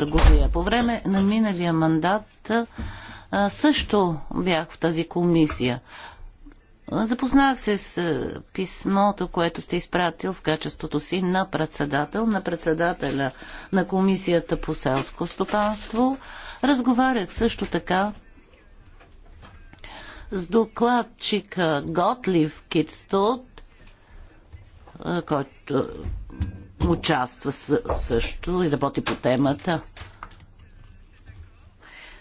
търговия. По време на миналия мандат също бях в тази комисия. Запознах се с писмото, което сте изпратил в качеството си на председател, на председателя на Комисията по селско стопанство. Разговарях също така с докладчика Готлив Китстот, който участва също и работи по темата.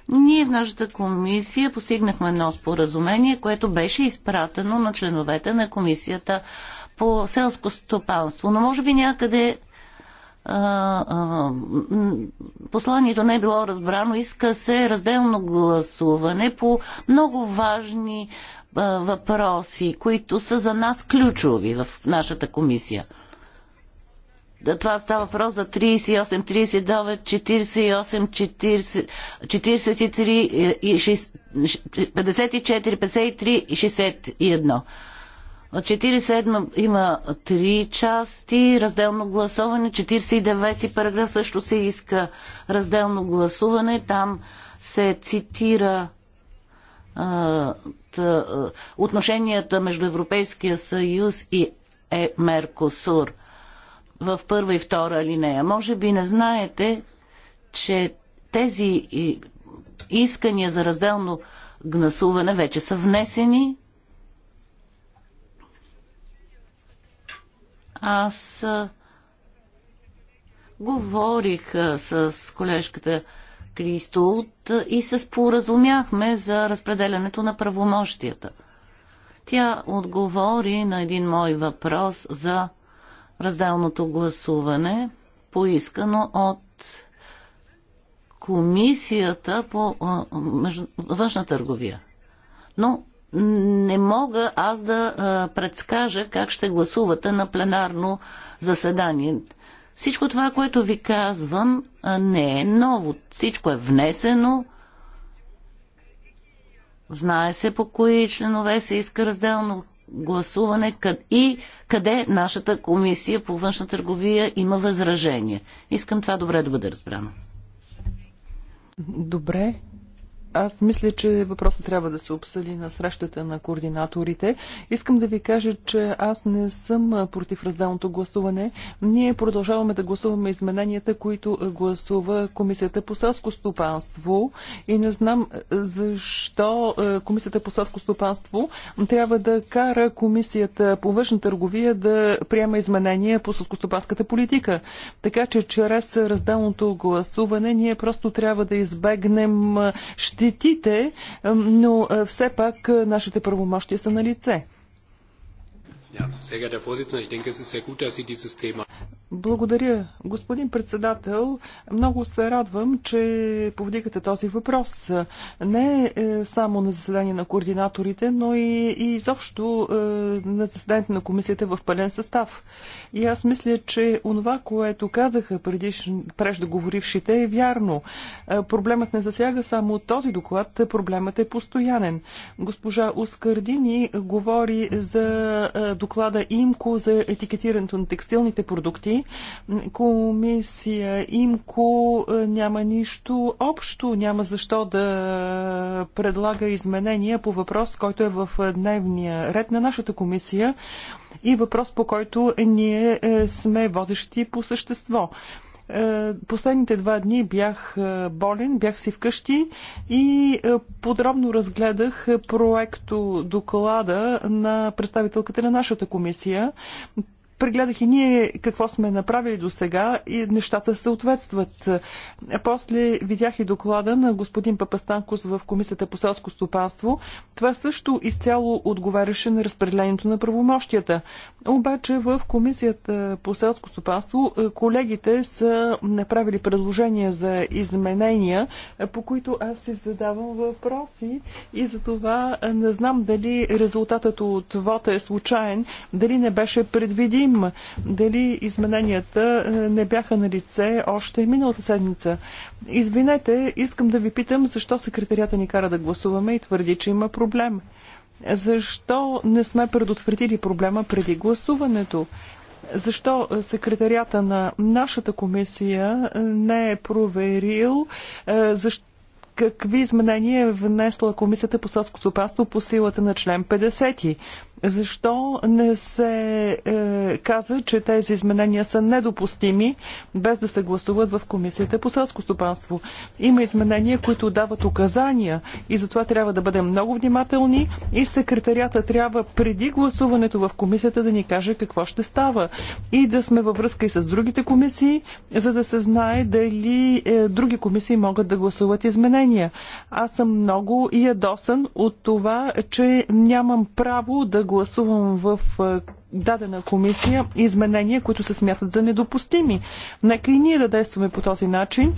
Ние в нашата комисия постигнахме едно споразумение, което беше изпратено на членовете на комисията по селско стопанство. Но може би някъде а, а, посланието не е било разбрано. Иска се разделно гласуване по много важни а, въпроси, които са за нас ключови в нашата комисия. Това става въпрос за 38, 39, 48, 40, 43, и 54, 53 и 61. Е, От 47 има 3 части, разделно гласуване. 49 параграф също се иска разделно гласуване. Там се цитира а, отношенията между Европейския съюз и е, Меркосур в първа и втора линея. Може би не знаете, че тези искания за разделно гласуване вече са внесени. Аз говорих с колежката Кристолт и се споразумяхме за разпределянето на правомощията. Тя отговори на един мой въпрос за разделното гласуване, поискано от комисията по външна търговия. Но не мога аз да предскажа как ще гласувате на пленарно заседание. Всичко това, което ви казвам, не е ново. Всичко е внесено. Знае се по кои членове се иска разделно гласуване и къде нашата комисия по външна търговия има възражение. Искам това добре да бъде разбрано. Добре. Аз мисля, че въпросът трябва да се обсъди на срещата на координаторите. Искам да ви кажа, че аз не съм против разделното гласуване. Ние продължаваме да гласуваме измененията, които гласува Комисията по селско стопанство и не знам защо Комисията по селско стопанство трябва да кара Комисията по външна търговия да приема изменения по селскостопанската политика. Така че чрез разделното гласуване ние просто трябва да избегнем ще щетите, но все пак нашите правомощия са на лице. Ja, sehr geehrter Herr Vorsitzender, ich denke, es ist sehr gut, dass Sie dieses Thema. Благодаря. Господин председател, много се радвам, че повдигате този въпрос. Не е само на заседание на координаторите, но и, и изобщо е, на заседанието на комисията в пълен състав. И аз мисля, че онова, което казаха предиш, преждоговорившите е вярно. Е, проблемът не засяга само този доклад, проблемът е постоянен. Госпожа Ускардини говори за доклада ИМКО за етикетирането на текстилните продукти продукти. Комисия ИМКО е, няма нищо общо, няма защо да предлага изменения по въпрос, който е в дневния ред на нашата комисия и въпрос, по който ние е, сме водещи по същество е, последните два дни бях болен, бях си вкъщи и подробно разгледах проекто доклада на представителката на нашата комисия прегледах и ние какво сме направили до сега и нещата съответстват. После видях и доклада на господин Папастанкос в Комисията по селско стопанство. Това също изцяло отговаряше на разпределението на правомощията. Обаче в Комисията по селско стопанство е, колегите са направили предложения за изменения, по които аз си задавам въпроси и за това е, не знам дали резултатът от вота е случайен, дали не беше предвиди следим дали измененията е, не бяха на лице още миналата седмица. Извинете, искам да ви питам защо секретарията ни кара да гласуваме и твърди, че има проблем. Защо не сме предотвратили проблема преди гласуването? защо секретарията на нашата комисия е, не е проверил е, защо какви изменения е внесла Комисията по селско стопанство по силата на член 50. Защо не се е, каза, че тези изменения са недопустими, без да се гласуват в Комисията по селско стопанство? Има изменения, които дават указания и затова трябва да бъдем много внимателни и секретарята трябва преди гласуването в Комисията да ни каже какво ще става и да сме във връзка и с другите комисии, за да се знае дали е, други комисии могат да гласуват изменения. Аз съм много ядосан от това, че нямам право да гласувам гласувам в дадена комисия изменения, които се смятат за недопустими. Нека и ние да действаме по този начин.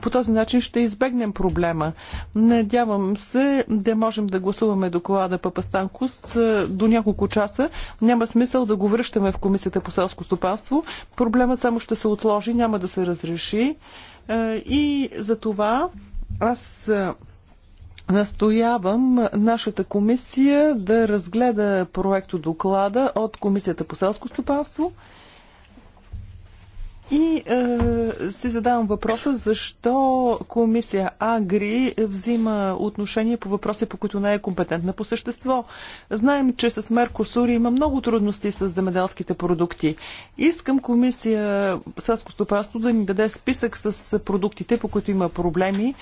По този начин ще избегнем проблема. Надявам се да можем да гласуваме доклада Папастанкос до няколко часа. Няма смисъл да го връщаме в комисията по селско стопанство. Проблемът само ще се отложи, няма да се разреши. И за това аз Настоявам нашата комисия да разгледа проекто доклада от Комисията по селско стопанство и е, си задавам въпроса, защо комисия Агри взима отношение по въпроси, по които не е компетентна по същество. Знаем, че с Меркосур има много трудности с земеделските продукти. Искам комисия Съско Стопанство да ни даде списък с продуктите, по които има проблеми,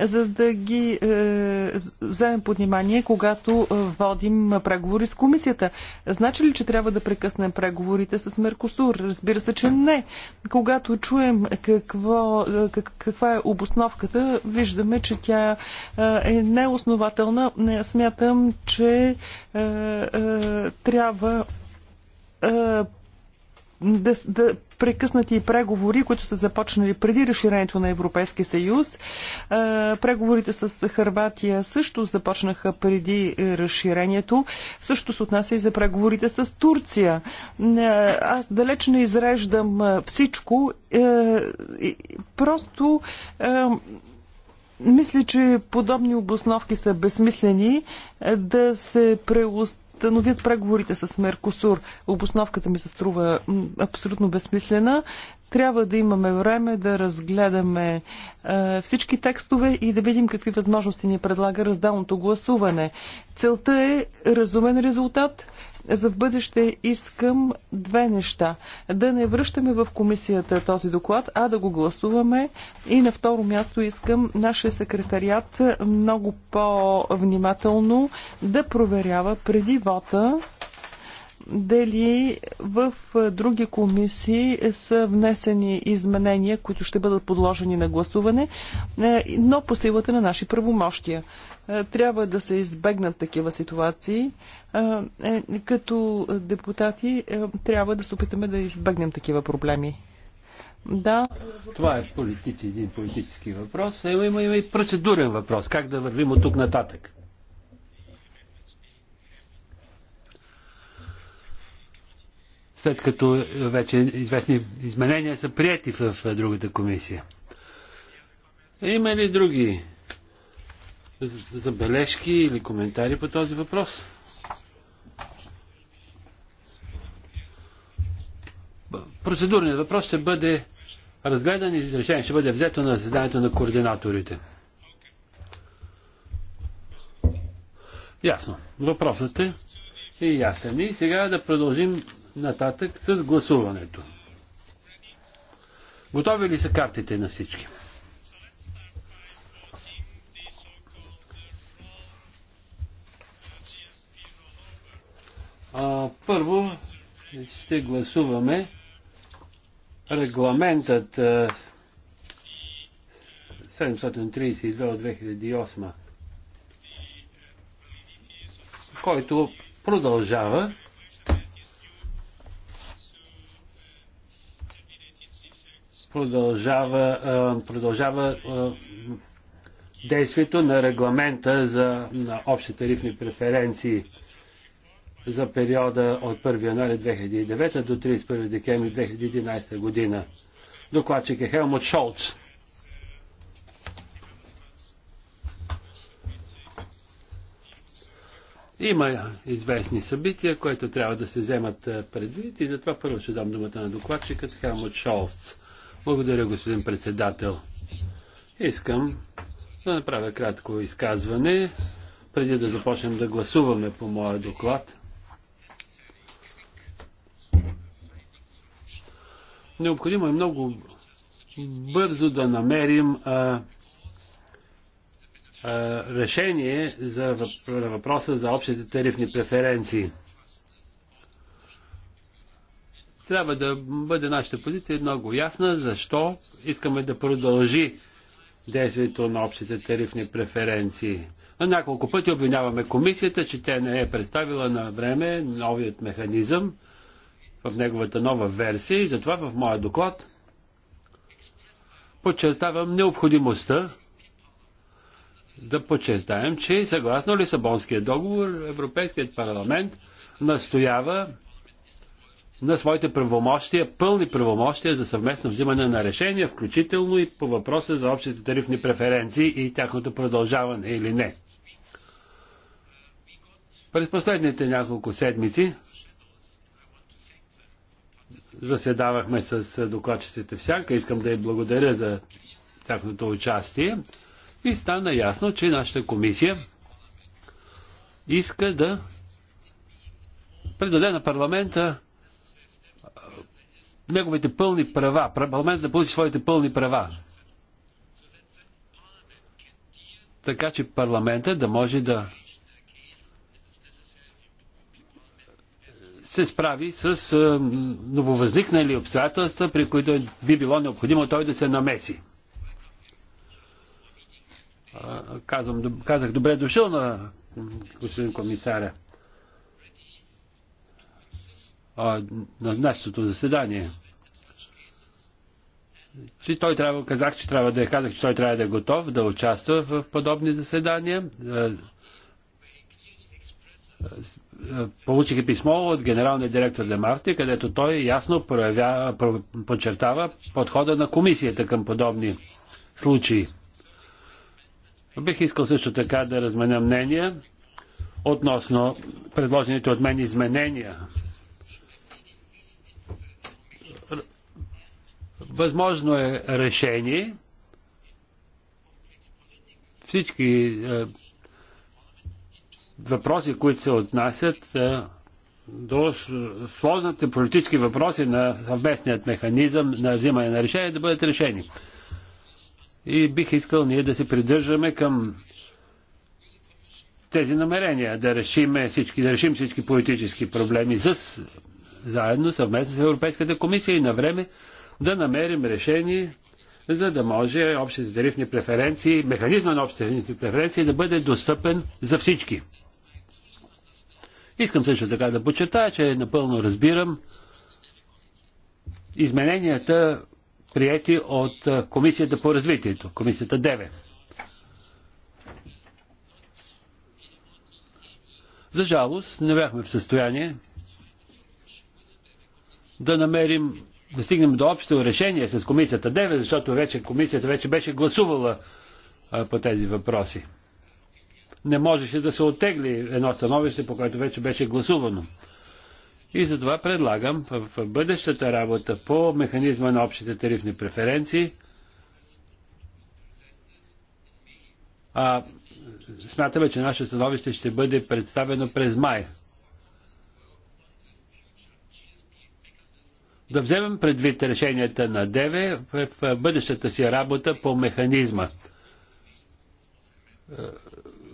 за да ги е, вземем под внимание, когато е, водим преговори с комисията. Значи ли, че трябва да прекъснем преговорите с Меркосур? Разбира се, че не когато чуем какво, е, как, каква е обосновката, виждаме, че тя е, е неоснователна. Смятам, че е, е, трябва е, да, да прекъснати преговори, които са започнали преди разширението на Европейския съюз. Е, преговорите с Харватия също започнаха преди е, разширението. Също се отнася и за преговорите с Турция. Е, аз далеч не изреждам всичко. Просто мисля, че подобни обосновки са безсмислени да се преустановят възстановят преговорите с Меркосур. Обосновката ми се струва абсолютно безсмислена. Трябва да имаме време да разгледаме е, всички текстове и да видим какви възможности ни предлага разделното гласуване. Целта е разумен резултат, за в бъдеще искам две неща. Да не връщаме в комисията този доклад, а да го гласуваме. И на второ място искам нашия секретариат много по-внимателно да проверява преди вота дали в други комисии са внесени изменения, които ще бъдат подложени на гласуване, но по силата на наши правомощия. Е, трябва да се избегнат такива ситуации. Е, е, като депутати трябва да се опитаме да избегнем такива проблеми. Да. Това е политич, един политически въпрос. Има, има, има и процедурен въпрос. Как да вървим от тук нататък? След като вече известни изменения са прияти в другата комисия. Има ли други забележки или коментари по този въпрос? Процедурният въпрос ще бъде разгледан и решение ще бъде взето на заседанието на координаторите. Ясно. Въпросът е и ясен. И сега да продължим нататък с гласуването. Готови ли са картите на всички? Първо ще гласуваме регламентът 732 от 2008, който продължава продължава, продължава действието на регламента за на общи тарифни преференции за периода от 1 януаря 2009 до 31 декември 2011 година. Докладчик е Хелмут Шолц. Има известни събития, които трябва да се вземат предвид и затова първо ще дам думата на докладчикът Хелмут Шолц. Благодаря, господин председател. Искам да направя кратко изказване, преди да започнем да гласуваме по моя доклад. Необходимо е много бързо да намерим а, а, решение за въпроса за общите тарифни преференции. Трябва да бъде нашата позиция много ясна, защо искаме да продължи действието на общите тарифни преференции. На няколко пъти обвиняваме комисията, че тя не е представила на време новият механизъм, в неговата нова версия и затова в моя доклад подчертавам необходимостта да подчертаем, че съгласно Лисабонския договор Европейският парламент настоява на своите правомощия, пълни правомощия за съвместно взимане на решения, включително и по въпроса за общите тарифни преференции и тяхното продължаване или не. През последните няколко седмици заседавахме с докладчиците всяка. Искам да я благодаря за тяхното участие. И стана ясно, че нашата комисия иска да предаде на парламента неговите пълни права. Парламентът да получи своите пълни права. Така че парламента да може да се справи с нововъзникнали обстоятелства, при които би било необходимо той да се намеси. Казвам, казах добре дошъл на господин комисаря на нашето заседание. Че той трябва, казах, че трябва да е, казах, че той трябва да е готов да участва в подобни заседания получих писмо от генералния директор Демарти, където той ясно проявява, подчертава подхода на комисията към подобни случаи. Бих искал също така да разменя мнение относно предложените от мен изменения. Възможно е решение. Всички е, въпроси, които се отнасят до сложните политически въпроси на съвместният механизъм на взимане на решение да бъдат решени. И бих искал ние да се придържаме към тези намерения, да, решим всички, да решим всички политически проблеми с, заедно, съвместно с Европейската комисия и на време да намерим решение, за да може общите тарифни преференции, механизма на общите тарифни преференции да бъде достъпен за всички. Искам също така да подчертая, че напълно разбирам измененията, прияти от Комисията по развитието, Комисията 9. За жалост, не бяхме в състояние да намерим, да стигнем до общо решение с комисията 9, защото вече комисията вече беше гласувала а, по тези въпроси не можеше да се оттегли едно становище, по което вече беше гласувано. И затова предлагам в, в бъдещата работа по механизма на общите тарифни преференции, а, смятаме, че наше становище ще бъде представено през май. Да вземем предвид решенията на ДЕВЕ в бъдещата си работа по механизма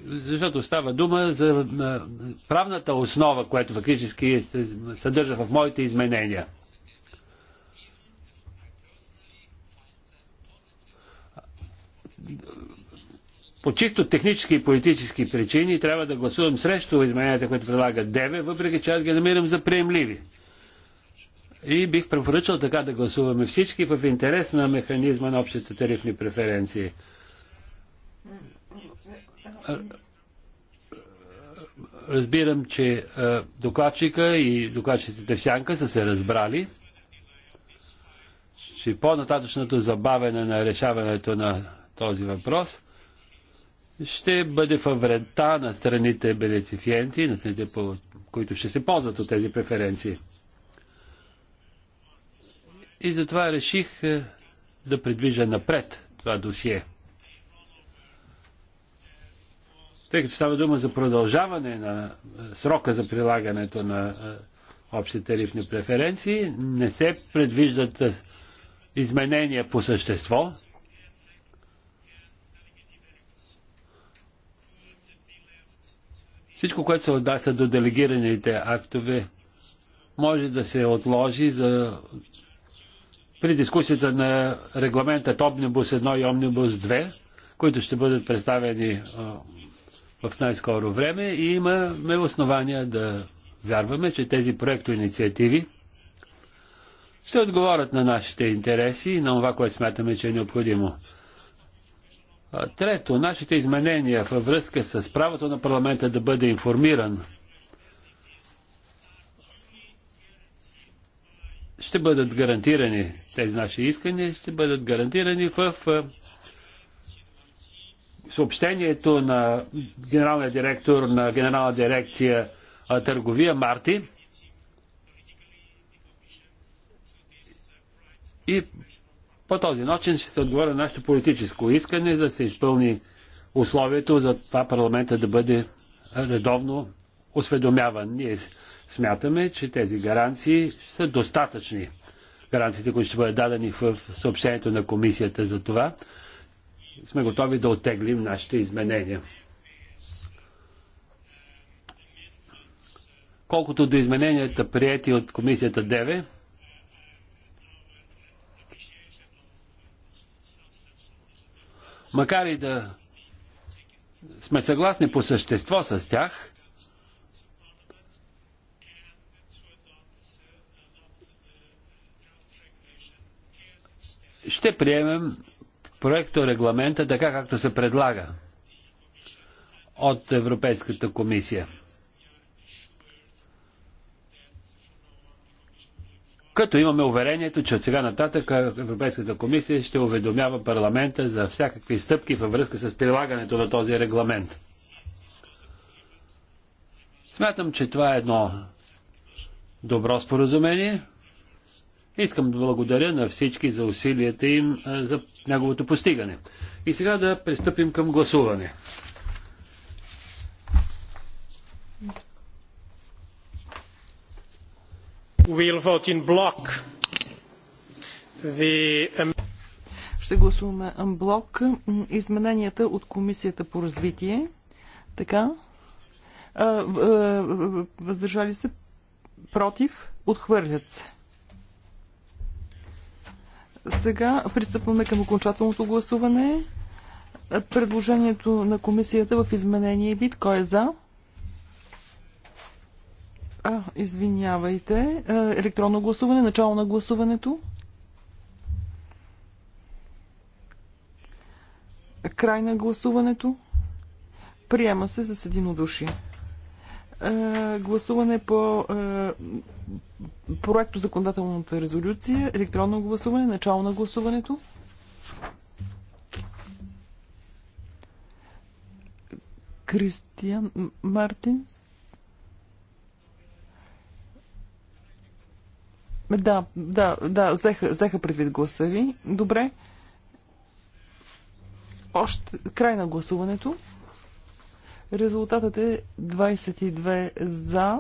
защото става дума за правната основа, която фактически се съдържа в моите изменения. По чисто технически и политически причини трябва да гласувам срещу измененията, които предлагат ДЕВЕ, въпреки че аз ги намирам за приемливи. И бих препоръчал така да гласуваме всички в интерес на механизма на общите тарифни преференции разбирам, че докладчика и докладчиците в сянка са се разбрали, че по-нататъчното забавяне на решаването на този въпрос ще бъде във вредта на страните бенефициенти, на страните, които ще се ползват от тези преференции. И затова реших да придвижа напред това досие. тъй като става дума за продължаване на е, срока за прилагането на е, общи тарифни преференции, не се предвиждат е, изменения по същество. Всичко, което се отнася до делегираните актове, може да се отложи за при дискусията на регламентът Омнибус 1 и Омнибус 2, които ще бъдат представени в най-скоро време и имаме основания да вярваме, че тези проекто инициативи ще отговорят на нашите интереси и на това, което смятаме, че е необходимо. Трето, нашите изменения във връзка с правото на парламента да бъде информиран ще бъдат гарантирани, тези наши искания ще бъдат гарантирани в съобщението на генералния директор на генерална дирекция търговия Марти и по този начин ще се отговоря на нашето политическо искане за да се изпълни условието за това парламента да бъде редовно осведомяван. Ние смятаме, че тези гаранции са достатъчни. Гаранциите, които ще бъдат дадени в съобщението на комисията за това, сме готови да отеглим нашите изменения. Колкото до измененията, прияти от комисията 9, макар и да сме съгласни по същество с тях, ще приемем проекторегламента регламента така както се предлага от Европейската комисия. Като имаме уверението, че от сега нататък Европейската комисия ще уведомява парламента за всякакви стъпки във връзка с прилагането на този регламент. Смятам, че това е едно добро споразумение. Искам да благодаря на всички за усилията им за неговото постигане. И сега да пристъпим към гласуване. We'll vote in block. The... Um, Ще гласуваме блок измененията от Комисията по развитие. Така. Въздържали се против. Отхвърлят се. Сега пристъпваме към окончателното гласуване. Предложението на комисията в изменение вид. Кой е за? А, извинявайте. Е, електронно гласуване, начало на гласуването. Край на гласуването. Приема се с единодушие гласуване по проекто законодателната резолюция, електронно гласуване, начало на гласуването. Кристиан Мартинс. Да, да, да, взеха, взеха предвид гласа ви. Добре. Още край на гласуването. Резултатът е 22 за,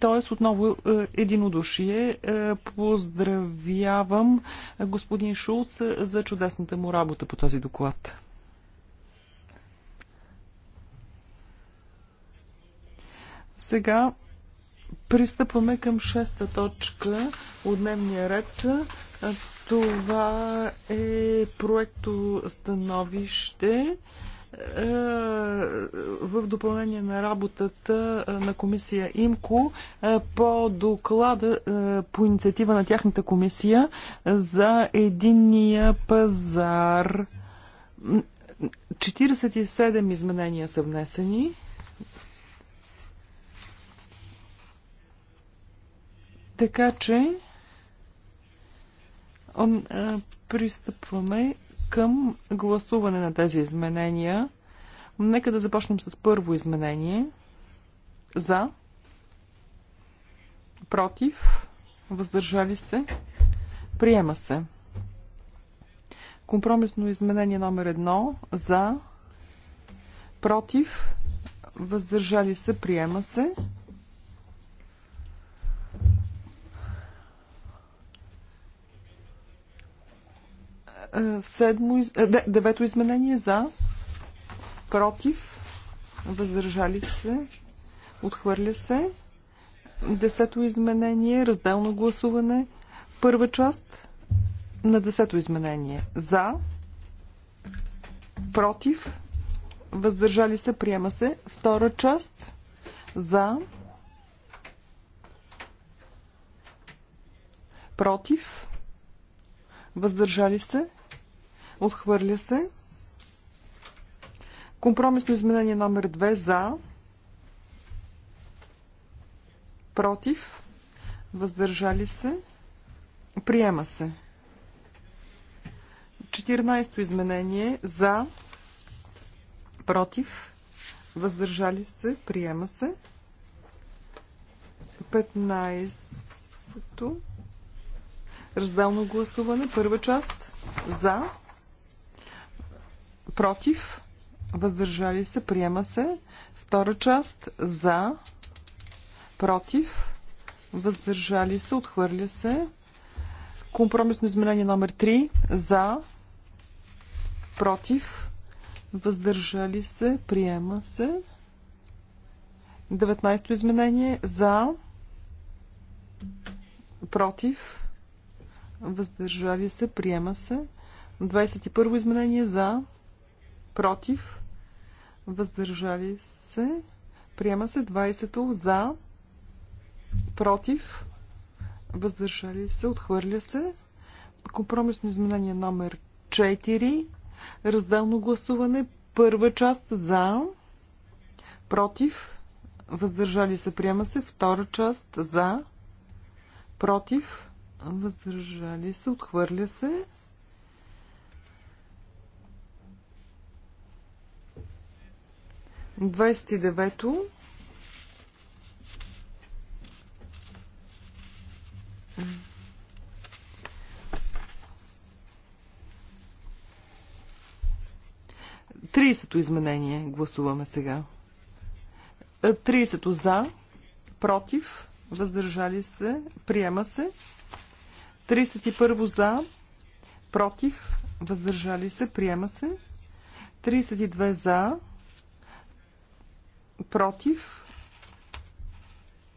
т.е. отново е, единодушие. Е, поздравявам е, господин Шулц за чудесната му работа по този доклад. Сега пристъпваме към шеста точка от дневния ред. Това е проекто становище е, в допълнение на работата е, на комисия ИМКО е, по доклада по инициатива на тяхната комисия за единния пазар. 47 изменения са внесени. Така че пристъпваме към гласуване на тези изменения. Нека да започнем с първо изменение. За. Против. Въздържали се. Приема се. Компромисно изменение номер едно. За. Против. Въздържали се. Приема се. Е, седмо, е, девето изменение за, против, въздържали се, отхвърля се. Десето изменение, разделно гласуване, първа част на десето изменение. За, против, въздържали се, приема се. Втора част, за, против, въздържали се, Отхвърля се. Компромисно изменение номер 2 за. Против. Въздържали се. Приема се. 14-то изменение за. Против. Въздържали се. Приема се. 15-то. Разделно гласуване. Първа част. За против, въздържали се, приема се. Втора част за, против, въздържали се, отхвърля се. Компромисно изменение номер 3 за, против, въздържали се, приема се. 19-то изменение за, против, въздържали се, приема се. 21-во изменение за, против, въздържали се, приема се 20-то за, против, въздържали се, отхвърля се. Компромисно изменение номер 4, разделно гласуване, първа част за, против, въздържали се, приема се, втора част за, против, въздържали се, отхвърля се. 29-то. Тридесето изменение гласуваме сега. 30 за, против, въздържали се, приема се. 31 за, против, въздържали се, приема се. 32 за, против,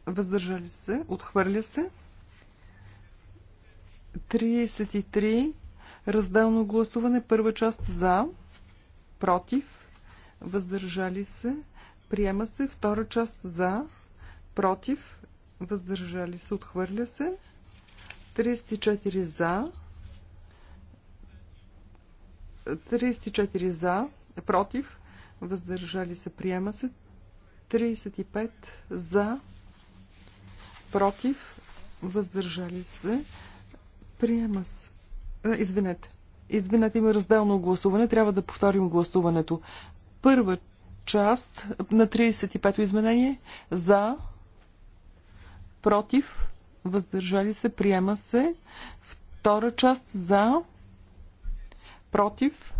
въздържали се, отхвърля се. 33. Разделно гласуване. Първа част за, против, въздържали се, приема се. Втора част за, против, въздържали се, отхвърля се. 34 за, 34 за, против, въздържали се, приема се. 35 за, против, въздържали се, приема се. Извинете. Извинете, има разделно гласуване. Трябва да повторим гласуването. Първа част на 35-то изменение за, против, въздържали се, приема се. Втора част за, против,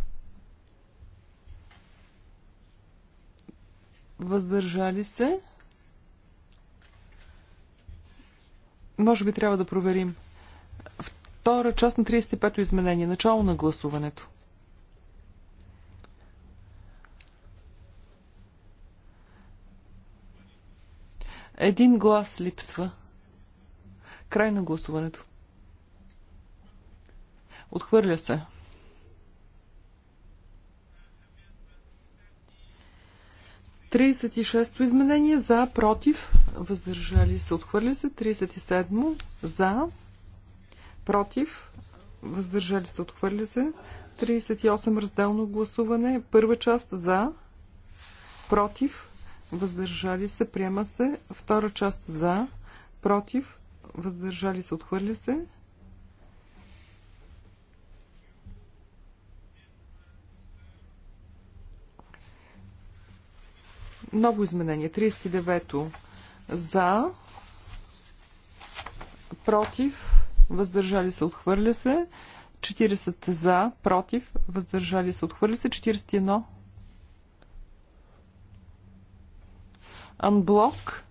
Въздържали се? Може би трябва да проверим. Втора част на 35-то изменение. Начало на гласуването. Един глас липсва. Край на гласуването. Отхвърля се. 36-то изменение за, против, въздържали се, отхвърля се. 37-мо за, против, въздържали се, отхвърля се. 38 разделно гласуване. Първа част за, против, въздържали се, приема се. Втора част за, против, въздържали се, отхвърля се. Ново изменение. 39-то. За. Против. Въздържали се. Отхвърля се. 40 за. Против. Въздържали се. Отхвърля се. 41. Анблок.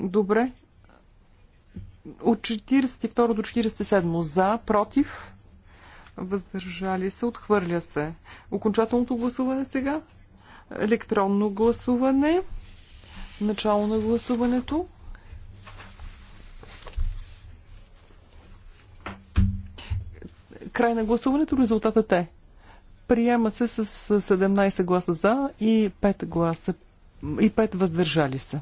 Добре. От 42 до 47 за, против, въздържали се, отхвърля се. Окончателното гласуване сега електронно гласуване. Начало на гласуването. Край на гласуването резултатът е. Приема се с 17 гласа за и 5 гласа и 5 въздържали се.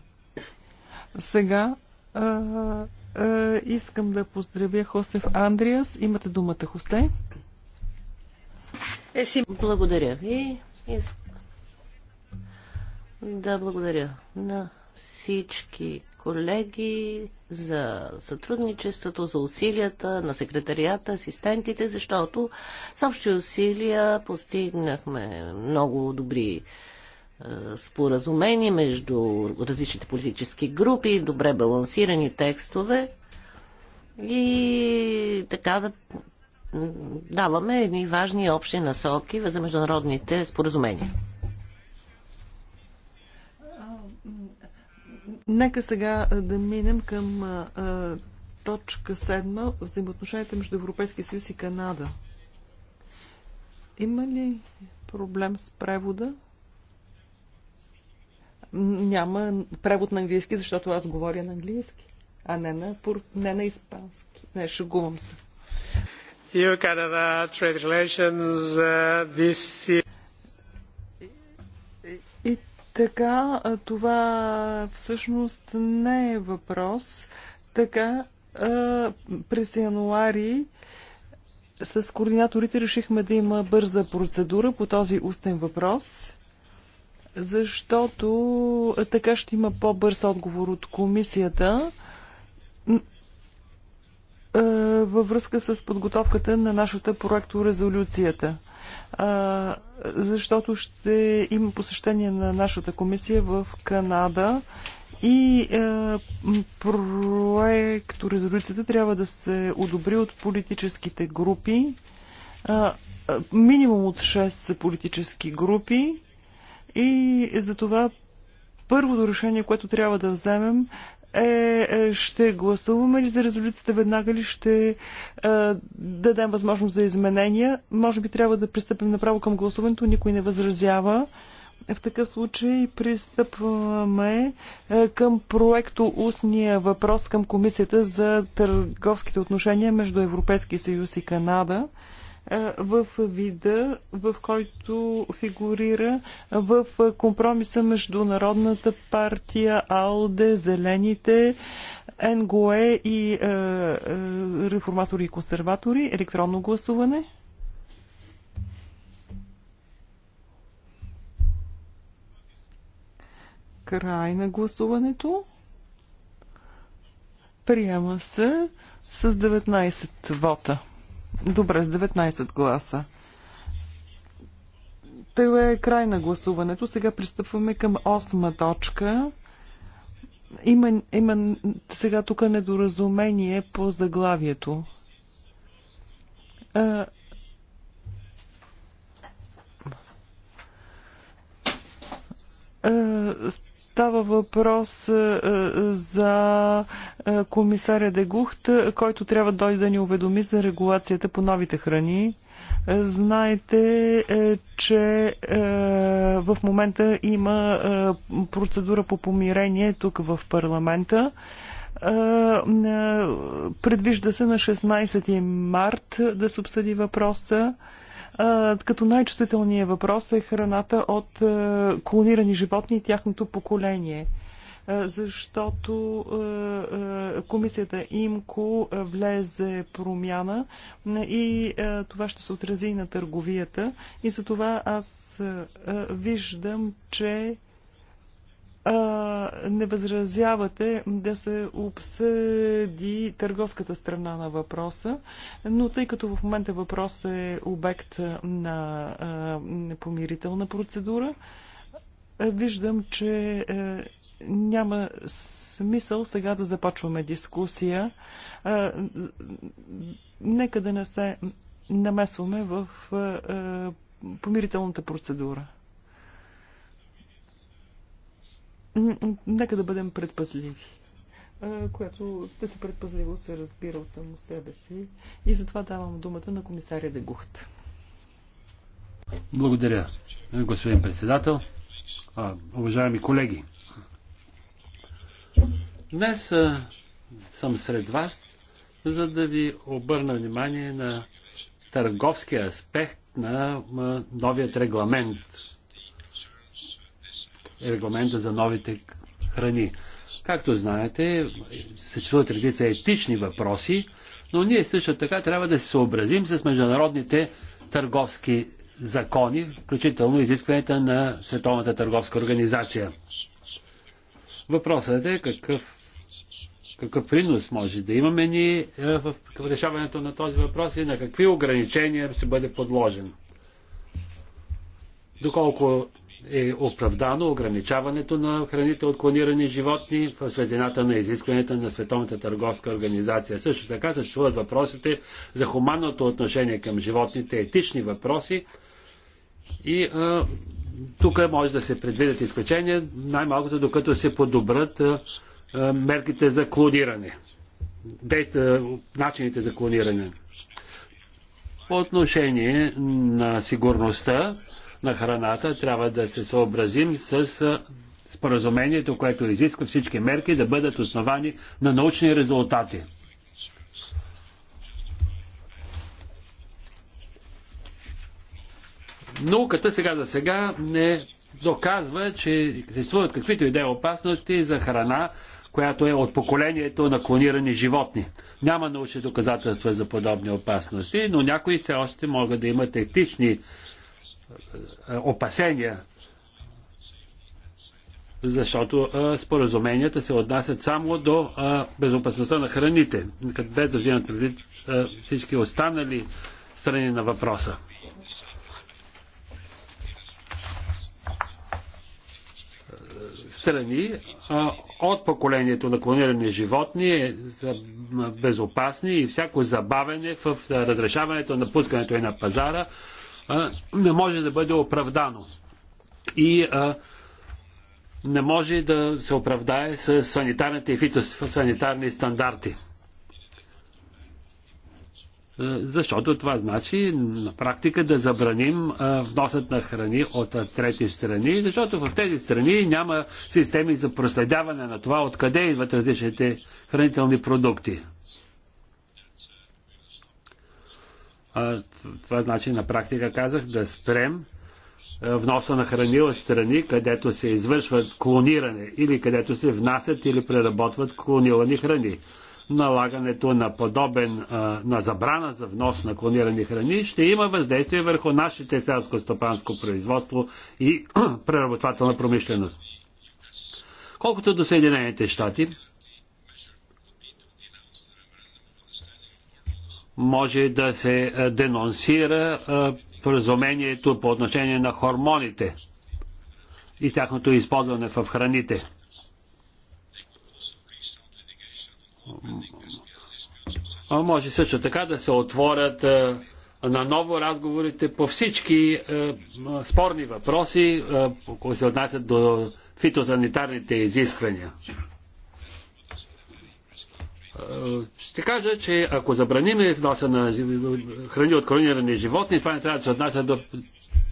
Сега а, а, искам да поздравя Хосеф Андриас. Имате думата, Хосе. Е, Благодаря ви. Иск... Да, благодаря на всички колеги за сътрудничеството, за усилията на секретарията, асистентите, защото с общи усилия постигнахме много добри е, споразумения между различните политически групи, добре балансирани текстове и така да даваме едни важни общи насоки за международните споразумения. Нека сега да минем към а, точка 7 взаимоотношенията между Европейския съюз и Канада. Има ли проблем с превода? Няма превод на английски, защото аз говоря на английски, а не на, не на испански. Не, шегувам се. EU-Canada trade relations uh, this така, това всъщност не е въпрос. Така, през януари с координаторите решихме да има бърза процедура по този устен въпрос, защото така ще има по-бърз отговор от комисията във връзка с подготовката на нашата проекторезолюцията. резолюцията защото ще има посещение на нашата комисия в Канада и а, е, проект резолюцията трябва да се одобри от политическите групи. а, минимум от 6 политически групи и за това първото решение, което трябва да вземем е, е, ще гласуваме ли за резолюцията веднага ли ще е, дадем възможност за изменения. Може би трябва да пристъпим направо към гласуването. Никой не възразява. В такъв случай пристъпваме е, към проекто устния въпрос към Комисията за търговските отношения между Европейския съюз и Канада в вида, в който фигурира в компромиса Международната партия АЛДЕ, Зелените, НГОЕ и реформатори и консерватори. Електронно гласуване. Край на гласуването. Приема се с 19 вота. Добре, с 19 гласа. Това е край на гласуването. Сега пристъпваме към 8 точка. Има, има сега тук недоразумение по заглавието. А, а, Става въпрос е, е, за е, комисаря Дегухт, който трябва да дойде да ни уведоми за регулацията по новите храни. Знаете, че в момента има процедура по помирение тук в парламента. Предвижда се на 16 март да се обсъди въпроса като най-чувствителният въпрос е храната от клонирани животни и тяхното поколение защото комисията ИМКО влезе промяна и това ще се отрази и на търговията. И за това аз виждам, че а, не възразявате да се обсъди търговската страна на въпроса, но тъй като в момента въпрос е обект на а, помирителна процедура, виждам, че а, няма смисъл сега да започваме дискусия. А, нека да не се намесваме в а, помирителната процедура. Нека да бъдем предпазливи която се предпазливо се разбира от само себе си. И затова давам думата на комисаря Дегухт. Благодаря, господин председател. А, уважаеми колеги, днес а, съм сред вас, за да ви обърна внимание на търговския аспект на а, новият регламент регламента за новите храни. Както знаете, съществуват редица етични въпроси, но ние също така трябва да се съобразим с международните търговски закони, включително изискванията на Световната търговска организация. Въпросът е какъв, какъв принос може да имаме ни е, в решаването на този въпрос и на какви ограничения ще бъде подложен. Доколко е оправдано ограничаването на храните от клонирани животни в светлината на изискванията на Световната търговска организация. Също така съществуват въпросите за хуманното отношение към животните, етични въпроси и а, тук може да се предвидят изключения, най-малкото докато се подобрат а, а, мерките за клониране, Действа, начините за клониране. По отношение на сигурността, на храната, трябва да се съобразим с споразумението, което изисква всички мерки да бъдат основани на научни резултати. Науката сега за сега не доказва, че съществуват каквито и да е опасности за храна, която е от поколението на клонирани животни. Няма научни доказателства за подобни опасности, но някои все още могат да имат етични е, опасения, защото е, споразуменията се отнасят само до е, безопасността на храните, като бе да предвид всички останали страни на въпроса. страни от поколението на клонирани животни са безопасни и всяко забавене в разрешаването на пускането и на пазара не може да бъде оправдано. И а, не може да се оправдае с санитарните и фитосанитарни стандарти. Защото това значи на практика да забраним вносът на храни от трети страни, защото в тези страни няма системи за проследяване на това откъде идват различните хранителни продукти. Това значи на практика казах да спрем вноса на храни от страни, където се извършват клониране или където се внасят или преработват клонирани храни. Налагането на подобен на забрана за внос на клонирани храни ще има въздействие върху нашите селско-стопанско производство и преработвателна промишленост. Колкото до Съединените щати, може да се денонсира поразумението по отношение на хормоните и тяхното използване в храните. Може също така да се отворят на ново разговорите по всички спорни въпроси, които се отнасят до фитосанитарните изисквания. Е, ще кажа, че ако забраним вноса на храни от клонирани животни, това не трябва да се отнася до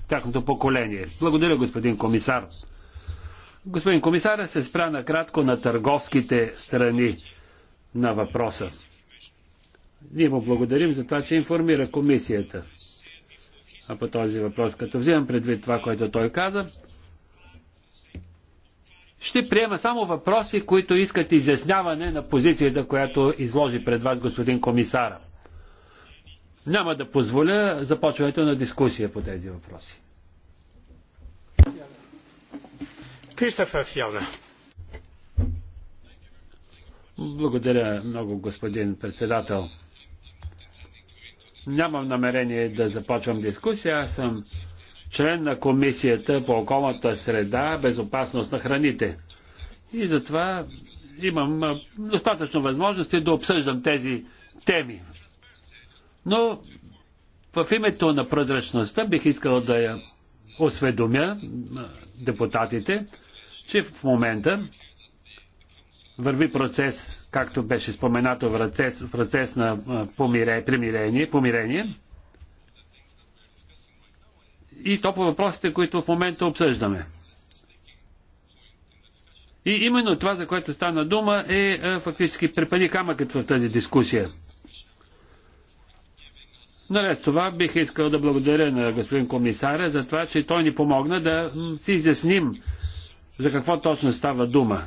тяхното поколение. Благодаря, господин комисар. Господин комисар се спря накратко на търговските страни на въпроса. Ние му благодарим за това, че информира комисията а по този въпрос. Като вземам предвид това, което той каза, ще приема само въпроси, които искат изясняване на позицията, която изложи пред вас господин комисара. Няма да позволя започването на дискусия по тези въпроси. Кристофър Фиона. Благодаря много, господин председател. Нямам намерение да започвам дискусия. Аз съм член на Комисията по околната среда, безопасност на храните. И затова имам достатъчно възможности да обсъждам тези теми. Но в името на прозрачността бих искал да я осведомя депутатите, че в момента върви процес, както беше споменато, в процес, на помирение, помирение и то по въпросите, които в момента обсъждаме. И именно това, за което стана дума, е, е фактически препади камъкът в тази дискусия. Наред с това бих искал да благодаря на господин комисаря за това, че той ни помогна да си изясним за какво точно става дума.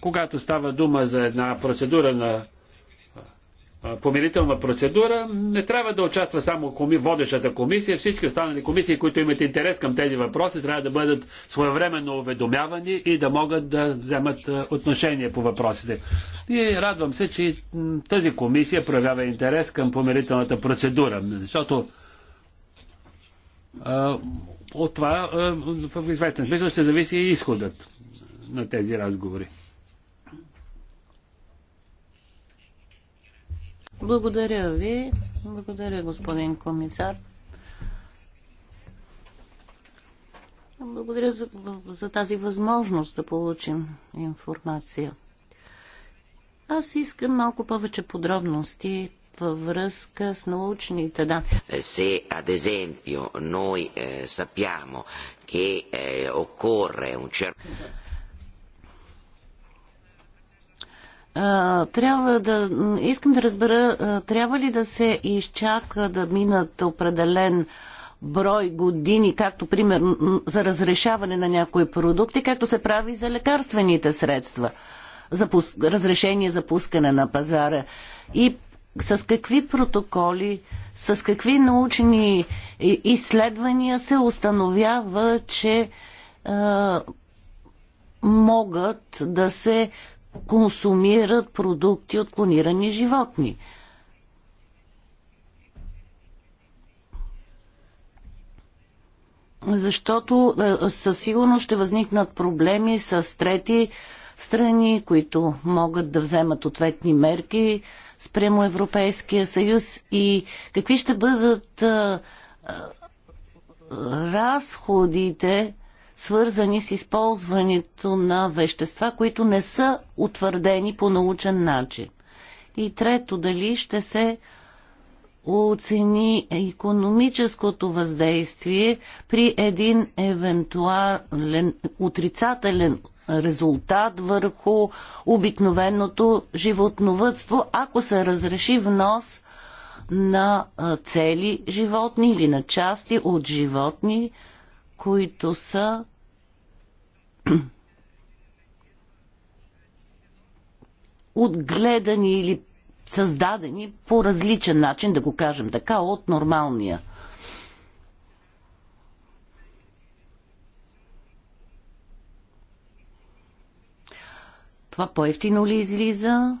Когато става дума за една процедура на помирителна процедура, не трябва да участва само коми, водещата комисия. Всички останали комисии, които имат интерес към тези въпроси, трябва да бъдат своевременно уведомявани и да могат да вземат отношение по въпросите. И радвам се, че тази комисия проявява интерес към помирителната процедура, защото а, от това а, в известен смисъл ще зависи и изходът на тези разговори. Благодаря ви. Благодаря, господин комисар. Благодаря за, за тази възможност да получим информация. Аз искам малко повече подробности във връзка с научните данни. Е, се, ad esempio, noi е, sappiamo che е, occorre un трябва да. Искам да разбера, трябва ли да се изчака да минат определен брой години, както пример за разрешаване на някои продукти, както се прави за лекарствените средства, за пус... разрешение за пускане на пазара. И с какви протоколи, с какви научни изследвания се установява, че могат да се консумират продукти от клонирани животни. Защото е, със сигурност ще възникнат проблеми с трети страни, които могат да вземат ответни мерки спрямо Европейския съюз и какви ще бъдат е, е, разходите свързани с използването на вещества, които не са утвърдени по научен начин. И трето, дали ще се оцени економическото въздействие при един евентуален отрицателен резултат върху обикновеното животновътство, ако се разреши внос на цели животни или на части от животни, които са отгледани или създадени по различен начин, да го кажем така, от нормалния. Това по-ефтино ли излиза?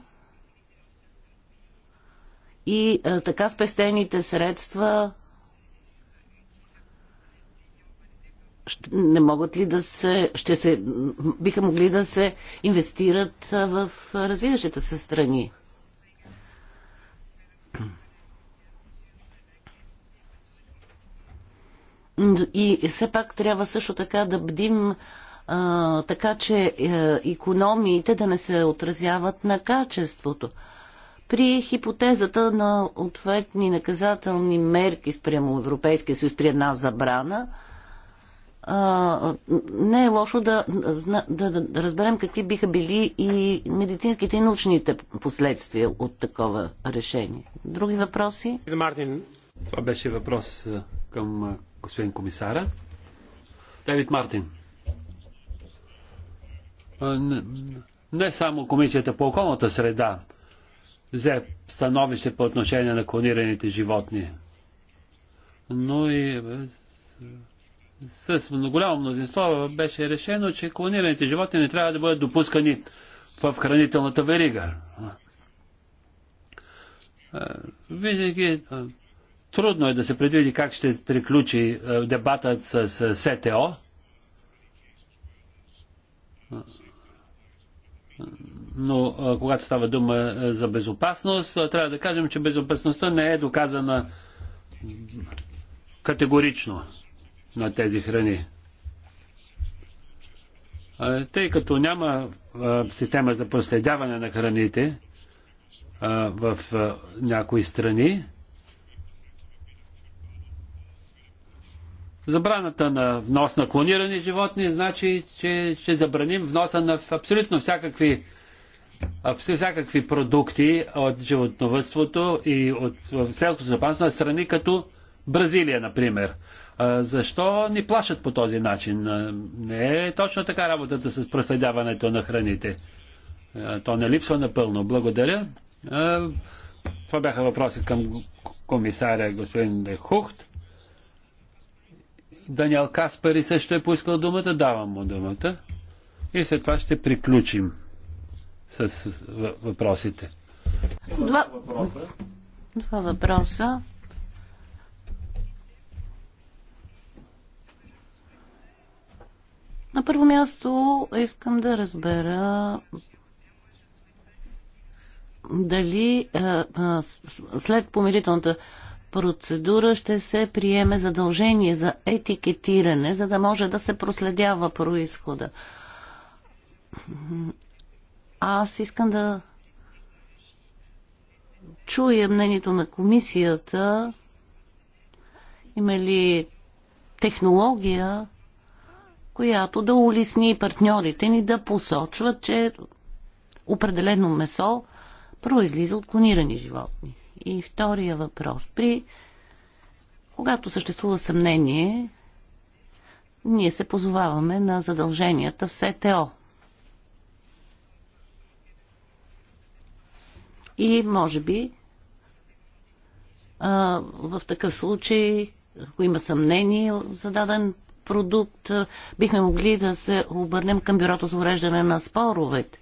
И а, е, така спестените средства ще, не могат ли да се, ще се, биха могли да се инвестират в развиващите се страни? И все пак трябва също така да бдим а, така, че економиите да не се отразяват на качеството. При хипотезата на ответни наказателни мерки спрямо Европейския съюз при една забрана – а, не е лошо да, да, да разберем какви биха били и медицинските и научните последствия от такова решение. Други въпроси? Мартин. Това беше въпрос към господин комисара. Давид Мартин. Не, не само Комисията по околната среда взе становище по отношение на клонираните животни, но и с голямо мнозинство беше решено, че клонираните животни не трябва да бъдат допускани в хранителната верига. Винаги трудно е да се предвиди как ще приключи дебатът с СТО. Но когато става дума за безопасност, трябва да кажем, че безопасността не е доказана категорично на тези храни. Тъй като няма система за проследяване на храните в някои страни, забраната на внос на клонирани животни значи, че ще забраним вноса на абсолютно всякакви, всякакви продукти от животновътството и от селското стопанство на страни като Бразилия, например. Защо ни плашат по този начин? Не е точно така работата с проследяването на храните. То не липсва напълно. Благодаря. Това бяха въпроси към комисаря господин Дехухт. Даниел Каспари също е поискал думата. Давам му думата. И след това ще приключим с въпросите. Два, Два въпроса. Два въпроса. На първо място искам да разбера дали е, е, след помирителната процедура ще се приеме задължение за етикетиране, за да може да се проследява происхода. Аз искам да чуя мнението на комисията. Има ли технология, която да улесни партньорите ни да посочват, че определено месо произлиза от клонирани животни. И втория въпрос. При когато съществува съмнение, ние се позоваваме на задълженията в СТО. И може би а, в такъв случай, ако има съмнение за даден продукт, бихме могли да се обърнем към бюрото за уреждане на споровете.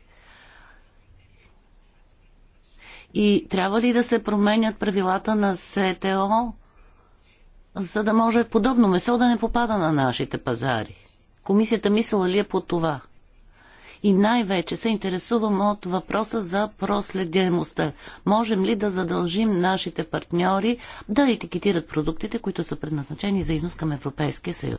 И трябва ли да се променят правилата на СТО, за да може подобно месо да не попада на нашите пазари? Комисията мислила ли е по това? И най-вече се интересувам от въпроса за проследяемостта. Можем ли да задължим нашите партньори да етикетират продуктите, които са предназначени за износ към Европейския съюз?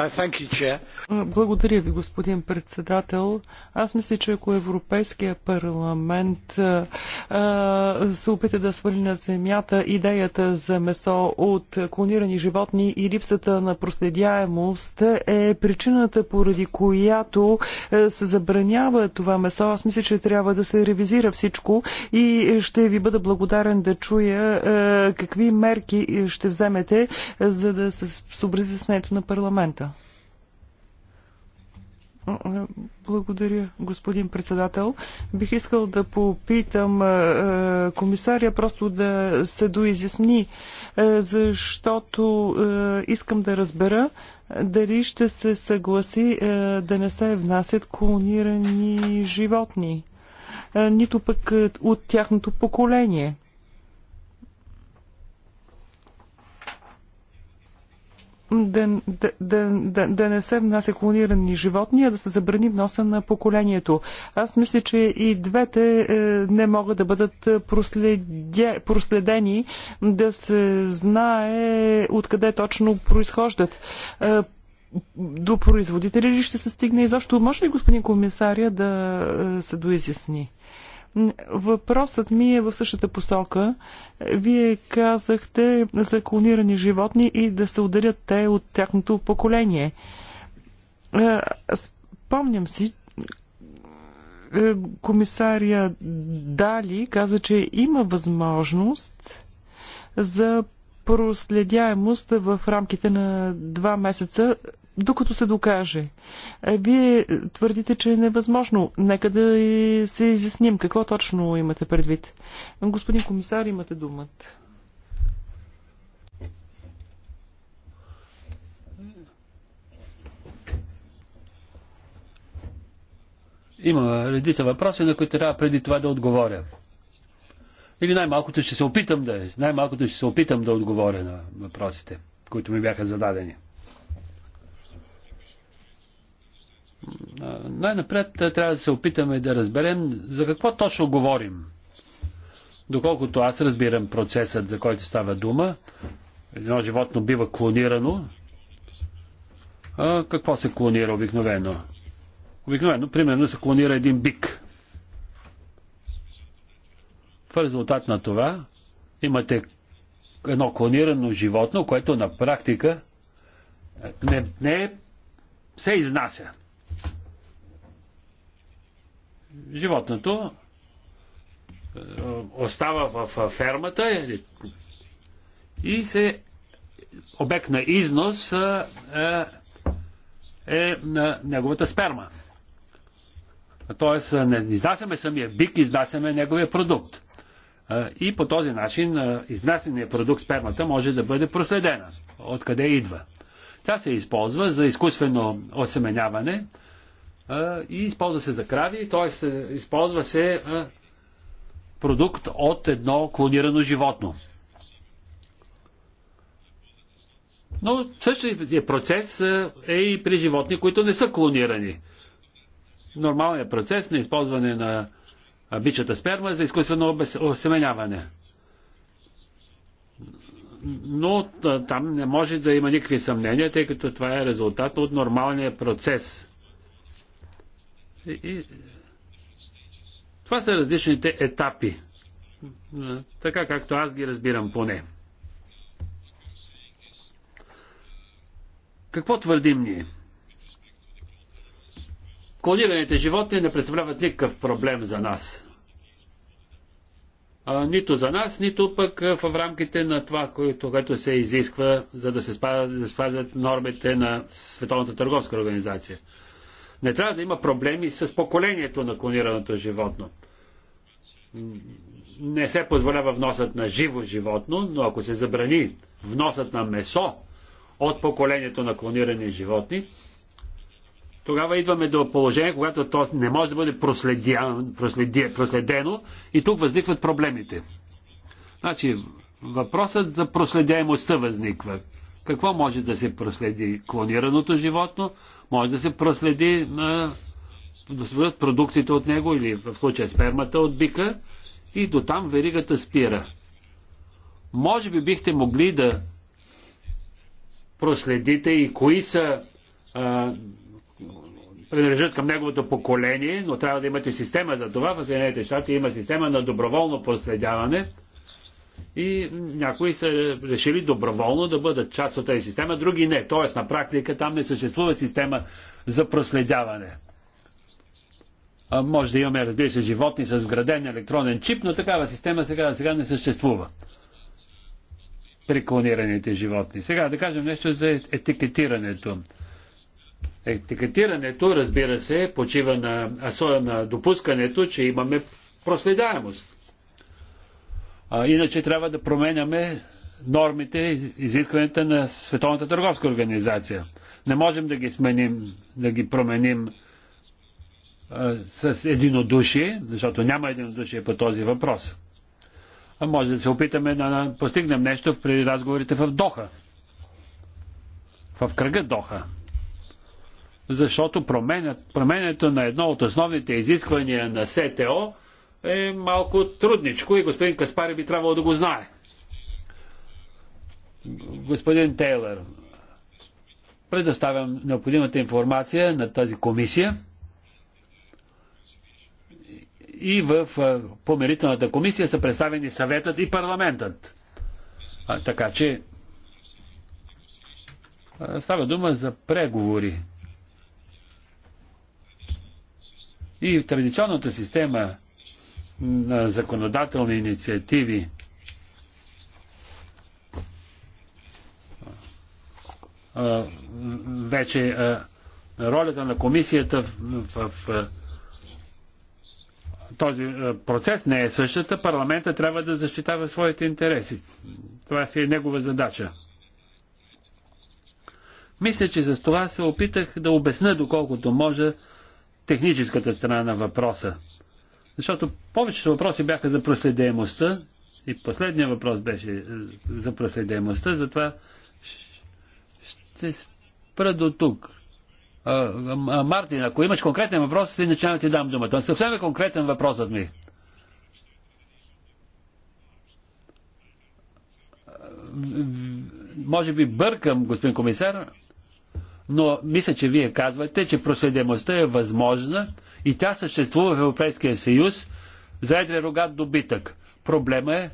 Uh, uh, благодаря ви, господин председател. Аз мисля, че ако Европейския парламент uh, се опита да свали на земята идеята за месо от клонирани животни и липсата на проследяемост е причината, поради която се забранява това месо. Аз мисля, че трябва да се ревизира всичко и ще ви бъда благодарен да чуя какви мерки ще вземете, за да се съобрази с на парламента. Е, благодаря, господин председател. Бих искал да попитам е, е, комисаря просто да се доизясни, защото искам да разбера дали ще се съгласи да не се внасят клонирани животни, нито пък от тяхното поколение. да, да, да, да не се внася клонирани животни, а да се забрани вноса на поколението. Аз мисля, че и двете е, не могат да бъдат проследе, проследени, да се знае откъде точно произхождат. Е, до производители ли ще се стигне изобщо? Може ли господин комисаря да е, се доизясни? Въпросът ми е в същата посока. Вие казахте за клонирани животни и да се ударят те от тяхното поколение. Е, спомням си, е, комисария Дали каза, че има възможност за проследяемост в рамките на два месеца докато се докаже. Е, вие твърдите, че е невъзможно. Нека да се изясним. Какво точно имате предвид? Господин комисар, имате думата. Има редица въпроси, на които трябва преди това да отговоря. Или най-малкото ще се опитам да най-малкото ще се опитам да отговоря на въпросите, които ми бяха зададени. най-напред трябва да се опитаме да разберем за какво точно говорим. Доколкото аз разбирам процесът, за който става дума, едно животно бива клонирано. А какво се клонира обикновено? Обикновено, примерно, се клонира един бик. В резултат на това имате едно клонирано животно, което на практика не, не се изнася животното е, остава в фермата и се обект на износ е, е, е на неговата сперма. Тоест, не изнасяме самия бик, изнасяме неговия продукт. И по този начин изнасения продукт спермата може да бъде проследена. Откъде идва? Тя се използва за изкуствено осеменяване, и използва се за крави, т.е. използва се продукт от едно клонирано животно. Но същия е процес е и при животни, които не са клонирани. Нормалният процес на използване на бичата сперма за изкуствено осеменяване. Но там не може да има никакви съмнения, тъй като това е резултат от нормалния процес и, и... Това са различните етапи, така както аз ги разбирам поне. Какво твърдим ние? Клонираните животни не представляват никакъв проблем за нас. А, нито за нас, нито пък в рамките на това, което, което се изисква, за да се спазят, да спазят нормите на Световната търговска организация. Не трябва да има проблеми с поколението на клонираното животно. Не се позволява вносът на живо животно, но ако се забрани вносът на месо от поколението на клонирани животни, тогава идваме до положение, когато то не може да бъде проследено и тук възникват проблемите. Значи, въпросът за проследяемостта възниква. Какво може да се проследи клонираното животно, може да се проследи на да продуктите от него или в случая спермата от бика и до там веригата спира. Може би бихте могли да проследите и кои са а, принадлежат към неговото поколение, но трябва да имате система за това. В Съединените щати има система на доброволно проследяване и някои са решили доброволно да бъдат част от тази система, други не. Тоест на практика там не съществува система за проследяване. А, може да имаме, разбира се, животни с граден електронен чип, но такава система сега, сега не съществува при клонираните животни. Сега да кажем нещо за е-, етикетирането. Етикетирането, разбира се, почива на, на допускането, че имаме проследяемост. А, иначе трябва да променяме нормите, изискванията на Световната търговска организация. Не можем да ги сменим, да ги променим а, с единодушие, защото няма единодушие по този въпрос. А може да се опитаме да постигнем нещо при разговорите в Доха. В кръга Доха. Защото променят, променето на едно от основните изисквания на СТО е малко трудничко и господин Каспари би трябвало да го знае. Господин Тейлър, предоставям необходимата информация на тази комисия и в помирителната комисия са представени съветът и парламентът. А, така че става дума за преговори. И в традиционната система на законодателни инициативи. Вече ролята на комисията в, в, в този процес не е същата. Парламента трябва да защитава своите интереси. Това си е негова задача. Мисля, че с това се опитах да обясна доколкото може техническата страна на въпроса. Защото повечето въпроси бяха за проследяемостта и последния въпрос беше е, за проследяемостта, затова ще спра до тук. А, а, Мартин, ако имаш конкретен въпрос, иначе да ти дам думата. Съвсем е конкретен въпросът ми. Може би бъркам, господин комисар, но мисля, че вие казвате, че проследемостта е възможна и тя съществува в Европейския съюз за едрия рогат добитък. Проблема е,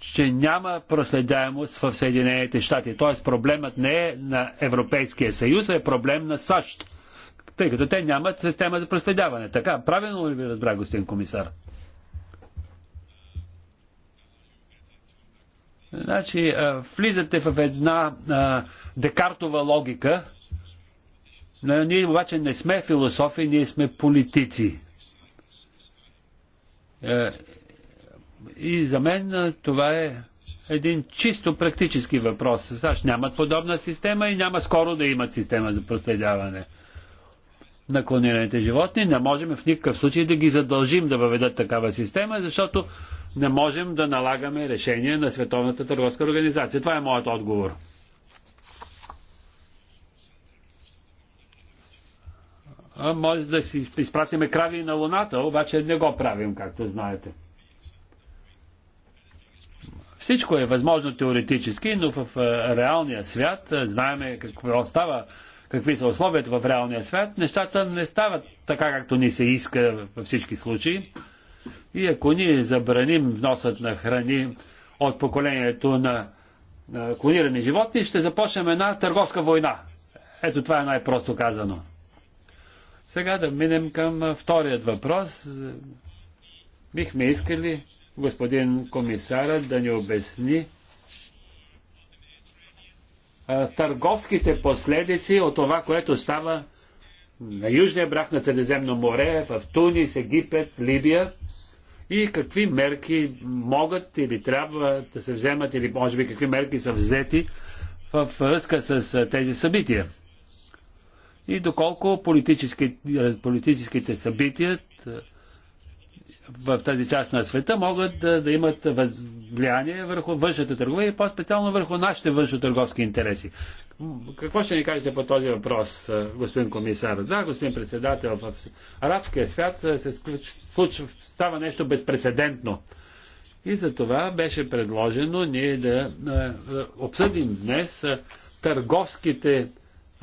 че няма проследяемост в Съединените щати. Т.е. проблемът не е на Европейския съюз, а е проблем на САЩ. Тъй като те нямат система за проследяване. Така, правилно ли ви разбра, господин комисар? Значи, влизате в една декартова логика, но ние обаче не сме философи, ние сме политици. Е, и за мен е, това е един чисто практически въпрос. САЩ нямат подобна система и няма скоро да имат система за проследяване на клонираните животни. Не можем в никакъв случай да ги задължим да въведат такава система, защото не можем да налагаме решение на Световната търговска организация. Това е моят отговор. може да си изпратиме крави на Луната, обаче не го правим, както знаете. Всичко е възможно теоретически, но в реалния свят, знаеме какво става, какви са условията в реалния свят, нещата не стават така, както ни се иска във всички случаи. И ако ние забраним вносът на храни от поколението на клонирани животни, ще започнем една търговска война. Ето това е най-просто казано. Сега да минем към вторият въпрос. Бихме искали господин комисара да ни обясни търговските последици от това, което става на южния брах на Средиземно море, в Тунис, Египет, Либия и какви мерки могат или трябва да се вземат или може би какви мерки са взети в връзка с тези събития и доколко политически, е, политическите събития е, в тази част на света могат да, да имат влияние върху външната търговия и по-специално върху нашите външно-търговски интереси. Какво ще ни кажете по този въпрос, е, господин комисар? Да, господин председател, в арабския свят се случва, става нещо безпредседентно. И за това беше предложено ние да обсъдим днес търговските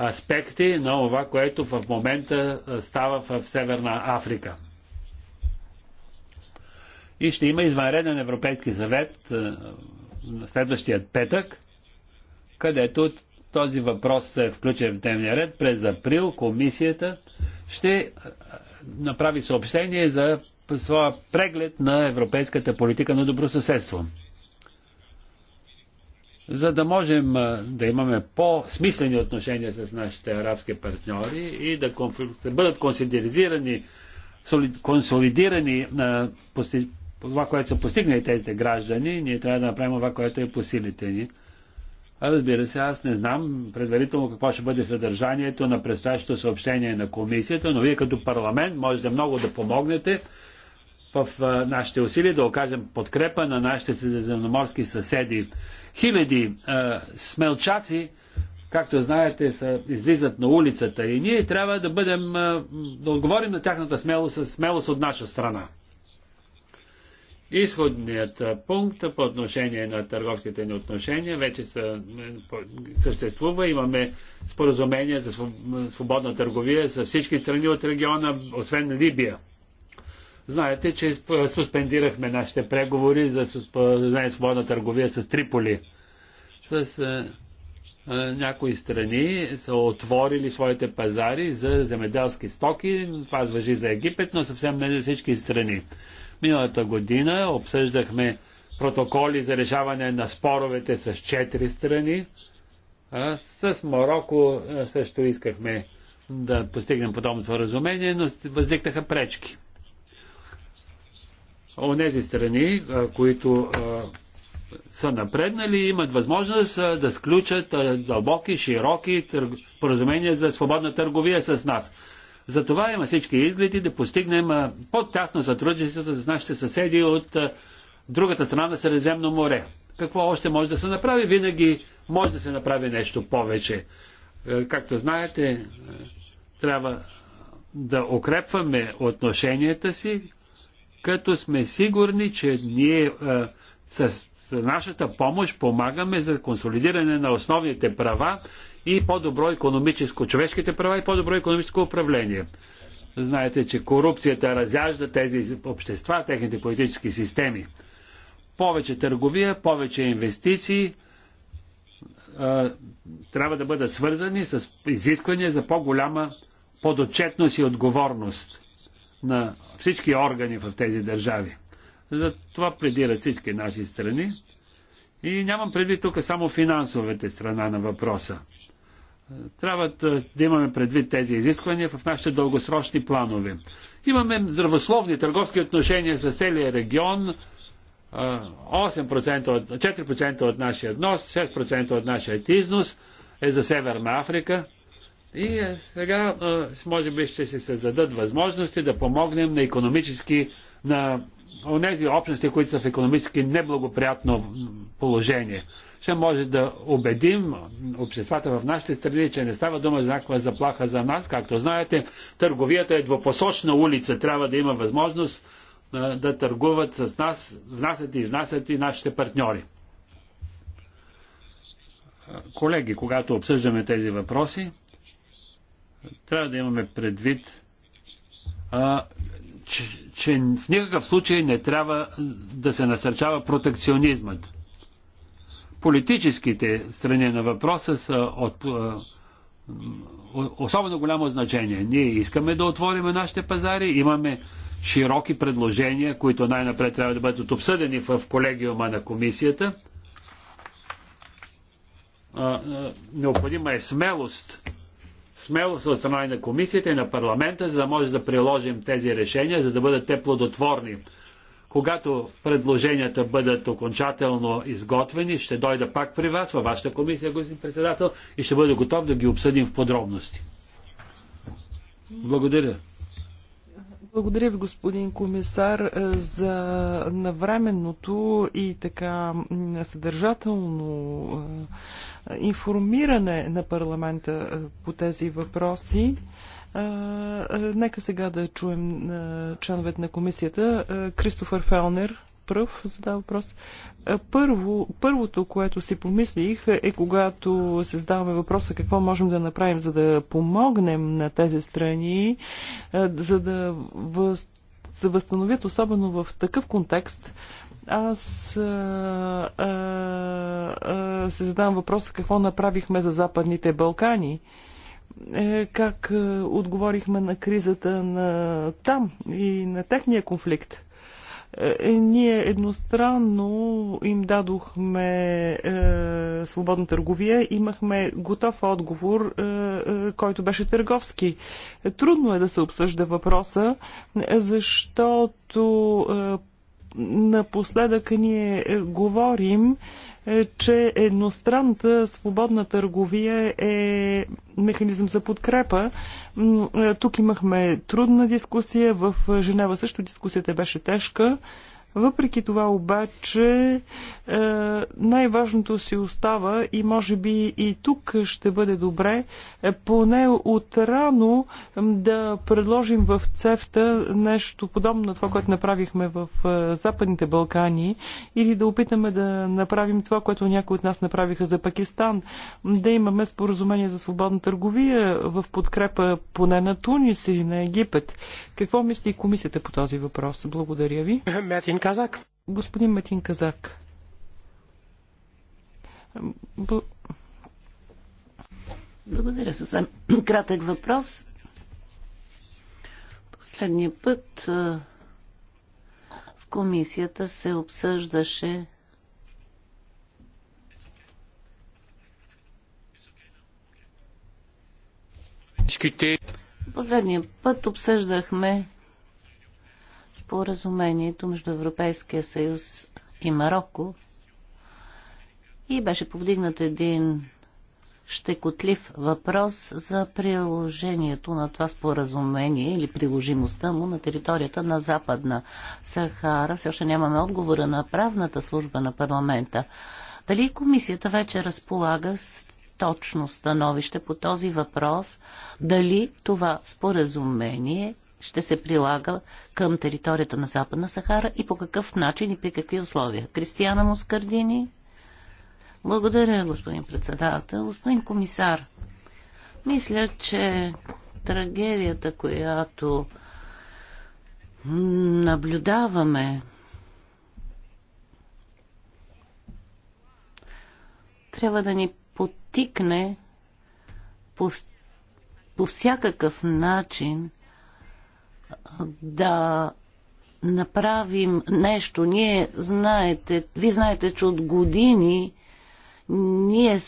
аспекти на това, което в момента става в Северна Африка. И ще има извънреден Европейски съвет на следващия петък, където този въпрос е включен в дневния ред. През април комисията ще направи съобщение за своя преглед на европейската политика на добросъседство за да можем да имаме по-смислени отношения с нашите арабски партньори и да бъдат консолидирани, консолидирани на това, което са постигнали тези граждани, ние трябва да направим това, което е по силите ни. А разбира се, аз не знам предварително какво ще бъде съдържанието на предстоящото съобщение на комисията, но вие като парламент можете много да помогнете в нашите усилия да окажем подкрепа на нашите средиземноморски съседи. Хиляди а, смелчаци, както знаете, са, излизат на улицата и ние трябва да бъдем, а, да отговорим на тяхната смелост, смелост от наша страна. Изходният пункт по отношение на търговските ни отношения вече са, съществува. Имаме споразумение за свободна търговия с всички страни от региона, освен Либия. Знаете, че суспендирахме нашите преговори за свободна търговия с Триполи. С а, е, а, е, някои страни са отворили своите пазари за земеделски стоки. Това звъжи за Египет, но съвсем не за всички страни. Миналата година обсъждахме протоколи за решаване на споровете с четири страни. А, с Марокко е, също искахме да постигнем подобно споразумение, но възникнаха пречки онези страни, които са напреднали, имат възможност да сключат дълбоки, широки поразумения за свободна търговия с нас. Затова има всички изгледи да постигнем по-тясно сътрудничество с нашите съседи от другата страна на Средиземно море. Какво още може да се направи? Винаги може да се направи нещо повече. Както знаете, трябва да укрепваме отношенията си като сме сигурни, че ние а, с нашата помощ помагаме за консолидиране на основните права и по-добро економическо, човешките права и по-добро економическо управление. Знаете, че корупцията разяжда тези общества, техните политически системи. Повече търговия, повече инвестиции а, трябва да бъдат свързани с изисквания за по-голяма подотчетност и отговорност на всички органи в тези държави. За това пледират всички наши страни. И нямам предвид тук само финансовете страна на въпроса. Трябва да имаме предвид тези изисквания в нашите дългосрочни планове. Имаме здравословни търговски отношения с целия регион. 8% 4% от нашия нос, 6% от нашия износ е за Северна Африка. И е, сега, е, може би, ще се създадат възможности да помогнем на економически, на тези общности, които са в економически неблагоприятно положение. Ще може да убедим обществата в нашите страни, че не става дума за някаква заплаха за нас. Както знаете, търговията е двупосочна улица. Трябва да има възможност е, да търгуват с нас, внасят и изнасят и нашите партньори. Колеги, когато обсъждаме тези въпроси, трябва да имаме предвид, а, че, че в никакъв случай не трябва да се насърчава протекционизмът. Политическите страни на въпроса са от а, особено голямо значение. Ние искаме да отвориме нашите пазари, имаме широки предложения, които най-напред трябва да бъдат обсъдени в колегиума на комисията. Необходима е смелост смелост от страна и на комисията и на парламента, за да може да приложим тези решения, за да бъдат те плодотворни. Когато предложенията бъдат окончателно изготвени, ще дойда пак при вас, във вашата комисия, господин председател, и ще бъда готов да ги обсъдим в подробности. Благодаря. Благодаря ви, господин комисар, е, за навременното и така съдържателно е, информиране на парламента е, по тези въпроси. Нека сега да чуем членовете на комисията. Кристофър Фелнер пръв задава въпрос. Първо, първото, което си помислих е когато се задаваме въпроса какво можем да направим, за да помогнем на тези страни, за да се възстановят, особено в такъв контекст, аз а, а, а, се задавам въпроса какво направихме за Западните Балкани е, как отговорихме на кризата на там и на техния конфликт. Е, ние едностранно им дадохме е, свободна търговия, имахме готов отговор, е, е, който беше търговски. Трудно е да се обсъжда въпроса, защото е, напоследък ние е, говорим е, че едностранната свободна търговия е механизъм за подкрепа. Е, тук имахме трудна дискусия, в Женева също дискусията беше тежка. Въпреки това обаче е, най-важното си остава и може би и тук ще бъде добре е, поне от рано да предложим в ЦЕФТА нещо подобно на това, което направихме в е, Западните Балкани или да опитаме да направим това, което някои от нас направиха за Пакистан, да имаме споразумение за свободна търговия в подкрепа поне на Тунис или на Египет. Какво мисли комисията по този въпрос? Благодаря ви. Казак. Господин Метин Казак. Б... Благодаря. Съвсем кратък въпрос. Последния път в комисията се обсъждаше Последния път обсъждахме споразумението между Европейския съюз и Марокко и беше повдигнат един щекотлив въпрос за приложението на това споразумение или приложимостта му на територията на Западна Сахара. Все още нямаме отговора на правната служба на парламента. Дали комисията вече разполага с точно становище по този въпрос, дали това споразумение ще се прилага към територията на Западна Сахара и по какъв начин и при какви условия. Кристияна Москардини. Благодаря, господин председател. Господин комисар, мисля, че трагедията, която наблюдаваме, трябва да ни потикне по, по всякакъв начин – да направим нещо. Ние знаете, вие знаете, че от години ние е,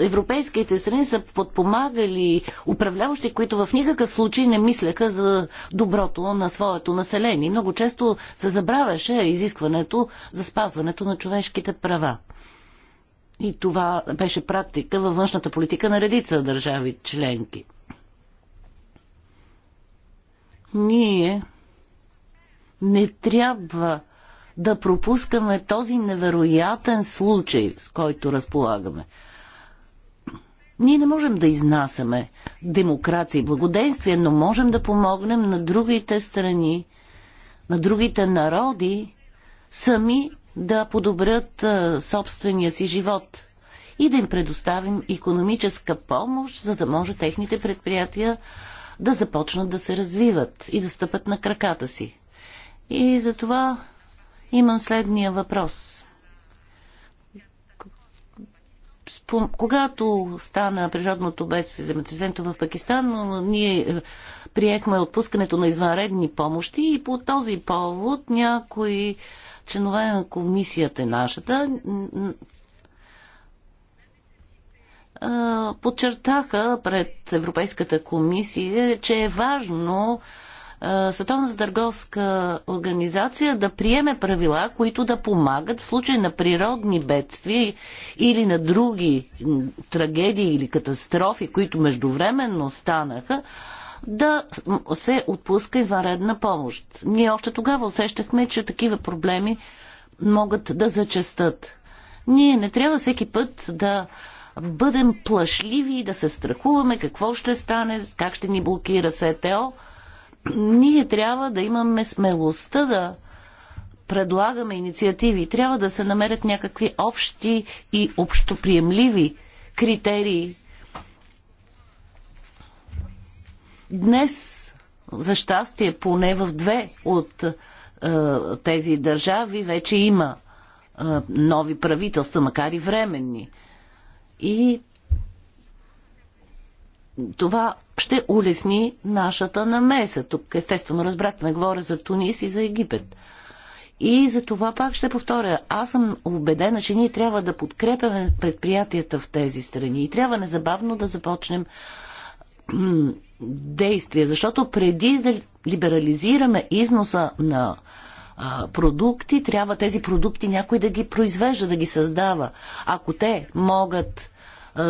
европейските страни са подпомагали управляващи, които в никакъв случай не мислеха за доброто на своето население. Много често се забравяше изискването за спазването на човешките права. И това беше практика във външната политика на редица държави членки. Ние не трябва да пропускаме този невероятен случай, с който разполагаме. Ние не можем да изнасяме демокрация и благоденствие, но можем да помогнем на другите страни, на другите народи, сами да подобрят а, собствения си живот и да им предоставим економическа помощ, за да може техните предприятия да започнат да се развиват и да стъпат на краката си. И за това имам следния въпрос. Когато стана природното бедствие, земетресението в Пакистан, ние е, приехме отпускането на извънредни помощи и по този повод някои членове на комисията нашата подчертаха пред Европейската комисия, че е важно Световната търговска организация да приеме правила, които да помагат в случай на природни бедствия или на други трагедии или катастрофи, които междувременно станаха, да се отпуска извънредна помощ. Ние още тогава усещахме, че такива проблеми могат да зачестат. Ние не трябва всеки път да бъдем плашливи и да се страхуваме какво ще стане, как ще ни блокира СТО. Ние трябва да имаме смелостта да предлагаме инициативи. Трябва да се намерят някакви общи и общоприемливи критерии. Днес, за щастие, поне в две от е, тези държави вече има е, нови правителства, макар и временни и това ще улесни нашата намеса. Тук естествено разбрахме, говоря за Тунис и за Египет. И за това пак ще повторя. Аз съм убедена, че ние трябва да подкрепяме предприятията в тези страни и трябва незабавно да започнем действия, защото преди да либерализираме износа на а, продукти, трябва тези продукти някой да ги произвежда, да ги създава. Ако те могат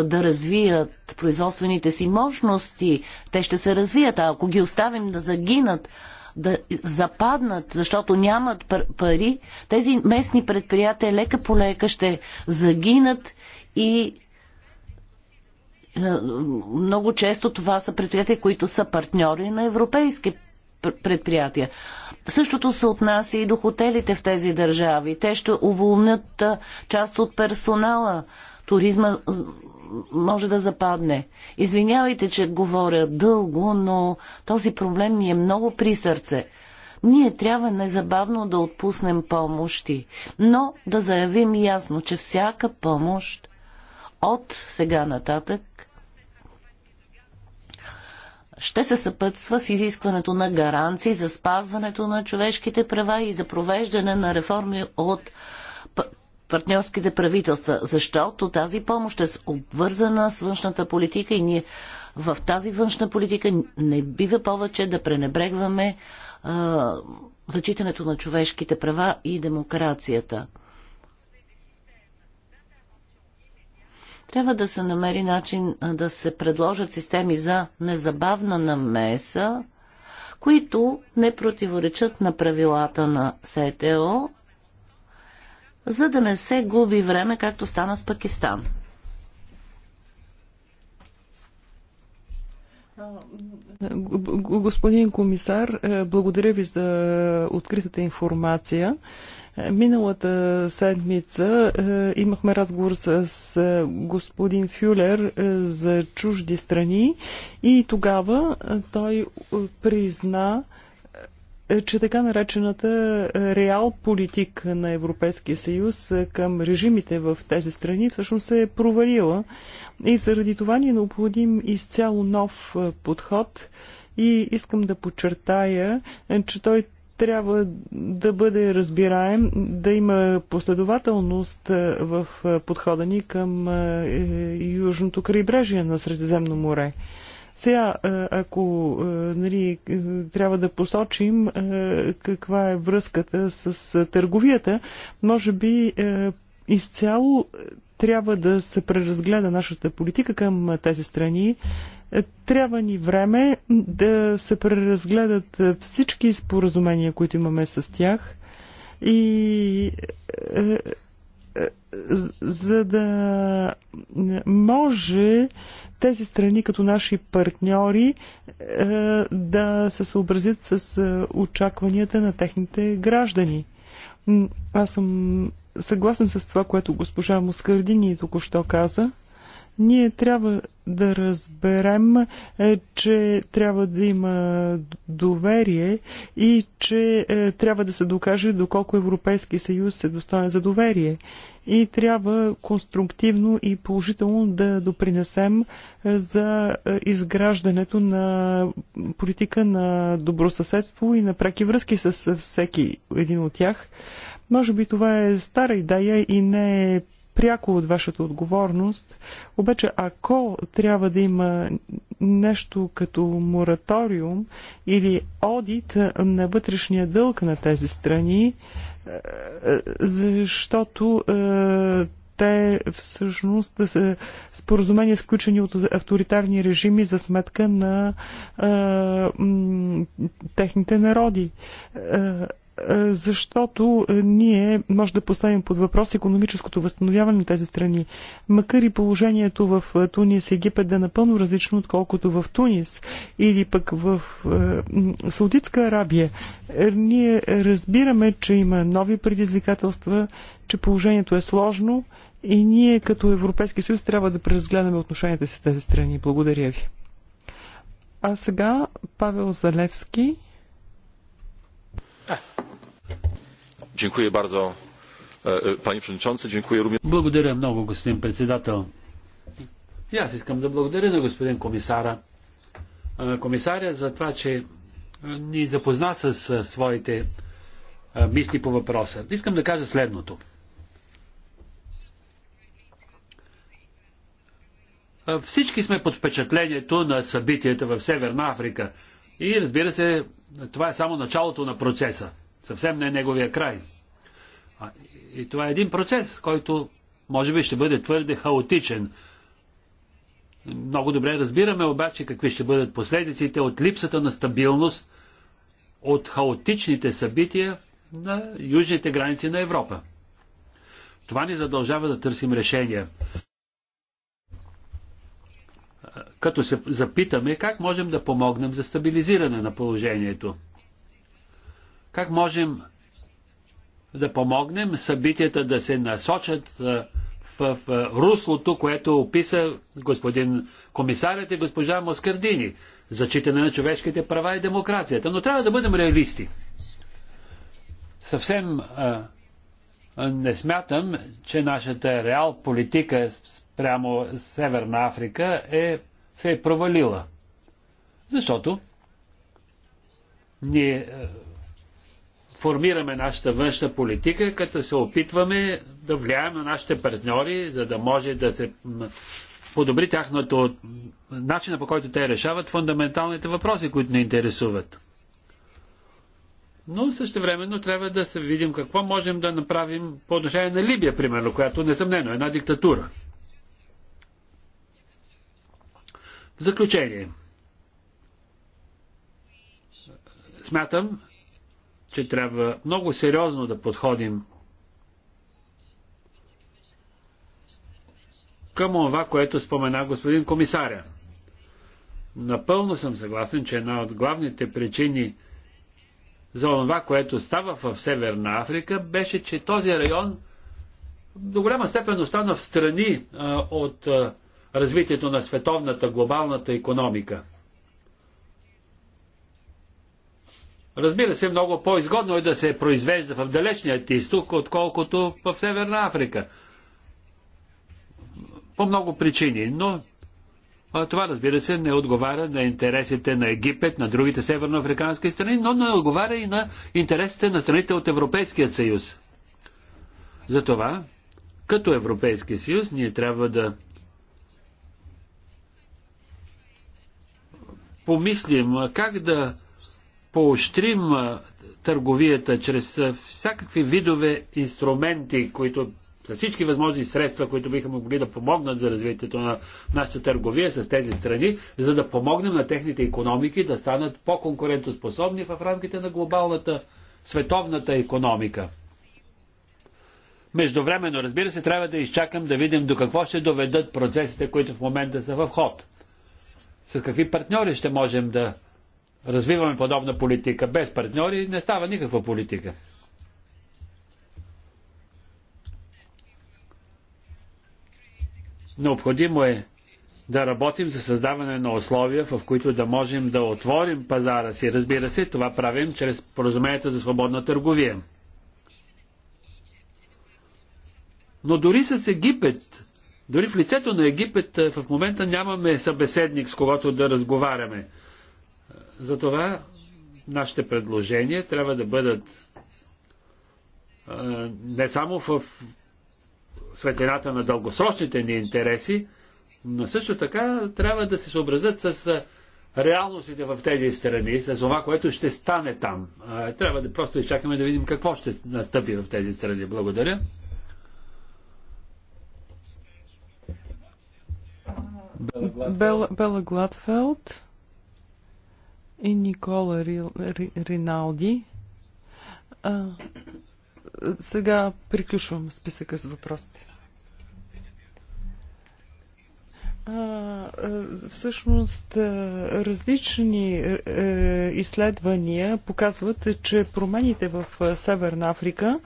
да развият производствените си мощности, те ще се развият, а ако ги оставим да загинат, да западнат, защото нямат пари, тези местни предприятия лека по лека ще загинат и е, много често това са предприятия, които са партньори на европейски предприятия. Същото се отнася и до хотелите в тези държави. Те ще уволнят част от персонала. Туризма може да западне. Извинявайте, че говоря дълго, но този проблем ми е много при сърце. Ние трябва незабавно да отпуснем помощи, но да заявим ясно, че всяка помощ от сега нататък ще се съпътства с изискването на гаранции за спазването на човешките права и за провеждане на реформи от партньорските правителства, защото тази помощ е обвързана с външната политика и ние в тази външна политика не бива повече да пренебрегваме а, зачитането на човешките права и демокрацията. Трябва да се намери начин да се предложат системи за незабавна намеса, които не противоречат на правилата на СТО, за да не се губи време, както стана с Пакистан. Господин комисар, е, благодаря ви за откритата информация. Миналата седмица е, имахме разговор с господин Фюлер е, за чужди страни и тогава е, той призна, че така наречената реал политик на Европейския съюз към режимите в тези страни всъщност се е провалила. И заради това ни е необходим изцяло нов подход. И искам да подчертая, че той трябва да бъде разбираем, да има последователност е, в е, подхода ни към е, южното крайбрежие на Средиземно море. Сега, ако нали, трябва да посочим каква е връзката с търговията, може би изцяло трябва да се преразгледа нашата политика към тези страни трябва ни време да се преразгледат всички споразумения, които имаме с тях и е, е, за да може тези страни като наши партньори е, да се съобразят с очакванията на техните граждани. Аз съм съгласен с това, което госпожа Москардини току-що каза. Ние трябва да разберем, е, че трябва да има доверие и че е, трябва да се докаже доколко Европейски съюз се достоен за доверие. И трябва конструктивно и положително да допринесем е, за изграждането на политика на добросъседство и на преки връзки с всеки един от тях. Може би това е стара идея и не е пряко от вашата отговорност. Обаче, ако трябва да има нещо като мораториум или одит на вътрешния дълг на тези страни, е, защото е, те всъщност да са споразумения сключени от авторитарни режими за сметка на а, е, м, техните народи. А, е, защото е, ние може да поставим под въпрос економическото възстановяване на тези страни. Макар и положението в е, Тунис и Египет да е напълно различно, отколкото в Тунис или пък в Саудитска Арабия, ние разбираме, че има нови предизвикателства, че положението е сложно и ние като Европейски съюз трябва да преразгледаме отношенията си с тези страни. Благодаря ви. А сега Павел Залевски. E, e, благодаря много, господин председател. И аз искам да благодаря на господин комисара. Е, комисаря за това, че е, ни запозна с е, своите мисли по въпроса. Искам да кажа следното. Всички сме под впечатлението на събитията в Северна Африка. И разбира се, това е само началото на процеса съвсем не е неговия край. А, и това е един процес, който може би ще бъде твърде хаотичен. Много добре разбираме обаче какви ще бъдат последиците от липсата на стабилност, от хаотичните събития на южните граници на Европа. Това ни задължава да търсим решения. Като се запитаме как можем да помогнем за стабилизиране на положението – как можем да помогнем събитията да се насочат в руслото, което описа господин комисарят и госпожа Москардини. Зачитане на човешките права и демокрацията. Но трябва да бъдем реалисти. Съвсем а, не смятам, че нашата реал политика прямо Северна Африка е, се е провалила. Защото ние формираме нашата външна политика, като се опитваме да влияем на нашите партньори, за да може да се подобри тяхното начина по който те решават фундаменталните въпроси, които ни интересуват. Но също времено трябва да се видим какво можем да направим по отношение на Либия, примерно, която несъмнено е една диктатура. В заключение. Смятам, че трябва много сериозно да подходим към това, което спомена господин комисаря. Напълно съм съгласен, че една от главните причини за това, което става в Северна Африка, беше, че този район до голяма степен остана в страни а, от а, развитието на световната глобалната економика. Разбира се, много по-изгодно е да се произвежда в далечният изток, отколкото в Северна Африка. По много причини, но а, това разбира се не отговаря на интересите на Египет, на другите северноафрикански страни, но не отговаря и на интересите на страните от Европейския съюз. Затова, като Европейски съюз, ние трябва да помислим как да поощрим търговията чрез всякакви видове инструменти, които всички възможни средства, които биха могли да помогнат за развитието на нашата търговия с тези страни, за да помогнем на техните економики да станат по-конкурентоспособни в рамките на глобалната световната економика. Междувременно, разбира се, трябва да изчакам да видим до какво ще доведат процесите, които в момента са в ход. С какви партньори ще можем да развиваме подобна политика. Без партньори не става никаква политика. Необходимо е да работим за създаване на условия, в които да можем да отворим пазара си. Разбира се, това правим чрез поразумението за свободна търговия. Но дори с Египет, дори в лицето на Египет е, в момента нямаме събеседник, с когото да разговаряме. Затова нашите предложения трябва да бъдат не само в светлината на дългосрочните ни интереси, но също така трябва да се съобразят с реалностите в тези страни, с това, което ще стане там. Трябва да просто изчакаме да видим какво ще настъпи в тези страни. Благодаря. Бела Гладфелд и Никола Риналди. А, сега приключвам списъка с въпросите. всъщност различни е, изследвания показват, че промените в Северна Африка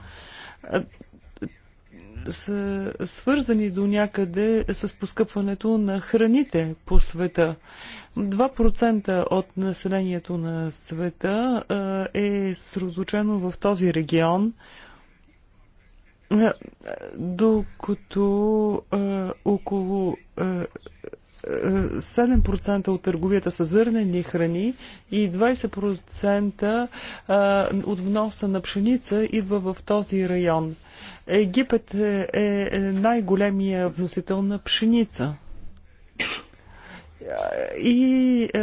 са свързани до някъде с поскъпването на храните по света. 2% от населението на света е средоточено в този регион, докато около 7% от търговията са зърнени храни и 20% от вноса на пшеница идва в този район. Египет е, е най-големия вносител на пшеница. И е,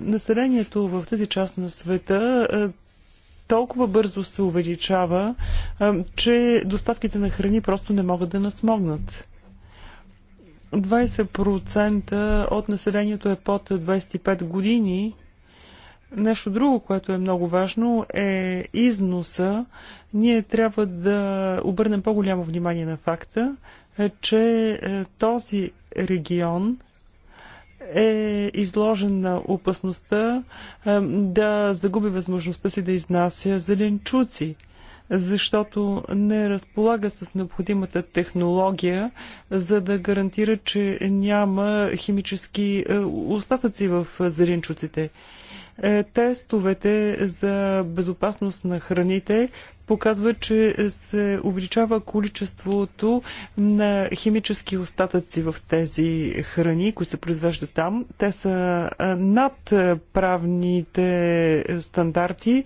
населението в тази част на света е, толкова бързо се увеличава, е, че доставките на храни просто не могат да насмогнат. 20% от населението е под 25 години Нещо друго, което е много важно, е износа. Ние трябва да обърнем по-голямо внимание на факта, е, че е, този регион е изложен на опасността е, да загуби възможността си да изнася зеленчуци, защото не разполага с необходимата технология, за да гарантира, че няма химически остатъци в зеленчуците. Е, тестовете за безопасност на храните показва, че се увеличава количеството на химически остатъци в тези храни, които се произвеждат там. Те са е, над правните стандарти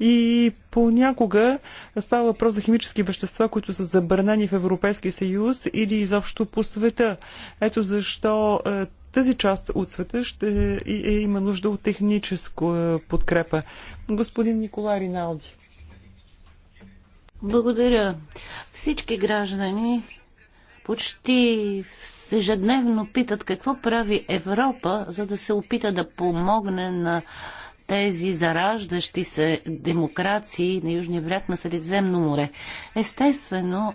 и понякога става въпрос за химически вещества, които са забранени в Европейския съюз или изобщо по света. Ето защо е, тази част от света ще и, и е, има нужда от техническа подкрепа. Господин Николай Риналди. Благодаря. Всички граждани почти ежедневно питат какво прави Европа, за да се опита да помогне на тези зараждащи се демокрации на Южния бряг на Средиземно море. Естествено,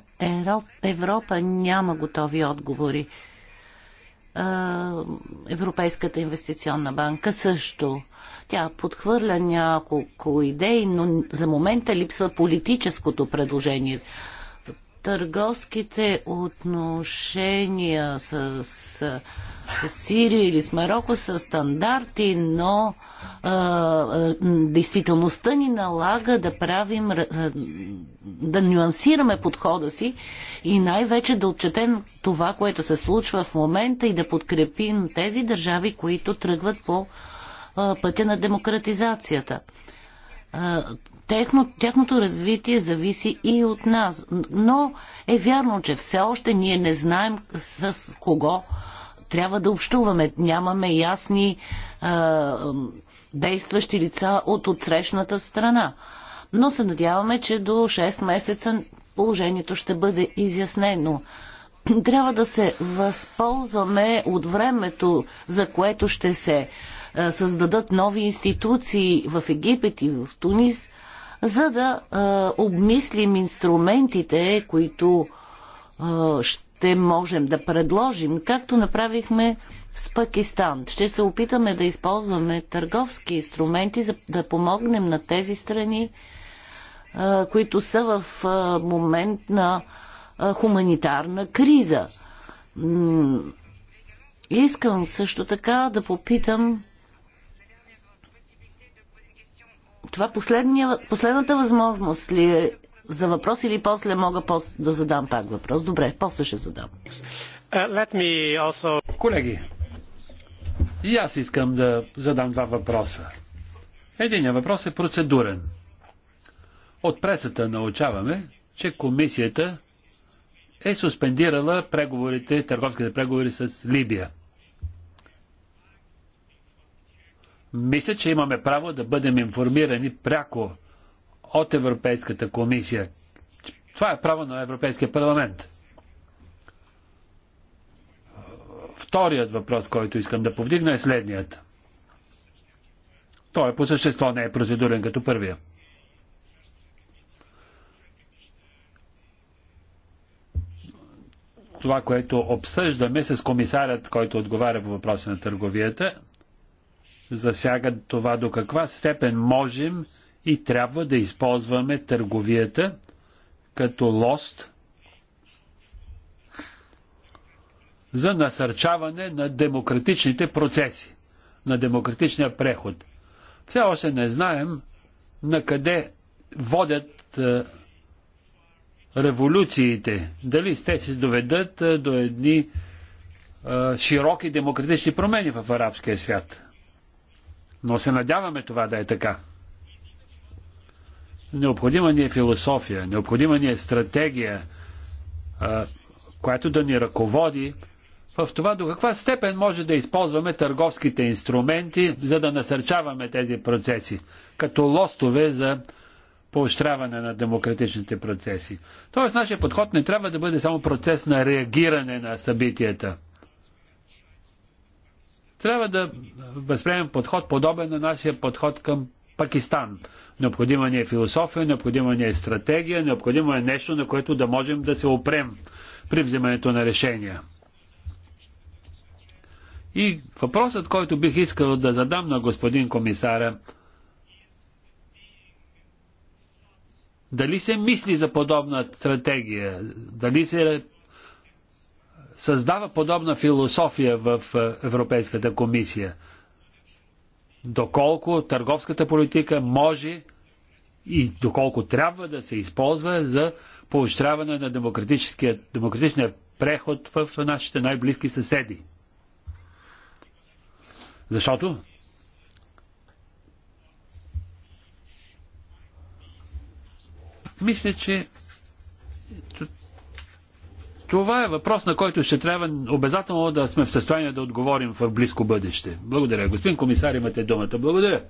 Европа няма готови отговори. Европейската инвестиционна банка също. Тя подхвърля няколко идеи, но за момента липсва политическото предложение търговските отношения с, с Сирия или с Марокко са стандарти, но а, действителността ни налага да правим, да нюансираме подхода си и най-вече да отчетем това, което се случва в момента и да подкрепим тези държави, които тръгват по а, пътя на демократизацията техно, тяхното развитие зависи и от нас. Но е вярно, че все още ние не знаем с кого трябва да общуваме. Нямаме ясни а, действащи лица от отсрещната страна. Но се надяваме, че до 6 месеца положението ще бъде изяснено. Трябва да се възползваме от времето, за което ще се създадат нови институции в Египет и в Тунис, за да а, обмислим инструментите, които а, ще можем да предложим, както направихме с Пакистан. Ще се опитаме да използваме търговски инструменти, за да помогнем на тези страни, а, които са в а, момент на а, хуманитарна криза. Искам също така да попитам Това последния, последната възможност ли е за въпрос или после мога да задам пак въпрос? Добре, после ще задам. Uh, also... Колеги, и аз искам да задам два въпроса. Единият въпрос е процедурен. От пресата научаваме, че комисията е суспендирала преговорите, търговските преговори с Либия. Мисля, че имаме право да бъдем информирани пряко от Европейската комисия. Това е право на Европейския парламент. Вторият въпрос, който искам да повдигна е следният. Той по същество не е процедурен като първия. Това, което обсъждаме с комисарят, който отговаря по въпроса на търговията, засяга това до каква степен можем и трябва да използваме търговията като лост за насърчаване на демократичните процеси, на демократичния преход. Все още не знаем на къде водят е, революциите. Дали те ще доведат е, до едни е, широки демократични промени в арабския свят. Но се надяваме това да е така. Необходима ни е философия, необходима ни е стратегия, която да ни ръководи в това до каква степен може да използваме търговските инструменти, за да насърчаваме тези процеси, като лостове за поощряване на демократичните процеси. Тоест, нашия подход не трябва да бъде само процес на реагиране на събитията – трябва да възприемем подход подобен на нашия подход към Пакистан. Необходима ни е философия, необходима ни е стратегия, необходимо е нещо, на което да можем да се опрем при вземането на решения. И въпросът, който бих искал да задам на господин комисара, дали се мисли за подобна стратегия, дали се създава подобна философия в е, Европейската комисия. Доколко търговската политика може и доколко трябва да се използва за поощряване на демократичния преход в нашите най-близки съседи. Защото мисля, че това е въпрос, на който ще трябва обязателно да сме в състояние да отговорим в близко бъдеще. Благодаря. Господин комисар, имате думата. Благодаря.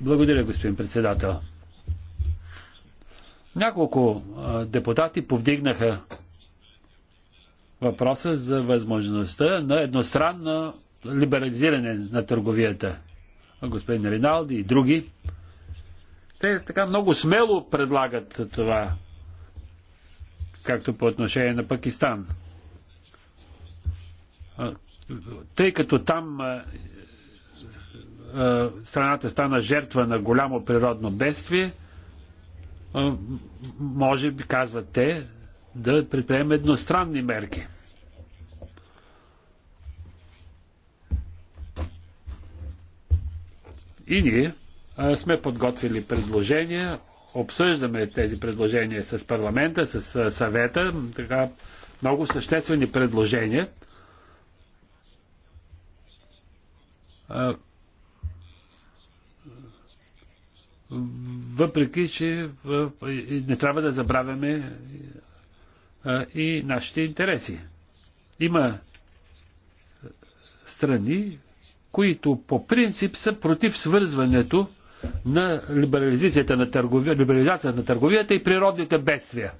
Благодаря, господин председател. Няколко депутати повдигнаха въпроса за възможността на едностранно либерализиране на търговията. Господин Риналди и други. Те така много смело предлагат това както по отношение на Пакистан. Тъй като там страната стана жертва на голямо природно бедствие, може би, казват те, да предприеме едностранни мерки. И ние сме подготвили предложения обсъждаме тези предложения с парламента, с съвета, така много съществени предложения. Въпреки, че не трябва да забравяме и нашите интереси. Има страни, които по принцип са против свързването на либерализацията на, търговия, либерализацията на търговията и природните бедствия.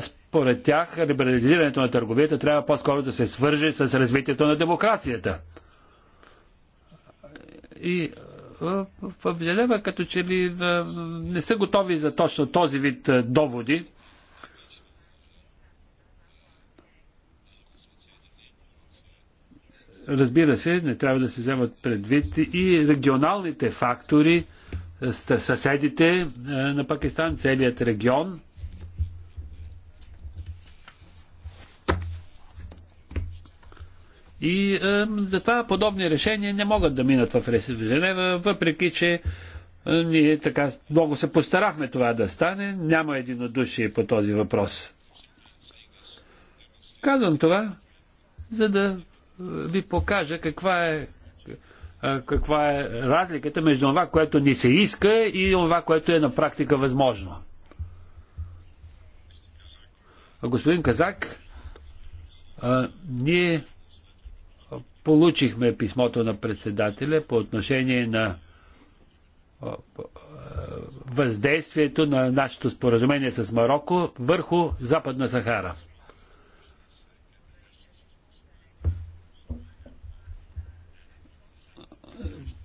Според тях, либерализирането на търговията трябва по-скоро да се свърже с развитието на демокрацията. И в като че ли не са готови за точно този вид доводи разбира се, не трябва да се вземат предвид и регионалните фактори, е, съседите е, на Пакистан, целият регион. И е, затова подобни решения не могат да минат в Женева, въпреки че е, ние така много се постарахме това да стане. Няма единодушие по този въпрос. Казвам това, за да ви покажа каква е, каква е разликата между това, което ни се иска и това, което е на практика възможно. Господин Казак, ние получихме писмото на председателя по отношение на въздействието на нашето споразумение с Марокко върху Западна Сахара.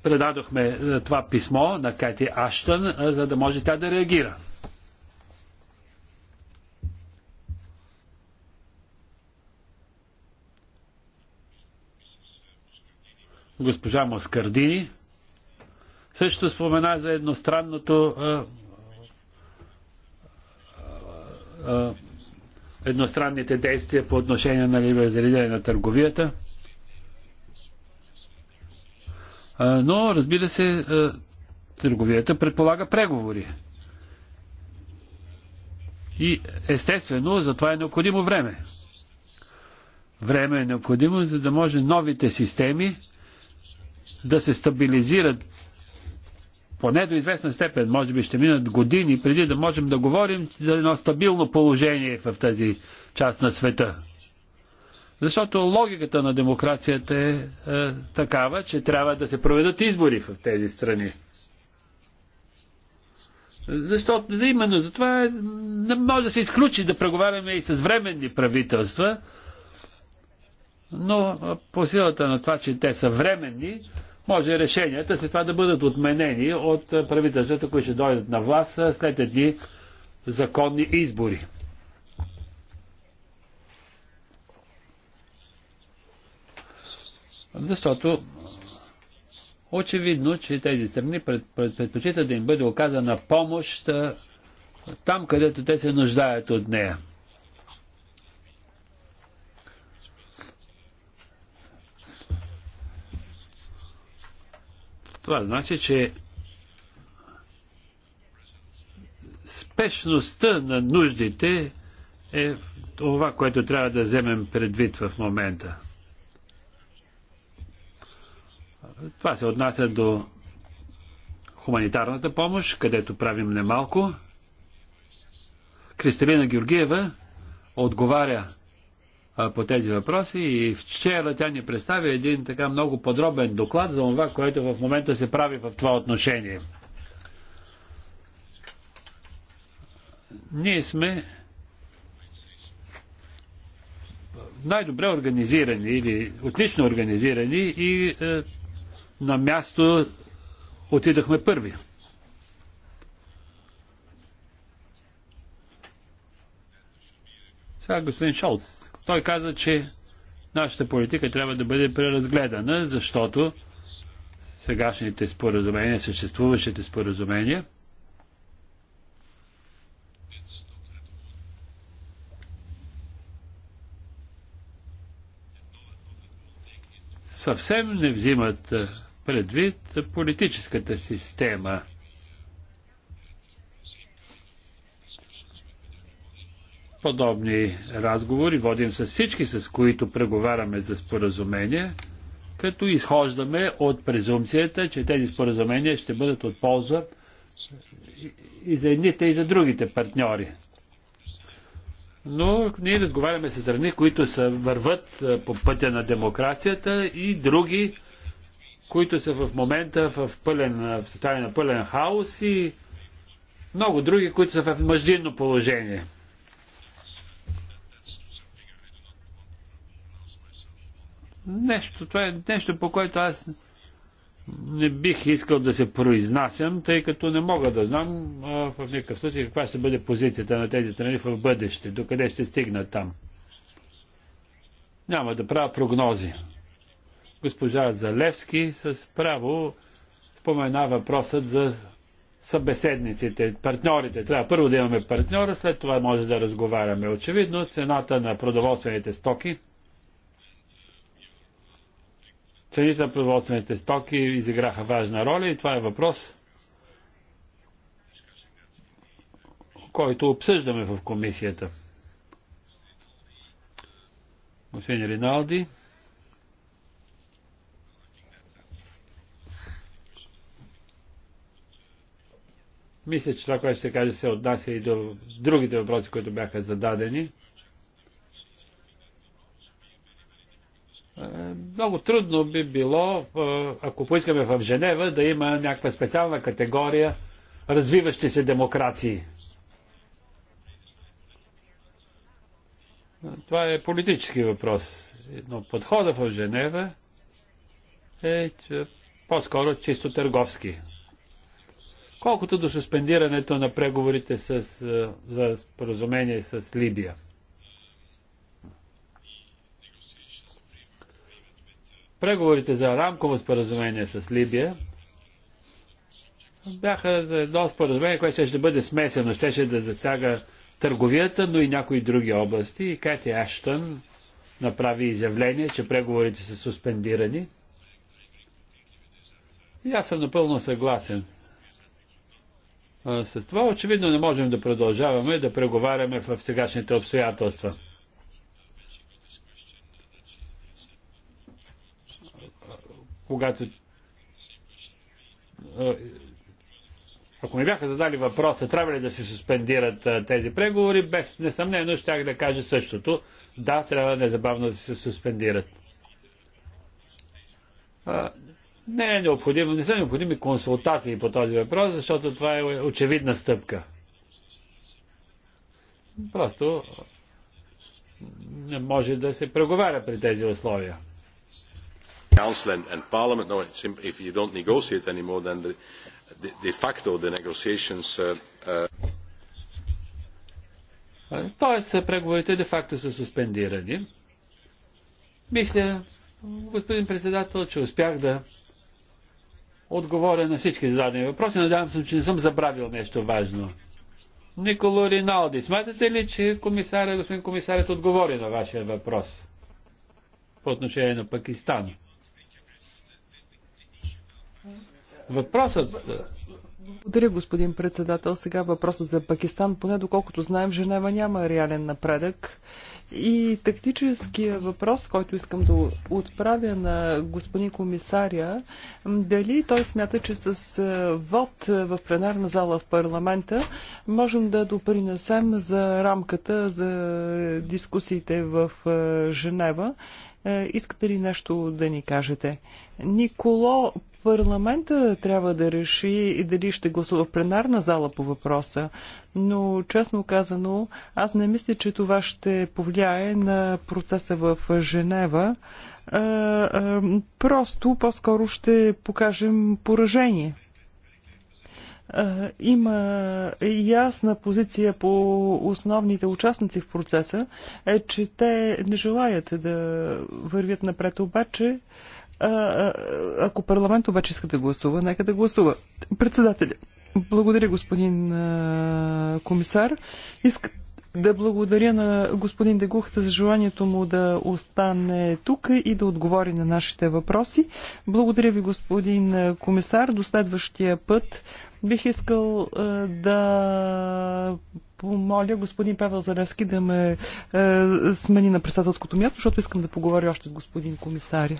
предадохме е, това писмо на Кати Аштън, е, за да може тя да реагира. Госпожа Москардини също спомена за едностранното е, едностранните действия по отношение на либерализиране на търговията. Но, разбира се, търговията предполага преговори. И естествено, за това е необходимо време. Време е необходимо, за да може новите системи да се стабилизират поне до известна степен, може би ще минат години преди да можем да говорим за едно стабилно положение в тази част на света. Защото логиката на демокрацията е, е такава, че трябва да се проведат избори в тези страни. Защото за именно затова е, не може да се изключи да преговаряме и с временни правителства, но по силата на това, че те са временни, може решенията след това да бъдат отменени от правителствата, които ще дойдат на власт след едни законни избори. защото очевидно, че тези страни предпочитат да им бъде оказана помощ там, където те се нуждаят от нея. Това значи, че спешността на нуждите е това, което трябва да вземем предвид в момента. Това се отнася до хуманитарната помощ, където правим немалко. Кристалина Георгиева отговаря по тези въпроси и вчера тя ни представи един така много подробен доклад за това, което в момента се прави в това отношение. Ние сме най-добре организирани или отлично организирани и е, на място отидахме първи. Сега господин Шолц, той каза, че нашата политика трябва да бъде преразгледана, защото сегашните споразумения, съществуващите споразумения, съвсем не взимат предвид политическата система. Подобни разговори водим с всички, с които преговаряме за споразумение, като изхождаме от презумцията, че тези споразумения ще бъдат от полза и за едните, и за другите партньори. Но ние разговаряме с страни, които са върват по пътя на демокрацията и други, които са в момента в пълен, в състояние на пълен хаос и много други, които са в мъждинно положение. Нещо, това е нещо, по което аз не бих искал да се произнасям, тъй като не мога да знам а, в никакъв случай каква ще бъде позицията на тези страни в бъдеще, докъде ще стигнат там. Няма да правя прогнози. Госпожа Залевски с право спомена въпросът за събеседниците, партньорите. Трябва първо да имаме партньора, след това може да разговаряме. Очевидно, цената на продоволствените стоки цените на продоволствените стоки изиграха важна роля и това е въпрос, който обсъждаме в комисията. Господин Риналди. Мисля, че това, което ще каже, се отнася и до другите въпроси, които бяха зададени. Е, много трудно би било, е, ако поискаме в Женева, да има някаква специална категория развиващи се демокрации. Това е политически въпрос. Но подхода в Женева е по-скоро чисто търговски. Колкото до суспендирането на преговорите с, е, за споразумение с Либия. Преговорите за рамково споразумение с Либия бяха за едно споразумение, което ще бъде смесено. Щеше да засяга търговията, но и някои други области. И Кати Аштън направи изявление, че преговорите са суспендирани. И аз съм напълно съгласен с това, очевидно не можем да продължаваме да преговаряме в сегашните обстоятелства. Когато ако ми бяха задали въпроса, трябва ли да се суспендират тези преговори, без несъмнено щях да кажа същото. Да, трябва незабавно да се суспендират не е необходимо, не са необходими консултации по този въпрос, защото това е очевидна стъпка. Просто не може да се преговаря при тези условия. Council and, and Parliament, no, it's, if you don't negotiate anymore, then the, the, de facto the negotiations. Uh, uh, Тоест, преговорите де факто са суспендирани. Мисля, господин председател, че успях да отговоря на всички зададени въпроси. Надявам се, че не съм забравил нещо важно. Николо Риналди, смятате ли, че комисаря, господин комисарят отговори на вашия въпрос по отношение на Пакистан? Въпросът благодаря, господин председател. Сега въпросът за Пакистан. Поне доколкото знаем, Женева няма реален напредък. И тактическия въпрос, който искам да отправя на господин комисаря, дали той смята, че с вод в пленарна зала в парламента можем да допринесем за рамката за дискусиите в Женева Искате ли нещо да ни кажете? Николо Парламента трябва да реши и дали ще гласува в пленарна зала по въпроса, но честно казано, аз не мисля, че това ще повлияе на процеса в Женева. А, а, просто по-скоро ще покажем поражение има ясна позиция по основните участници в процеса, е, че те не желаят да вървят напред, обаче ако парламент обаче иска да гласува, нека да гласува. Председателя, благодаря господин комисар. Иска да благодаря на господин Дегухта за желанието му да остане тук и да отговори на нашите въпроси. Благодаря ви, господин комисар. До следващия път бих искал да помоля господин Павел Залески да ме смени на председателското място, защото искам да поговоря още с господин комисаря.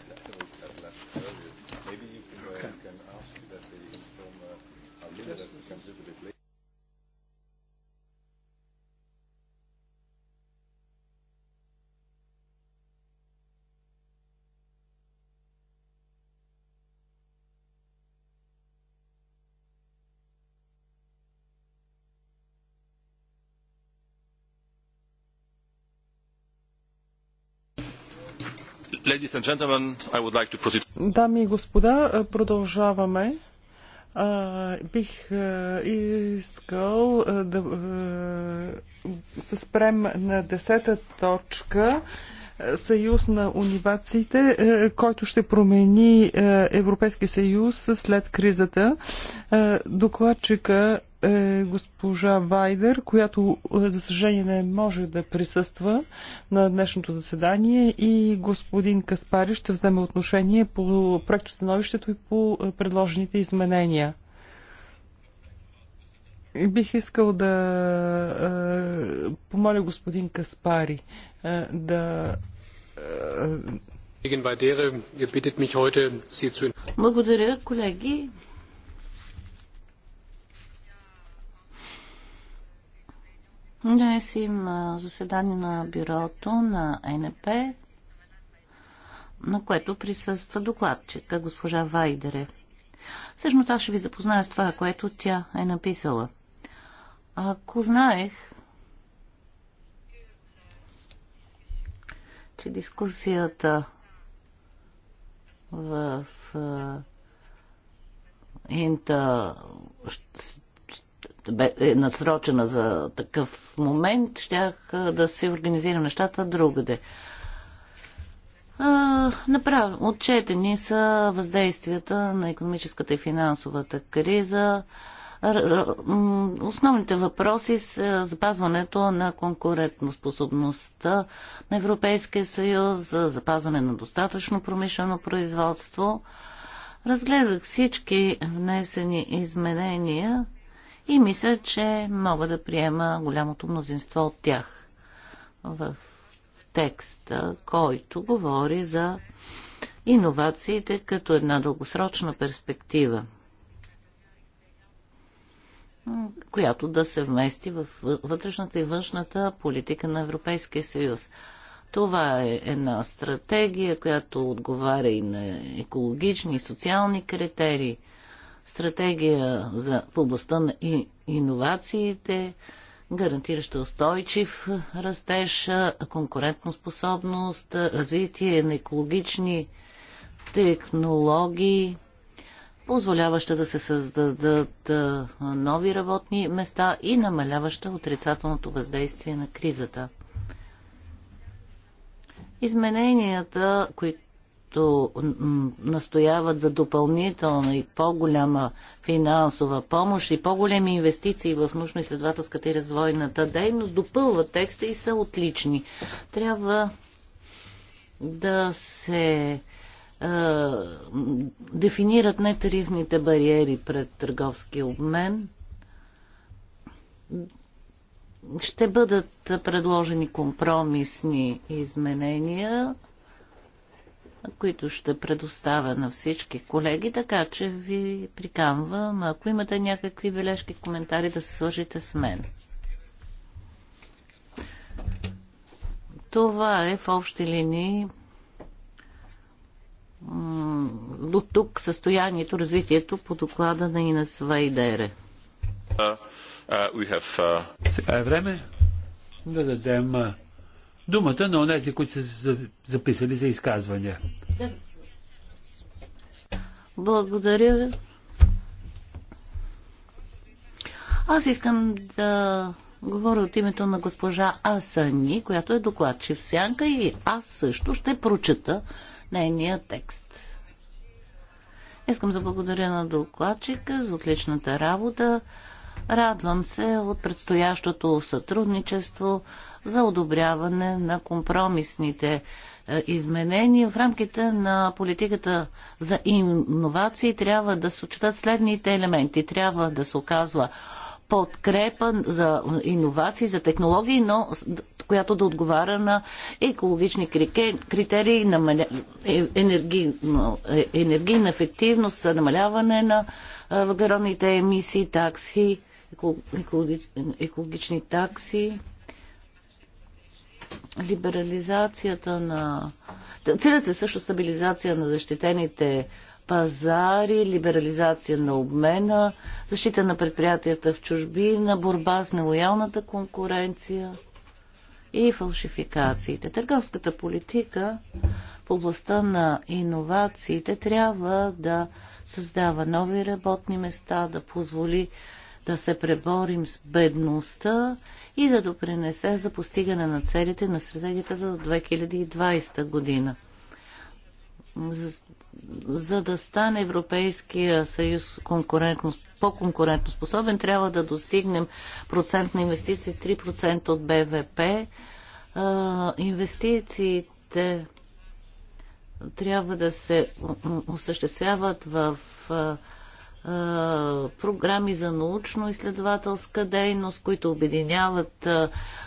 Дами и господа, продължаваме. бих искал да се спрем на десета точка съюз на унивациите, който ще промени Европейския съюз след кризата. Докладчика е госпожа Вайдер, която е, за съжаление не може да присъства на днешното заседание и господин Каспари ще вземе отношение по проекто становището и по е, предложените изменения. Бих искал да помоля господин Каспари да благодаря, колеги. Днес има заседание на бюрото на НП, на което присъства докладчика госпожа Вайдере. Всъщност аз ще ви запозная с това, което тя е написала. Ако знаех, че дискусията в Инта е насрочена за такъв момент, щях да се организирам нещата другаде. Направ... Отчетени са въздействията на економическата и финансовата криза. Основните въпроси са е, запазването на конкурентоспособността на Европейския съюз, запазване на достатъчно промишлено производство. Разгледах всички внесени изменения и мисля, че мога да приема голямото мнозинство от тях в текста, който говори за иновациите като една дългосрочна перспектива, която да се вмести в вътрешната и външната политика на Европейския съюз. Това е една стратегия, която отговаря и на екологични и социални критерии – стратегия за, в областта на и, иновациите, гарантираща устойчив растеж, конкурентоспособност, развитие на екологични технологии, позволяваща да се създадат нови работни места и намаляваща отрицателното въздействие на кризата. Измененията, които които настояват за допълнителна и по-голяма финансова помощ и по-големи инвестиции в научно-изследователската и развойната дейност, допълват текста и са отлични. Трябва да се е, дефинират нетарифните бариери пред търговски обмен. Ще бъдат предложени компромисни изменения които ще предоставя на всички колеги, така че ви приканвам, ако имате някакви бележки, коментари, да се свържите с мен. Това е в общи линии до тук състоянието, развитието по доклада на Инес Вайдере. Uh, uh, have, uh... Сега е време да дадем uh, думата на онези, които са се записали за изказвания. Благодаря. Аз искам да говоря от името на госпожа Асани, която е докладчив Сянка и аз също ще прочета нейния текст. Искам да благодаря на докладчика за отличната работа. Радвам се от предстоящото сътрудничество за одобряване на компромисните е, изменения в рамките на политиката за иновации трябва да се отчитат следните елементи. Трябва да се оказва подкрепа за иновации, за технологии, но която да отговаря на екологични критерии, е, енергийна, е, енергийна ефективност, намаляване на въглеродните емисии, такси, екологични такси либерализацията на... Целят се също стабилизация на защитените пазари, либерализация на обмена, защита на предприятията в чужбина, борба с нелоялната конкуренция и фалшификациите. Търговската политика в областта на иновациите трябва да създава нови работни места, да позволи да се преборим с бедността и да допринесе за постигане на целите на стратегията до 2020 година. За, за да стане Европейския съюз по-конкурентно способен, трябва да достигнем процент на инвестиции 3% от БВП. А, инвестициите трябва да се осъществяват в а, програми за научно-изследователска дейност, които обединяват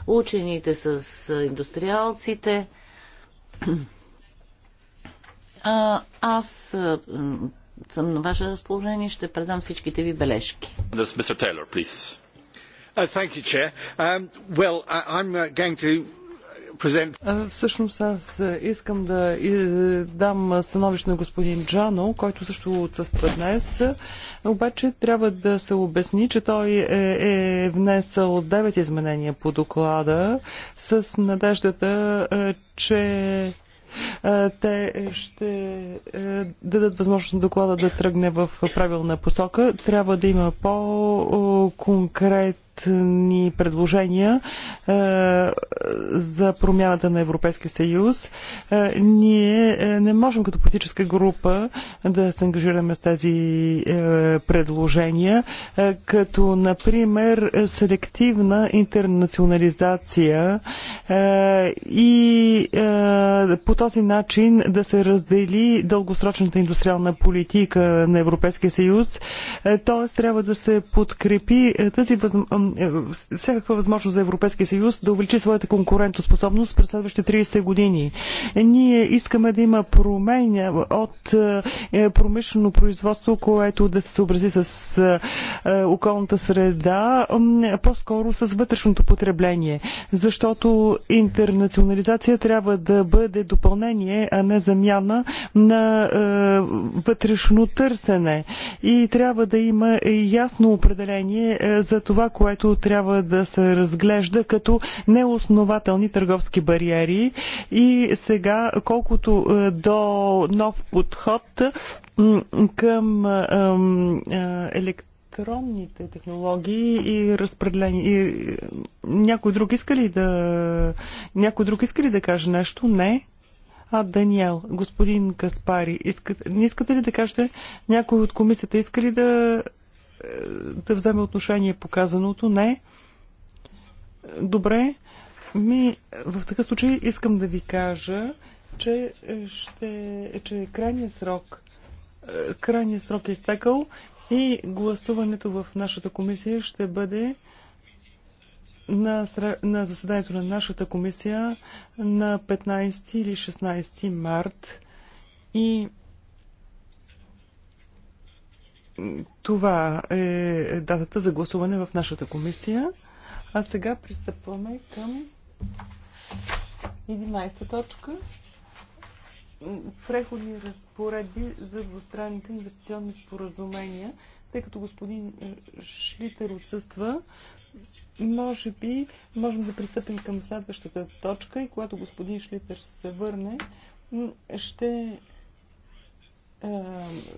учените с индустриалците. Аз съм на ваше разположение и ще предам всичките ви бележки. Mr. Taylor, please. Uh, thank you, Chair. Um, well, I, I'm uh, going to Всъщност аз искам да е, дам становище на господин Джано, който също отсъства днес. Обаче трябва да се обясни, че той е, е внесъл 9 изменения по доклада с надеждата, че те ще дадат възможност на доклада да тръгне в правилна посока. Трябва да има по-конкретни конкретни предложения за промяната на Европейския съюз. ние не можем като политическа група да се ангажираме с тези предложения, като, например, селективна интернационализация и по този начин да се раздели дългосрочната индустриална политика на Европейския съюз. т.е. Тоест, трябва да се подкрепи тази възможност е, всякаква възможност за Европейския съюз да увеличи своята конкурентоспособност през следващите 30 години. Ние искаме да има променя от е, промишлено производство, което да се съобрази с е, околната среда, по-скоро с вътрешното потребление, защото интернационализация трябва да бъде допълнение, а не замяна на вътрешно търсене. И трябва да има ясно определение за това, което което трябва да се разглежда като неоснователни търговски бариери. И сега, колкото е, до нов подход към е, е, електронните технологии и разпределение. И... Някой друг иска ли да... Някой друг иска ли да каже нещо? Не. А, Даниел, господин Каспари, не искате ли да кажете? Някой от комисията иска ли да е, да вземе отношение по казаното? Не. Добре. Ми, в такъв случай искам да ви кажа, че, ще, че крайният срок е, крайният срок е изтекал и гласуването в нашата комисия ще бъде на, на заседанието на нашата комисия на 15 или 16 март и това е датата за гласуване в нашата комисия. А сега пристъпваме към 11 точка. Преходни разпоредби за двустранните инвестиционни споразумения. Тъй като господин Шлитер отсъства, може би можем да пристъпим към следващата точка и когато господин Шлитер се върне, ще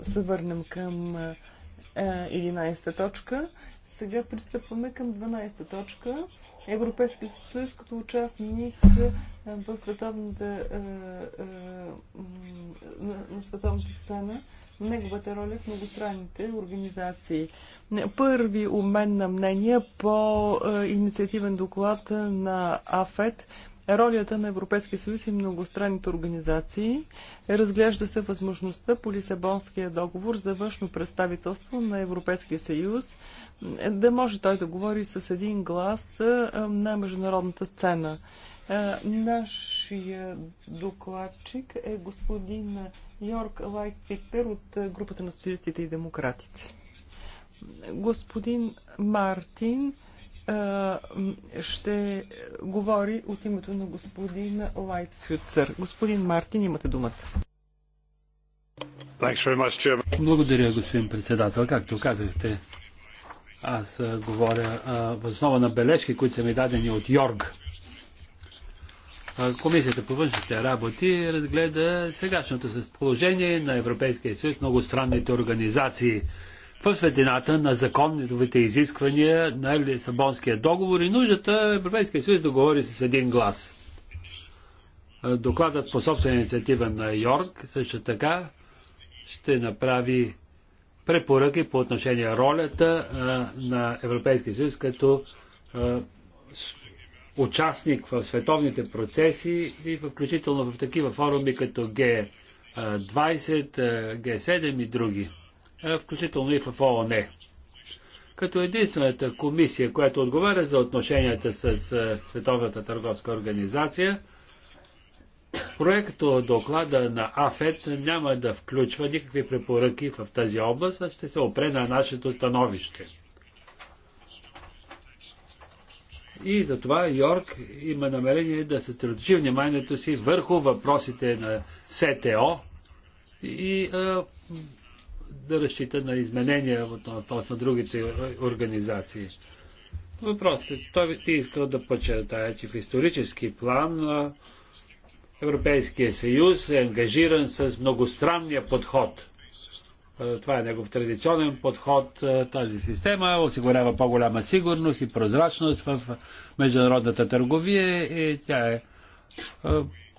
се върнем към 11-та точка. Сега пристъпваме към 12-та точка. Европейския съюз като участник в световната, на световната сцена, неговата роля е в многостранните организации. Първи обмен на мнения по инициативен доклад на АФЕТ – Ролята на Европейския съюз и многостранните организации разглежда се възможността по Лисабонския договор за външно представителство на Европейския съюз е, да може той да говори с един глас е, на международната сцена. Е, нашия докладчик е господин Йорк Лайк от групата на социалистите и демократите. Господин Мартин ще говори от името на господин Лайтфюцер. Господин Мартин, имате думата. Благодаря, господин председател. Както казахте, аз говоря основа на бележки, които са ми дадени от Йорг. Комисията по външните работи разгледа сегашното положение на Европейския съюз, много странните организации, в светлината на законните изисквания на Лисабонския договор и нуждата Европейския съюз да говори с един глас. Е, докладът по собствена инициатива на Йорк също така ще направи препоръки по отношение ролята е, на Европейския съюз като е, участник в световните процеси и включително в такива форуми като Г20, Г7 и други включително и в ООН. Като единствената комисия, която отговаря за отношенията с Световната търговска организация, проекто доклада на АФЕТ няма да включва никакви препоръки в тази област, а ще се опре на нашето становище. И затова Йорк има намерение да се средочи вниманието си върху въпросите на СТО и а, да разчита на изменения относно другите организации. Въпросът е, той би искал да подчертая, че в исторически план Европейския съюз е ангажиран с многостранния подход. Това е негов традиционен подход. Тази система осигурява по-голяма сигурност и прозрачност в международната търговия и тя е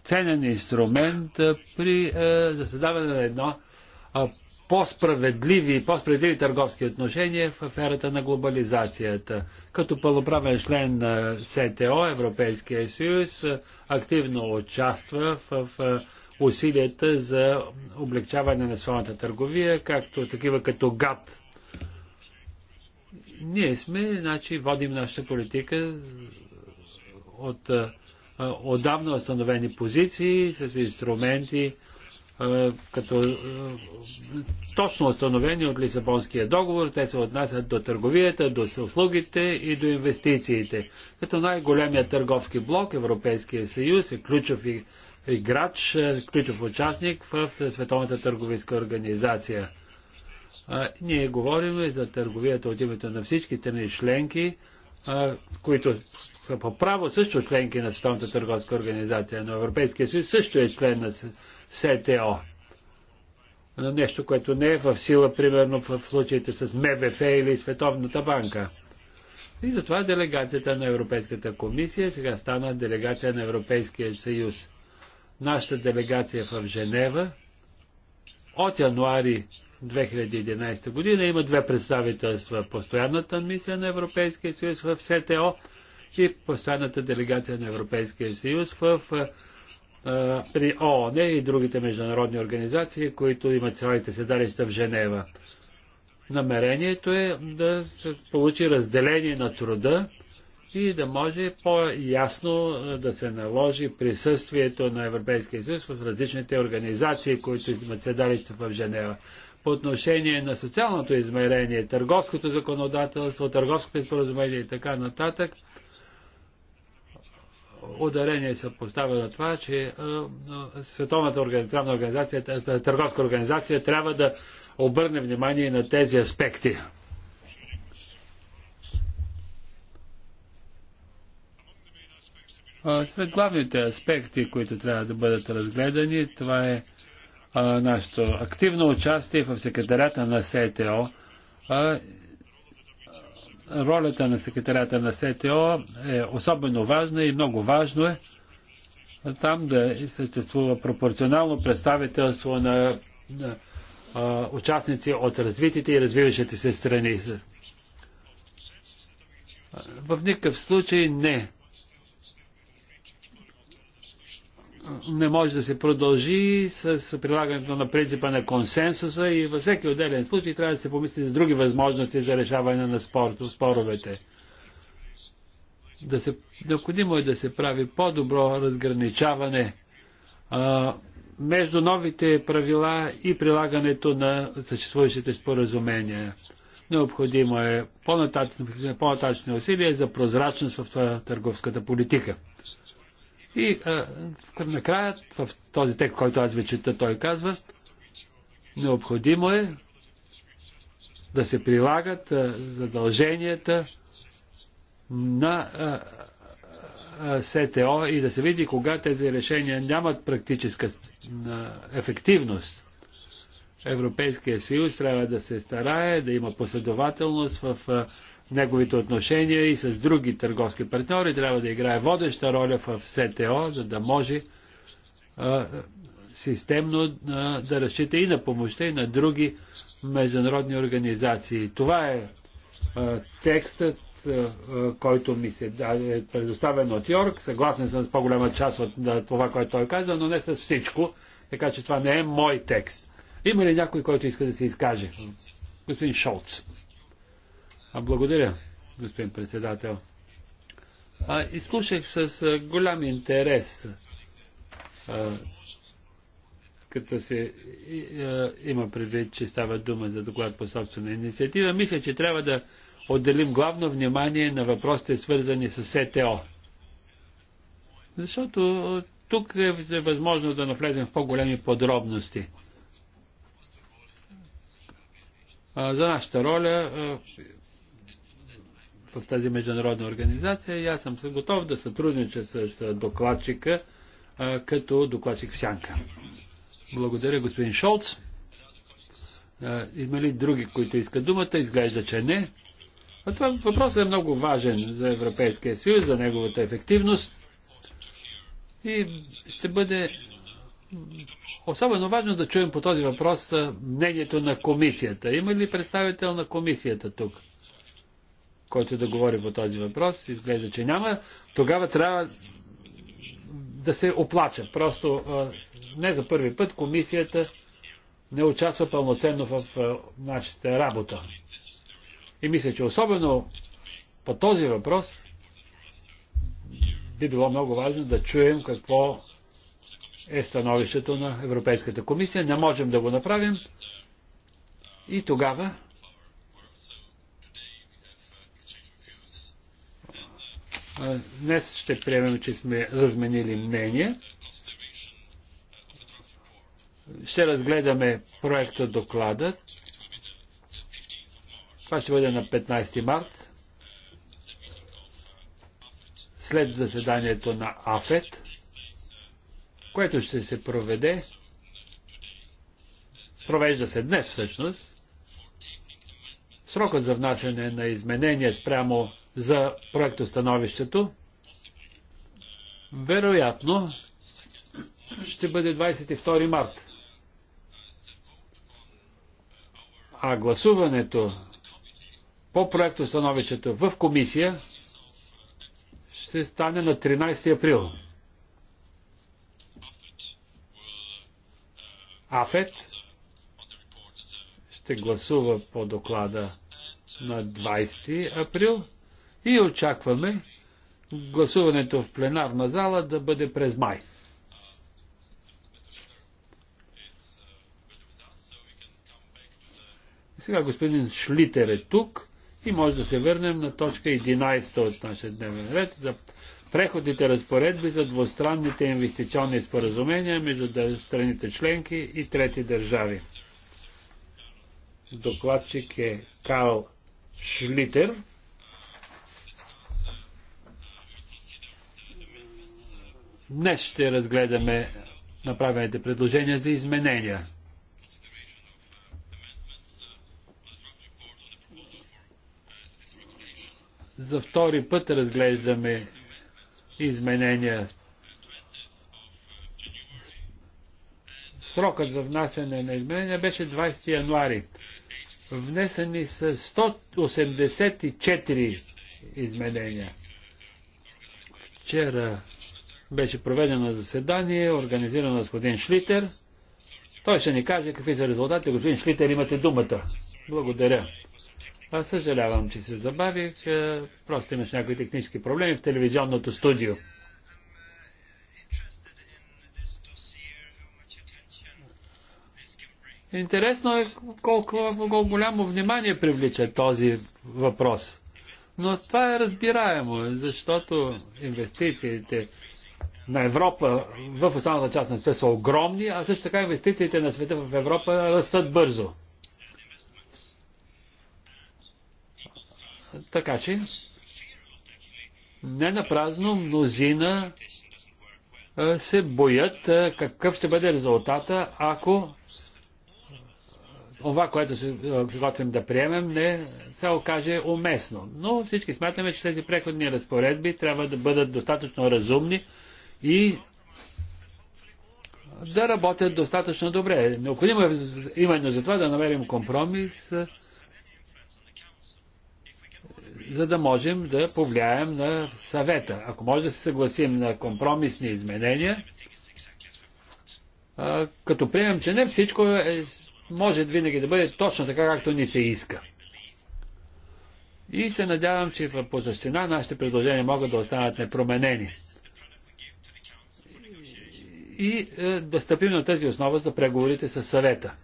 ценен инструмент при създаване на едно по-справедливи и по-справедливи търговски отношения в аферата на глобализацията. Като пълноправен член на СТО, Европейския съюз активно участва в усилията за облегчаване на своята търговия, както такива като ГАТ. Ние сме, значи, водим нашата политика от отдавна установени позиции с инструменти, като точно установени от Лисабонския договор. Те се отнасят до търговията, до услугите и до инвестициите. Като най-големия търговски блок Европейския съюз е ключов играч, е, ключов участник в Световната търговиска организация. Ние говорим за търговията от името на всички страни членки, които са по право също членки на Световната търговска организация, но Европейския съюз също е член на СТО. Нещо, което не е в сила, примерно в случаите с МВФ или Световната банка. И затова делегацията на Европейската комисия сега стана делегация на Европейския съюз. Нашата делегация в Женева от януари 2011 година има две представителства. Постоянната мисия на Европейския съюз в СТО и постоянната делегация на Европейския съюз в а, при ООН и другите международни организации, които имат своите седалища в Женева. Намерението е да се получи разделение на труда и да може по-ясно да се наложи присъствието на Европейския съюз в различните организации, които имат седалище в Женева по отношение на социалното измерение, търговското законодателство, търговските споразумения и така нататък, ударение се поставя на това, че е, е, Световната организация, е, търговска организация трябва да обърне внимание на тези аспекти. Сред главните аспекти, които трябва да бъдат разгледани, това е нашето активно участие в секретарята на СТО. ролята на секретарята на СТО е особено важна и много важно е там да съществува пропорционално представителство на, на а, участници от развитите и развиващите се страни. В никакъв случай не не може да се продължи с прилагането на принципа на консенсуса и във всеки отделен случай трябва да се помисли за други възможности за решаване на спор, споровете. Да се, необходимо е да се прави по-добро разграничаване а, между новите правила и прилагането на съществуващите споразумения. Необходимо е по-нататъчни по усилия за прозрачност в търговската политика. И а, накрая, в този текст, който аз ви чета, той казва, необходимо е да се прилагат а, задълженията на а, а, СТО и да се види кога тези решения нямат практическа а, ефективност. Европейския съюз трябва да се старае да има последователност в а, неговите отношения и с други търговски партньори. Трябва да играе водеща роля в СТО, за да може системно да разчита и на помощта, и на други международни организации. Това е текстът, който ми се е предоставен от Йорк. Съгласен съм с по-голяма част от това, което той каза, но не с всичко. Така че това не е мой текст. Има ли някой, който иска да се изкаже? Господин Шолц. Благодаря, господин председател. Изслушах с голям интерес, като се има предвид, че става дума за доклад по собствена инициатива. Мисля, че трябва да отделим главно внимание на въпросите, свързани с СТО. Защото тук е, е възможно да навлезем в по-големи подробности. За нашата роля в тази международна организация и аз съм готов да сътруднича с докладчика като докладчик в Сянка. Благодаря, господин Шолц. Има ли други, които искат думата? Изглежда, че не. А това въпрос е много важен за Европейския съюз, за неговата ефективност. И ще бъде особено важно да чуем по този въпрос мнението на комисията. Има ли представител на комисията тук? който да говори по този въпрос. Изглежда, че няма. Тогава трябва да се оплача. Просто не за първи път комисията не участва пълноценно в нашата работа. И мисля, че особено по този въпрос би било много важно да чуем какво е становището на Европейската комисия. Не можем да го направим. И тогава Днес ще приемем, че сме разменили мнение. Ще разгледаме проекта доклада. Това ще бъде на 15 март. След заседанието на АФЕТ, което ще се проведе, провежда се днес всъщност, срокът за внасяне на изменения спрямо за проектостановището. Вероятно ще бъде 22 март. А гласуването по проектостановището в комисия ще стане на 13 април. Афет ще гласува по доклада на 20 април и очакваме гласуването в пленарна зала да бъде през май. Сега господин Шлитер е тук и може да се върнем на точка 11 от нашия дневен ред за преходните разпоредби за двустранните инвестиционни споразумения между страните членки и трети държави. Докладчик е Карл Шлитер. Днес ще разгледаме направените предложения за изменения. За втори път разглеждаме изменения. Срокът за внасяне на изменения беше 20 януари. Внесени са 184 изменения. Вчера беше проведено заседание, организирано от господин Шлитер. Той ще ни каже какви са резултатите. Господин Шлитер, имате думата. Благодаря. Аз съжалявам, че се забавих. Е, Просто имаш някои технически проблеми в телевизионното студио. Интересно е колко, колко голямо внимание привлича този въпрос. Но това е разбираемо, защото инвестициите на Европа в останалата част на света са огромни, а също така инвестициите на света в Европа растат бързо. Така че, не напразно мнозина се боят какъв ще бъде резултата, ако това, което се приготвим да приемем, не се окаже уместно. Но всички смятаме, че тези преходни разпоредби трябва да бъдат достатъчно разумни, и да работят достатъчно добре. Необходимо е именно за това да намерим компромис, за да можем да повлияем на съвета. Ако може да се съгласим на компромисни изменения, като приемем, че не всичко е, може винаги да бъде точно така, както ни се иска. И се надявам, че по същина нашите предложения могат да останат непроменени и е, да стъпим на тази основа за преговорите с съвета.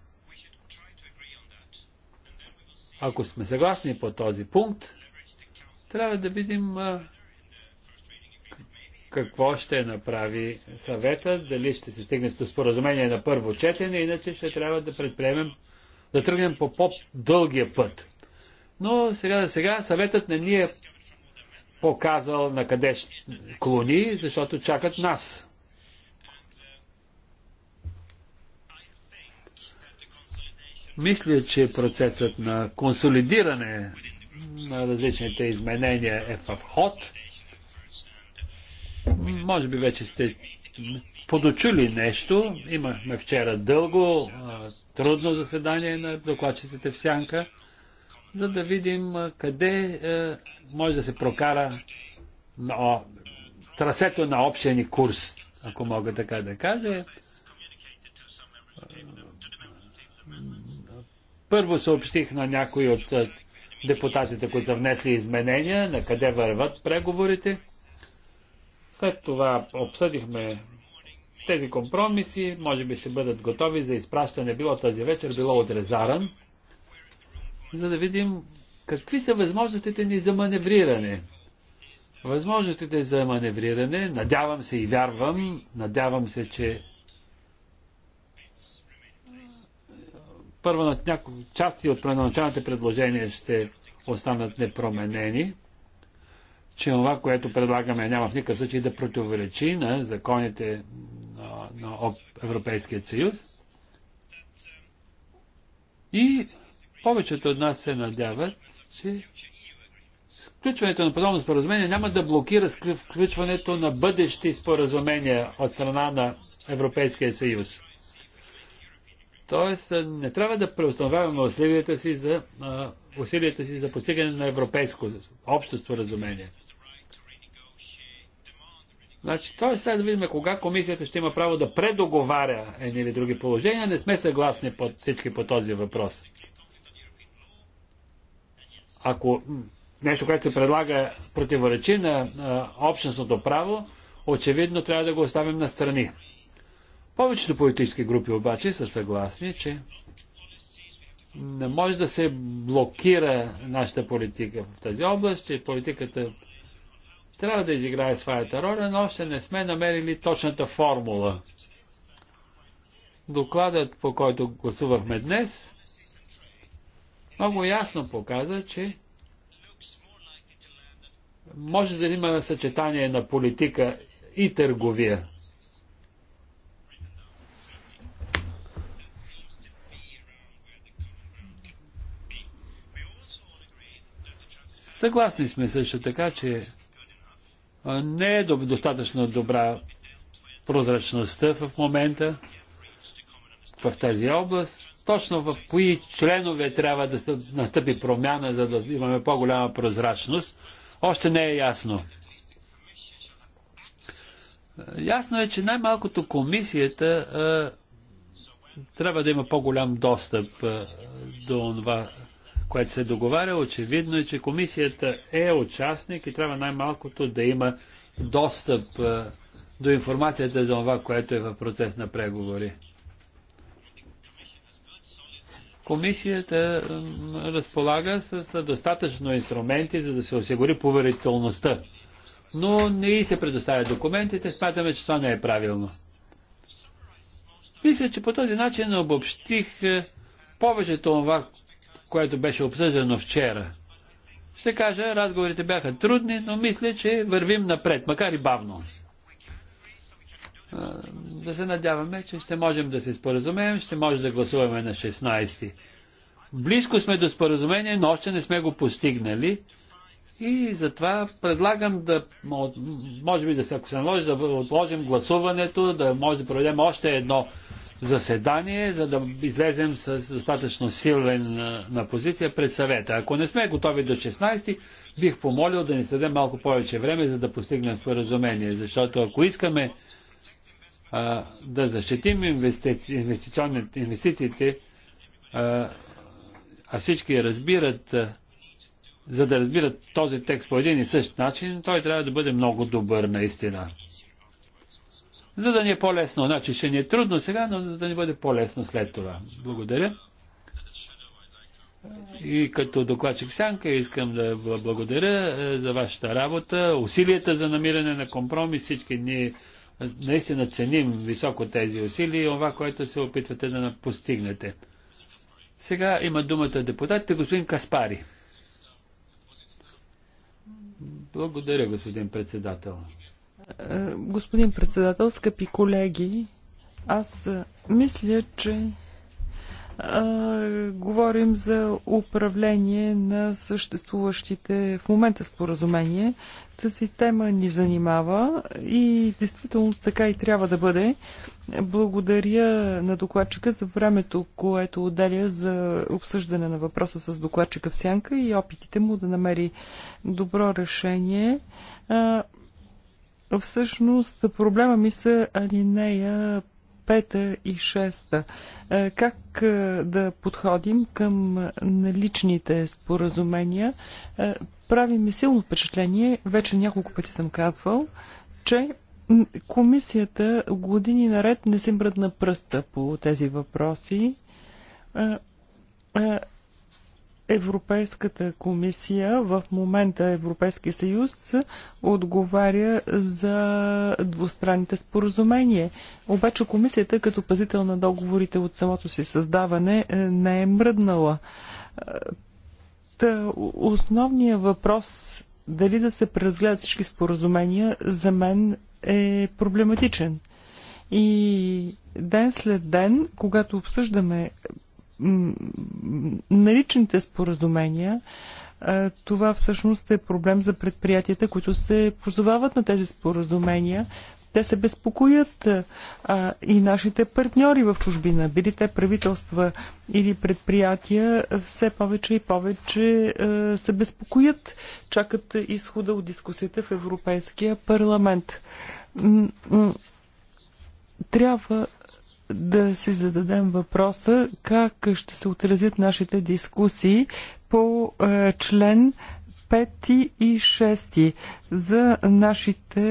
Ако сме съгласни по този пункт, трябва да видим е, какво ще направи съвета, дали ще се стигне до споразумение на първо четене, иначе ще трябва да предприемем, да тръгнем по по-дългия път. Но сега за сега съветът не ни е показал на къде клони, защото чакат нас. Мисля, че процесът на консолидиране на различните изменения е в ход. Може би вече сте подочули нещо. Имахме вчера дълго, трудно заседание на докладчиците в Сянка, за да видим къде може да се прокара на трасето на общия ни курс, ако мога така да кажа. Първо съобщих на някои от депутатите, които са внесли изменения, на къде върват преговорите. След това обсъдихме тези компромиси, може би ще бъдат готови за изпращане, било тази вечер, било отрезаран, за да видим какви са възможностите ни за маневриране. Възможностите за маневриране, надявам се и вярвам, надявам се, че първо на някои части от преначалните предложения ще останат непроменени, че това, което предлагаме, няма в никакъв случай да противоречи на законите на, на Европейския съюз. И повечето от нас се надяват, че сключването на подобно споразумение няма да блокира включването на бъдещи споразумения от страна на Европейския съюз. Тоест, е, не трябва да преустановяваме усилията си за, а, усилията си за постигане на европейско общество разумение. Значи, т.е. след да видим кога комисията ще има право да предоговаря едни или други положения. Не сме съгласни по, всички по този въпрос. Ако нещо, което се предлага, противоречи на общностното право, очевидно трябва да го оставим на страни. Повечето политически групи обаче са съгласни, че не може да се блокира нашата политика в тази област, че политиката трябва да изиграе своята роля, но още не сме намерили точната формула. Докладът, по който гласувахме днес, много ясно показа, че може да има съчетание на политика и търговия. Съгласни сме също така, че не е достатъчно добра прозрачността в момента в тази област. Точно в кои членове трябва да настъпи промяна, за да имаме по-голяма прозрачност, още не е ясно. Ясно е, че най-малкото комисията а, трябва да има по-голям достъп а, до това което се договаря, очевидно е, че комисията е участник и трябва най-малкото да има достъп до информацията за това, което е в процес на преговори. Комисията разполага с достатъчно инструменти, за да се осигури поверителността. Но не и се предоставят документите, смятаме, че това не е правилно. Мисля, че по този начин обобщих е, повечето това, което беше обсъждано вчера. Ще кажа, разговорите бяха трудни, но мисля, че вървим напред, макар и бавно. Да се надяваме, че ще можем да се споразумеем, ще може да гласуваме на 16. Близко сме до споразумение, но още не сме го постигнали. И затова предлагам да, може би, да се, ако се наложи, да отложим гласуването, да може да проведем още едно заседание, за да излезем с достатъчно силен на позиция пред съвета. Ако не сме готови до 16, бих помолил да ни съдем малко повече време, за да постигнем споразумение, защото ако искаме а, да защитим инвести... инвестициите, а, а всички разбират, а, за да разбират този текст по един и същ начин, той трябва да бъде много добър наистина за да ни е по-лесно. Значи ще ни е трудно сега, но за да ни бъде по-лесно след това. Благодаря. И като докладчик Сянка искам да благодаря е, за вашата работа, усилията за намиране на компромис. Всички ние е, наистина ценим високо тези усилия и това, което се опитвате да постигнете. Сега има думата депутатите господин Каспари. Благодаря, господин председател. Господин председател, скъпи колеги, аз мисля, че а, говорим за управление на съществуващите в момента споразумения. Тази тема ни занимава и действително така и трябва да бъде. Благодаря на докладчика за времето, което отделя за обсъждане на въпроса с докладчика в сянка и опитите му да намери добро решение. Всъщност проблема ми са алинея 5 и 6. Как да подходим към наличните споразумения? Прави ми силно впечатление, вече няколко пъти съм казвал, че комисията години наред не си мръдна пръста по тези въпроси Европейската комисия, в момента Европейския съюз, отговаря за двустранните споразумения. Обаче комисията, като пазител на договорите от самото си създаване, е, не е мръднала. Е, та, основният въпрос дали да се преразгледат всички споразумения, за мен е проблематичен. И ден след ден, когато обсъждаме наличните споразумения, е, това всъщност е проблем за предприятията, които се позовават на тези споразумения. Те се безпокоят е, а, и нашите партньори в чужбина, били те правителства или предприятия, все повече и повече а, е, се безпокоят, чакат изхода от дискусията в Европейския парламент. Трябва да си зададем въпроса как ще се отразят нашите дискусии по е, член 5 и 6 за нашите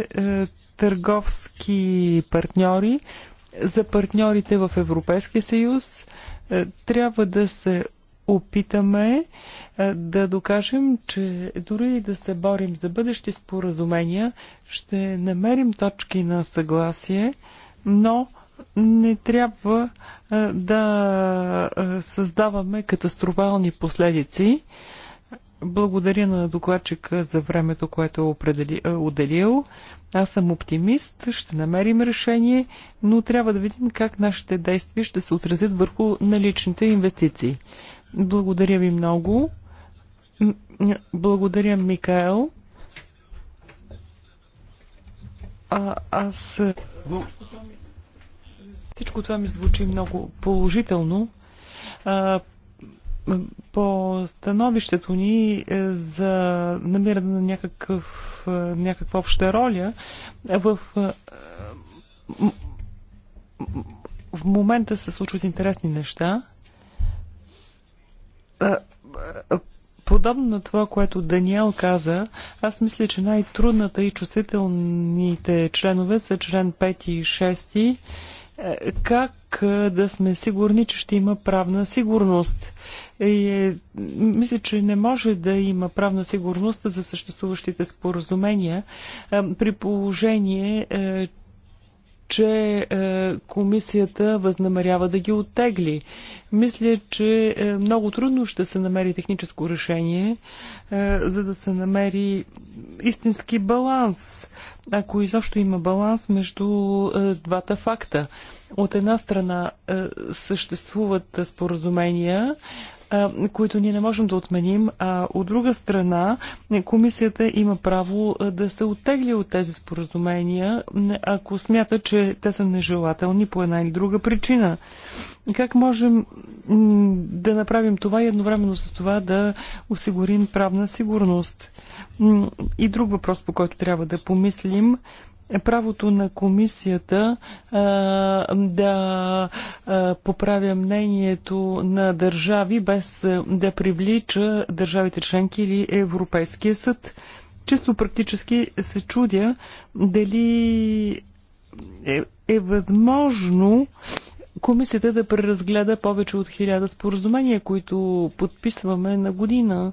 е, търговски партньори, за партньорите в Европейския съюз. Е, трябва да се опитаме да докажем, че дори и да се борим за бъдещи споразумения, ще намерим точки на съгласие, но не трябва да създаваме катастрофални последици. Благодаря на докладчика за времето, което е отделил. Аз съм оптимист, ще намерим решение, но трябва да видим как нашите действия ще се отразят върху наличните инвестиции. Благодаря ви много. Благодаря, Микаел. А, аз... Благодаря. Всичко това ми звучи много положително. По становището ни е, за намиране на някакъв, е, някаква обща роля е, в в момента се случват интересни неща. Подобно на това, което Даниел каза, аз мисля, че най-трудната и чувствителните членове са член 5 и 6 е, как е, да сме сигурни, че ще има правна сигурност? Е, е, мисля, че не може да има правна сигурност за съществуващите споразумения при положение, че е, комисията възнамерява да ги оттегли. Мисля, че е, много трудно ще се намери техническо решение, е, за да се намери истински баланс, ако изобщо има баланс между е, двата факта. От една страна е, съществуват споразумения, които ние не можем да отменим, а от друга страна комисията има право да се оттегли от тези споразумения, ако смята, че те са нежелателни по една или друга причина. Как можем да направим това и едновременно с това да осигурим правна сигурност? И друг въпрос, по който трябва да помислим, е правото на комисията а, да а, поправя мнението на държави без да привлича държавите членки или Европейския съд. Чисто практически се чудя дали е, е възможно комисията да преразгледа повече от хиляда споразумения, които подписваме на година.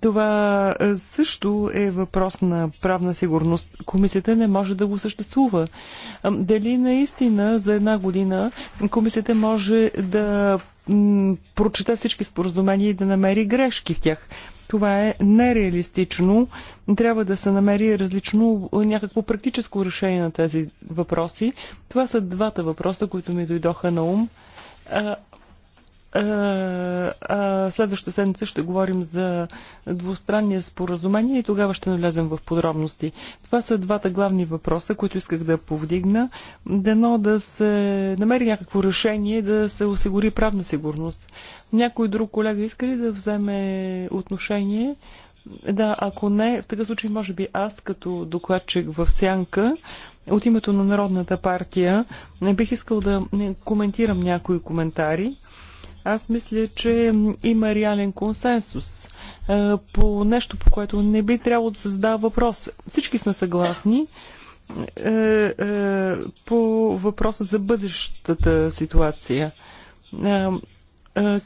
Това е, също е въпрос на правна сигурност. Комисията не може да го съществува. Дали наистина за една година комисията може да прочете всички споразумения и да намери грешки в тях? Това е нереалистично. Трябва да се намери различно някакво практическо решение на тези въпроси. Това са двата въпроса, които ми дойдоха на ум. Е, следващата седмица ще говорим за двустранния споразумение и тогава ще навлезем в подробности. Това са двата главни въпроса, които исках да повдигна. Дено да се намери някакво решение да се осигури правна сигурност. Някой друг колега иска ли да вземе отношение? Да, ако не, в такъв случай може би аз като докладчик в Сянка от името на Народната партия не бих искал да коментирам някои коментари. Аз мисля, че има реален консенсус по нещо, по което не би трябвало да се задава въпрос. Всички сме съгласни по въпроса за бъдещата ситуация.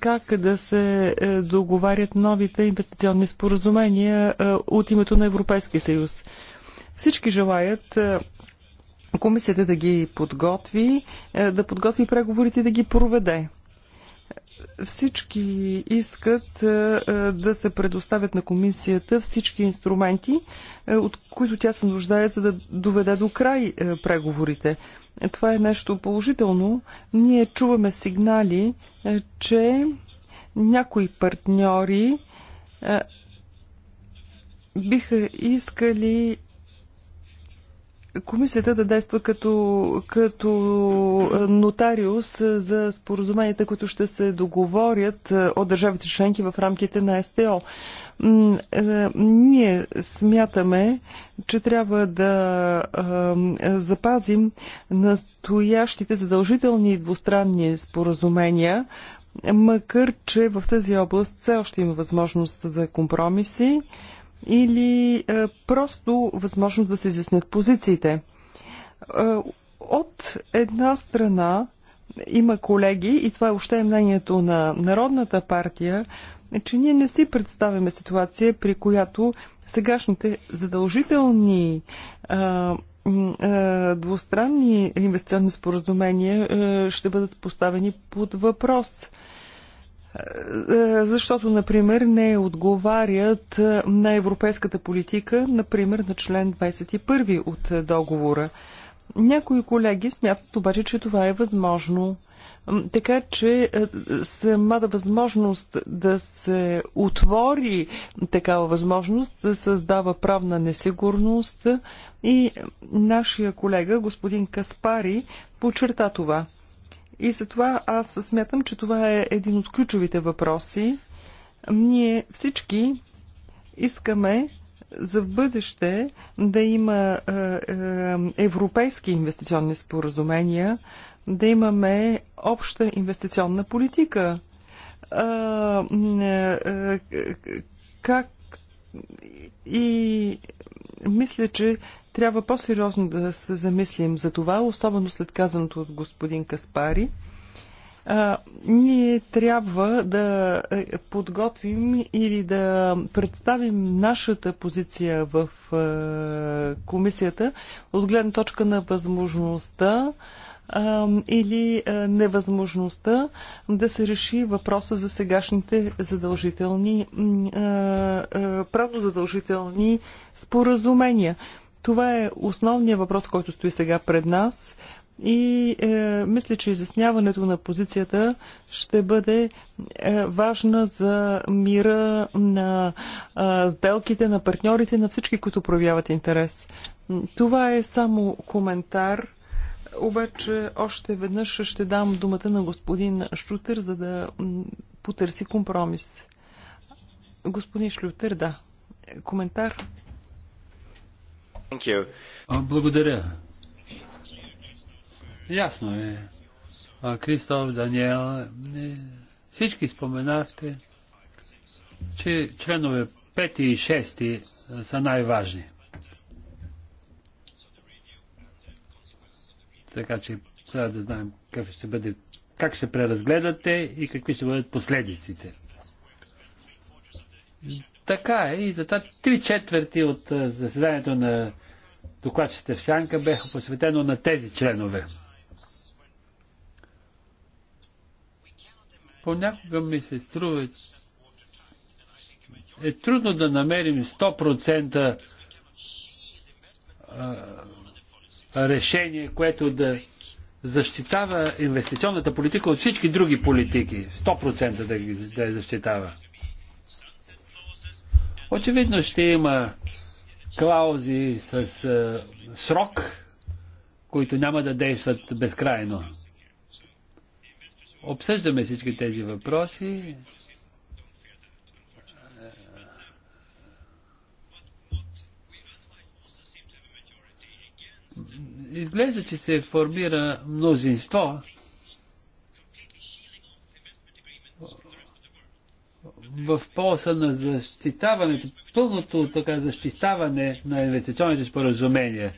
Как да се договарят новите инвестиционни споразумения от името на Европейския съюз? Всички желаят комисията да ги подготви, да подготви преговорите и да ги проведе всички искат е, е, да се предоставят на комисията всички инструменти, е, от които тя се нуждае, за да доведе до край преговорите. Това е нещо положително. Ние чуваме сигнали, че някои партньори биха искали комисията да действа като, като е, нотариус е, за споразуменията, които ще се договорят е, от държавите членки в рамките на СТО. Ние смятаме, че трябва да запазим настоящите задължителни двустранни споразумения, макар че в тази област все още има възможност за компромиси или е, просто възможност да се изяснят позициите. Е, от една страна има колеги, и това е още мнението на Народната партия, че ние не си представяме ситуация, при която сегашните задължителни е, е, двустранни инвестиционни споразумения е, ще бъдат поставени под въпрос защото, например, не отговарят на европейската политика, например, на член 21 от договора. Някои колеги смятат обаче, че това е възможно. Така че е, самата възможност да се отвори такава възможност да създава правна несигурност и нашия колега господин Каспари подчерта това – и затова аз смятам, че това е един от ключовите въпроси. Ние всички искаме за в бъдеще да има е, е, европейски инвестиционни споразумения, да имаме обща инвестиционна политика. Е, е, е как и мисля, че трябва по-сериозно да се замислим за това, особено след казаното от господин Каспари. А, ние трябва да е, подготвим или да представим нашата позиция в а, е, комисията от гледна точка на възможността а, или а, е, невъзможността да се реши въпроса за сегашните задължителни, а, а, правно задължителни споразумения. Това е основният въпрос, който стои сега пред нас и е, мисля, че изясняването на позицията ще бъде е, важна за мира на е, сделките, на партньорите, на всички, които проявяват интерес. Това е само коментар, обаче още веднъж ще дам думата на господин Шутер, за да потърси компромис. Господин Шлютер, да. Коментар? Благодаря. Ясно е. Кристоф, Даниел, е, всички споменахте, че членове 5 и 6 е, са най-важни. Така че трябва да знаем как ще бъде, как ще преразгледате и какви ще бъдат последиците. Така е и за това три четвърти от е, заседанието на докладчите в Сянка беха посветено на тези членове. Понякога ми се струва, е трудно да намерим 100% решение, което да защитава инвестиционната политика от всички други политики. 100% да, ги, да я защитава. Очевидно ще има клаузи с а, е, срок, които няма да действат безкрайно. Обсъждаме всички тези въпроси. Е, изглежда, че се формира мнозинство в полса на защитаването, пълното така защитаване на инвестиционните споразумения.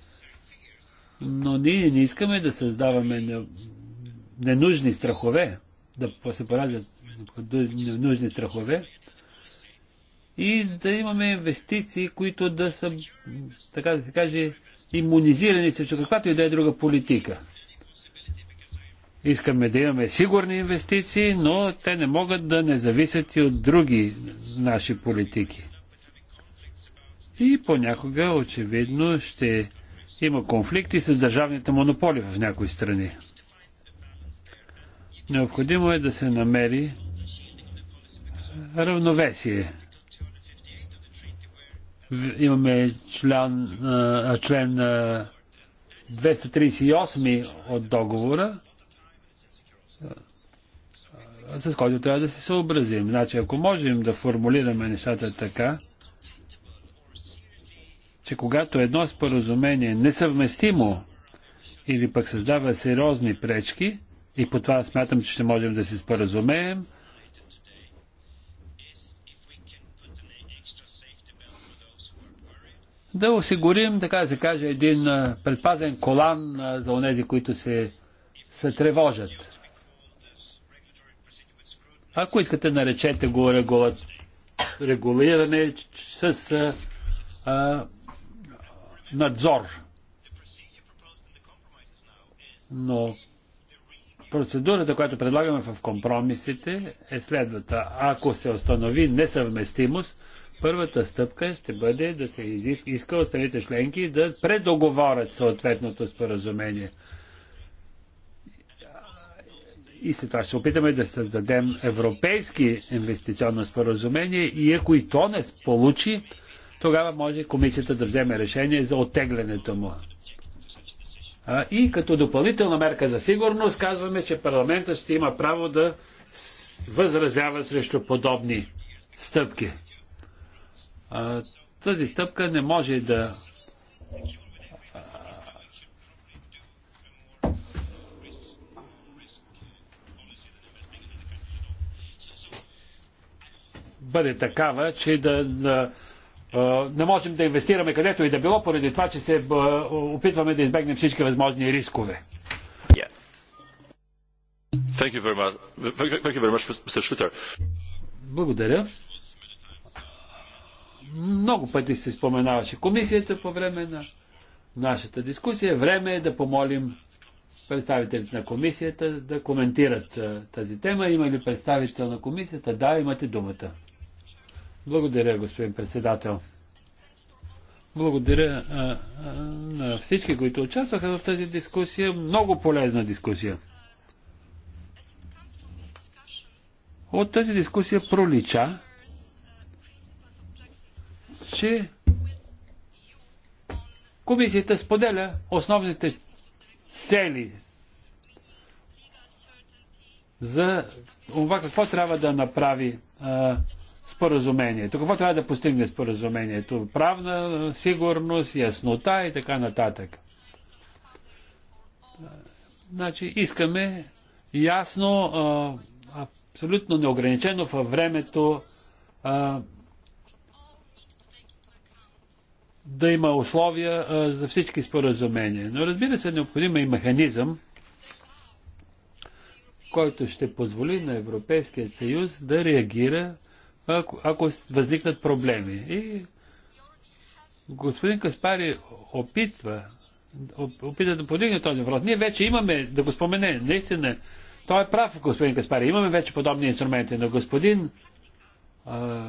Но ние не искаме да създаваме ненужни страхове, да се пораждат ненужни страхове и да имаме инвестиции, които да са, така да се каже, иммунизирани срещу каквато и да е друга политика. Искаме да имаме сигурни инвестиции, но те не могат да не зависят и от други наши политики. И понякога, очевидно, ще има конфликти с държавните монополи в някои страни. Необходимо е да се намери равновесие. Имаме член, член 238 от договора, с който трябва да се съобразим. Значи, ако можем да формулираме нещата така, че когато едно споразумение е несъвместимо или пък създава сериозни пречки, и по това смятам, че ще можем да се споразумеем, да осигурим, така да се каже, един предпазен колан за онези, които се, се тревожат. Ако искате, наречете го регулиране с а, а, надзор. Но процедурата, която предлагаме в компромисите е следвата. Ако се установи несъвместимост, първата стъпка ще бъде да се изиска от страните членки да предоговорят съответното споразумение и след това ще опитаме да създадем европейски инвестиционно споразумение и ако и то не получи, тогава може комисията да вземе решение за оттеглянето му. А, и като допълнителна мерка за сигурност казваме, че парламентът ще има право да възразява срещу подобни стъпки. А, тази стъпка не може да бъде такава, че да, да не можем да инвестираме където и да било, поради това, че се опитваме да избегнем всички възможни рискове. Благодаря. Много пъти се споменаваше комисията по време на нашата дискусия. Време е да помолим представителите на комисията да коментират тази тема. Има ли представител на комисията? Да, имате думата. Благодаря, господин председател. Благодаря а, на всички, които участваха в тази дискусия. Много полезна дискусия. От тази дискусия пролича, че комисията споделя основните цели за това какво трябва да направи а, споразумението. Какво трябва да постигне споразумението? Правна сигурност, яснота и така нататък. Значи искаме ясно, абсолютно неограничено във времето да има условия за всички споразумения. Но разбира се, необходим е и механизъм, който ще позволи на Европейския съюз да реагира ако, ако възникнат проблеми. И господин Каспари опитва, опита да подигне този въпрос. Ние вече имаме, да го спомене, наистина, той е прав, господин Каспари, имаме вече подобни инструменти, но господин а,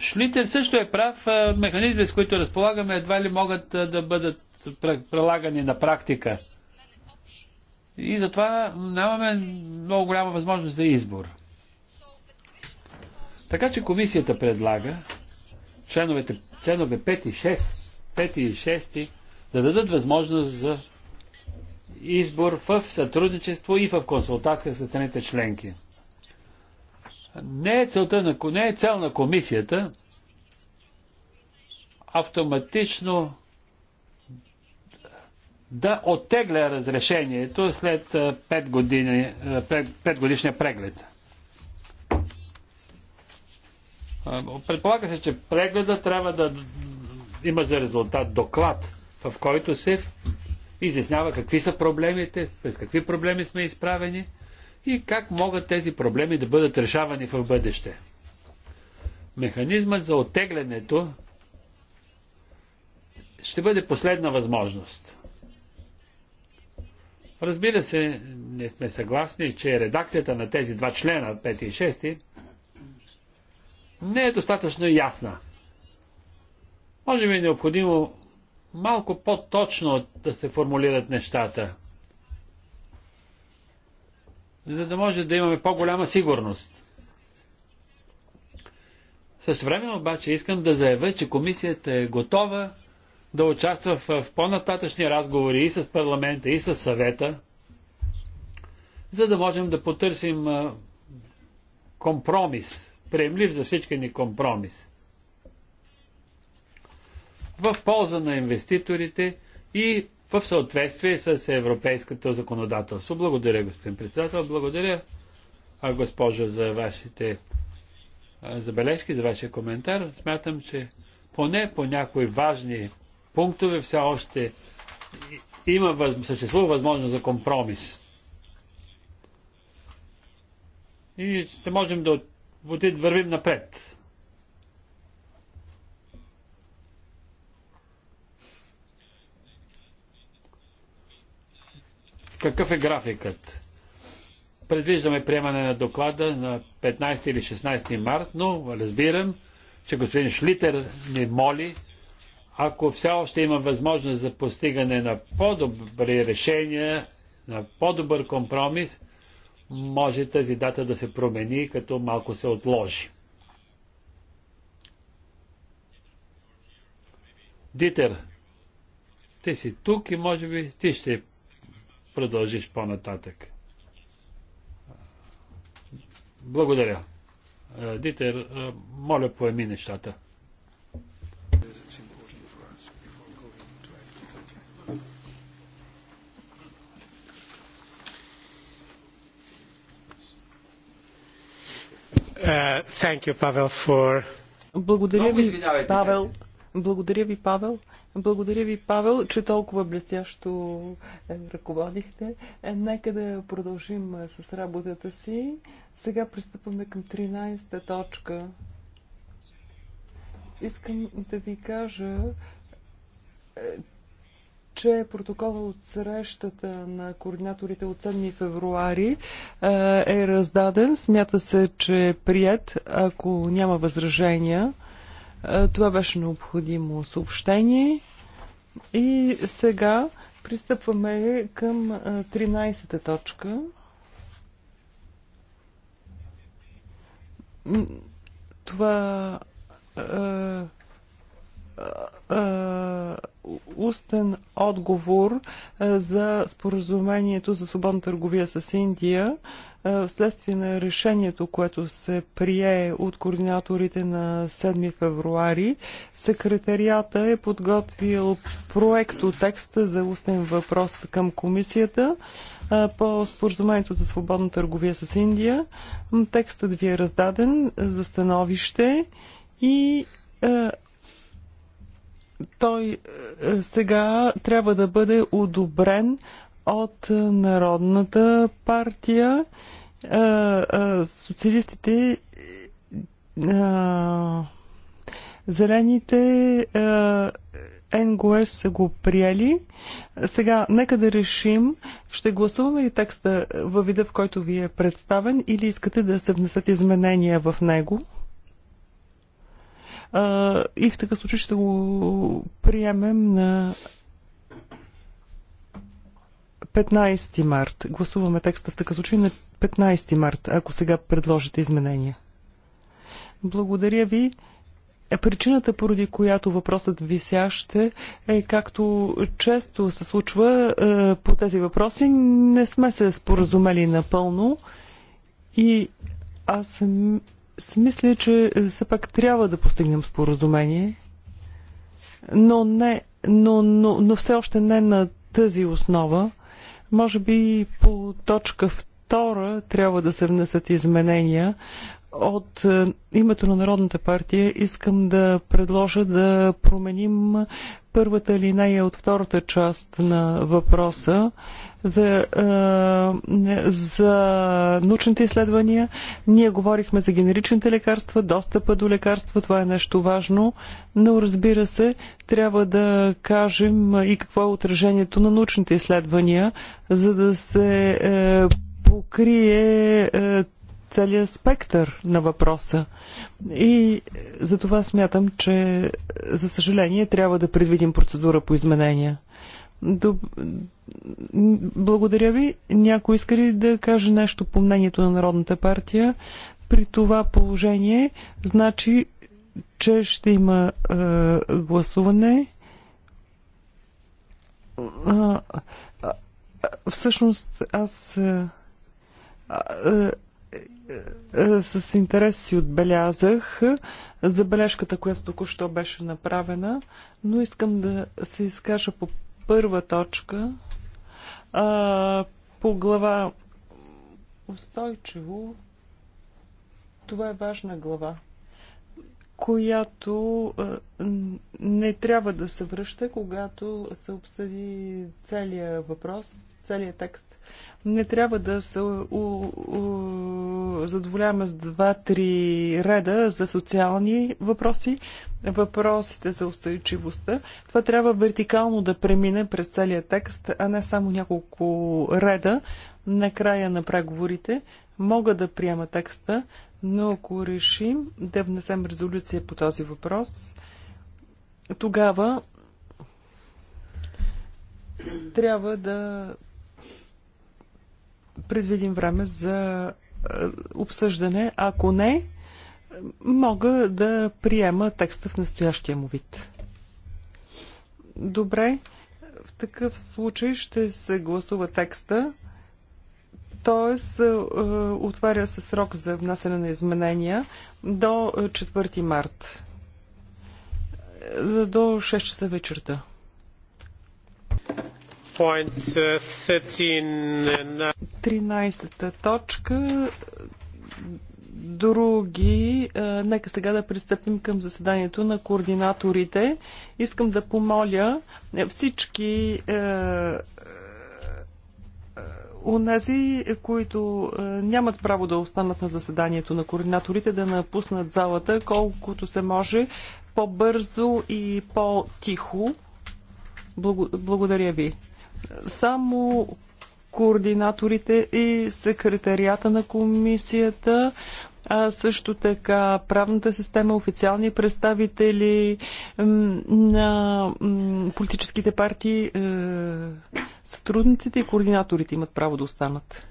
Шлитер също е прав, механизми, с които разполагаме, едва ли могат да бъдат прилагани на практика. И затова нямаме много голяма възможност за избор. Така че комисията предлага членовете, членове 5 и 6, 5 и 6 да дадат възможност за избор в сътрудничество и в консултация с страните членки. Не е, целта на, не е цел на комисията автоматично да оттегля разрешението след 5, години, 5, 5 годишния преглед. Предполага се, че прегледа трябва да има за резултат доклад, в който се изяснява какви са проблемите, през какви проблеми сме изправени и как могат тези проблеми да бъдат решавани в бъдеще. Механизмът за оттеглянето ще бъде последна възможност. Разбира се, не сме съгласни, че редакцията на тези два члена, 5 и не е достатъчно ясна. Може би е необходимо малко по-точно да се формулират нещата, за да може да имаме по-голяма сигурност. Също време обаче искам да заявя, че комисията е готова да участва в, в по-нататъчни разговори и с парламента, и с съвета, за да можем да потърсим компромис приемлив за всички ни компромис. В полза на инвеститорите и в съответствие с европейското законодателство. Благодаря, господин председател. Благодаря, госпожо, за вашите забележки, за вашия коментар. Смятам, че поне по някои важни пунктове все още има, съществува възможност за компромис. И ще можем да вървим напред. Какъв е графикът? Предвиждаме приемане на доклада на 15 или 16 март, но разбирам, че господин Шлитер ни моли, ако все още има възможност за постигане на по-добри решения, на по-добър компромис, може тази дата да се промени, като малко се отложи. Дитер, ти си тук и може би ти ще продължиш по-нататък. Благодаря. Дитер, моля поеми нещата. Uh, thank you, Pavel, for... Благодаря ви, Павел. Благодаря ви, Павел. Благодаря ви, Павел, че толкова блестящо е, ръководихте. Е, нека да продължим е, с работата си. Сега пристъпваме към 13-та точка. Искам да ви кажа, че протокола от срещата на координаторите от 7 февруари е, е раздаден. Смята се, че е прият, ако няма възражения. Е, това беше необходимо съобщение. И сега пристъпваме към 13-та е, точка. Това е е, е, устен отговор е, за споразумението за свободна търговия с Индия вследствие на решението, което се прие от координаторите на 7 февруари. Секретарията е подготвил проекто текста за устен въпрос към комисията по споразумението за свободна търговия с Индия. Текстът ви е раздаден за становище и той е, е, сега трябва да бъде одобрен от Народната партия. Е, социалистите Зелените е, НГОС са го приели. Сега, нека да решим, ще гласуваме ли текста във вида, в който ви е представен или искате да се внесат изменения в него? и в такъв случай ще го приемем на 15 март. Гласуваме текста в такъв случай на 15 март, ако сега предложите изменения. Благодаря ви. Е, причината, поради която въпросът висяще е, както често се случва е, по тези въпроси, не сме се споразумели напълно и аз Смисля, че е, все пак трябва да постигнем споразумение, но, не, но, но, но все още не на тази основа. Може би по точка втора трябва да се внесат изменения. От е, името на Народната партия искам да предложа да променим първата линия от втората част на въпроса за, за научните изследвания. Ние говорихме за генеричните лекарства, достъпа до лекарства. Това е нещо важно. Но разбира се, трябва да кажем и какво е отражението на научните изследвания, за да се е, покрие е, целият спектър на въпроса. И за това смятам, че за съжаление трябва да предвидим процедура по изменения. Доб... Благодаря ви. Някой иска ли да каже нещо по мнението на Народната партия? При това положение значи, че ще има е, гласуване. А, а, всъщност аз е, а, а, е, а, е, с интерес си отбелязах забележката, която току-що беше направена, но искам да се изкажа по първа точка а, по глава устойчиво. Това е важна глава, която а, не трябва да се връща, когато се обсъди целият въпрос Целия текст. Не трябва да се у, у, задоволяваме с два-три реда за социални въпроси, въпросите за устойчивостта. Това трябва вертикално да премине през целия текст, а не само няколко реда на края на преговорите. Мога да приема текста, но ако решим да внесем резолюция по този въпрос, тогава трябва да предвидим време за е, обсъждане. Ако не, мога да приема текста в настоящия му вид. Добре, в такъв случай ще се гласува текста, т.е. отваря се срок за внасяне на изменения до 4 март до 6 часа вечерта. Uh, uh, Тринайсета точка. Други. Е, нека сега да пристъпим към заседанието на координаторите. Искам да помоля е, всички е, Онези, които нямат право да останат на заседанието на координаторите, да напуснат залата колкото се може по-бързо и по-тихо. Благодаря ви. Само координаторите и секретарията на комисията а също така правната система, официални представители на политическите партии, е, сътрудниците и координаторите имат право да останат.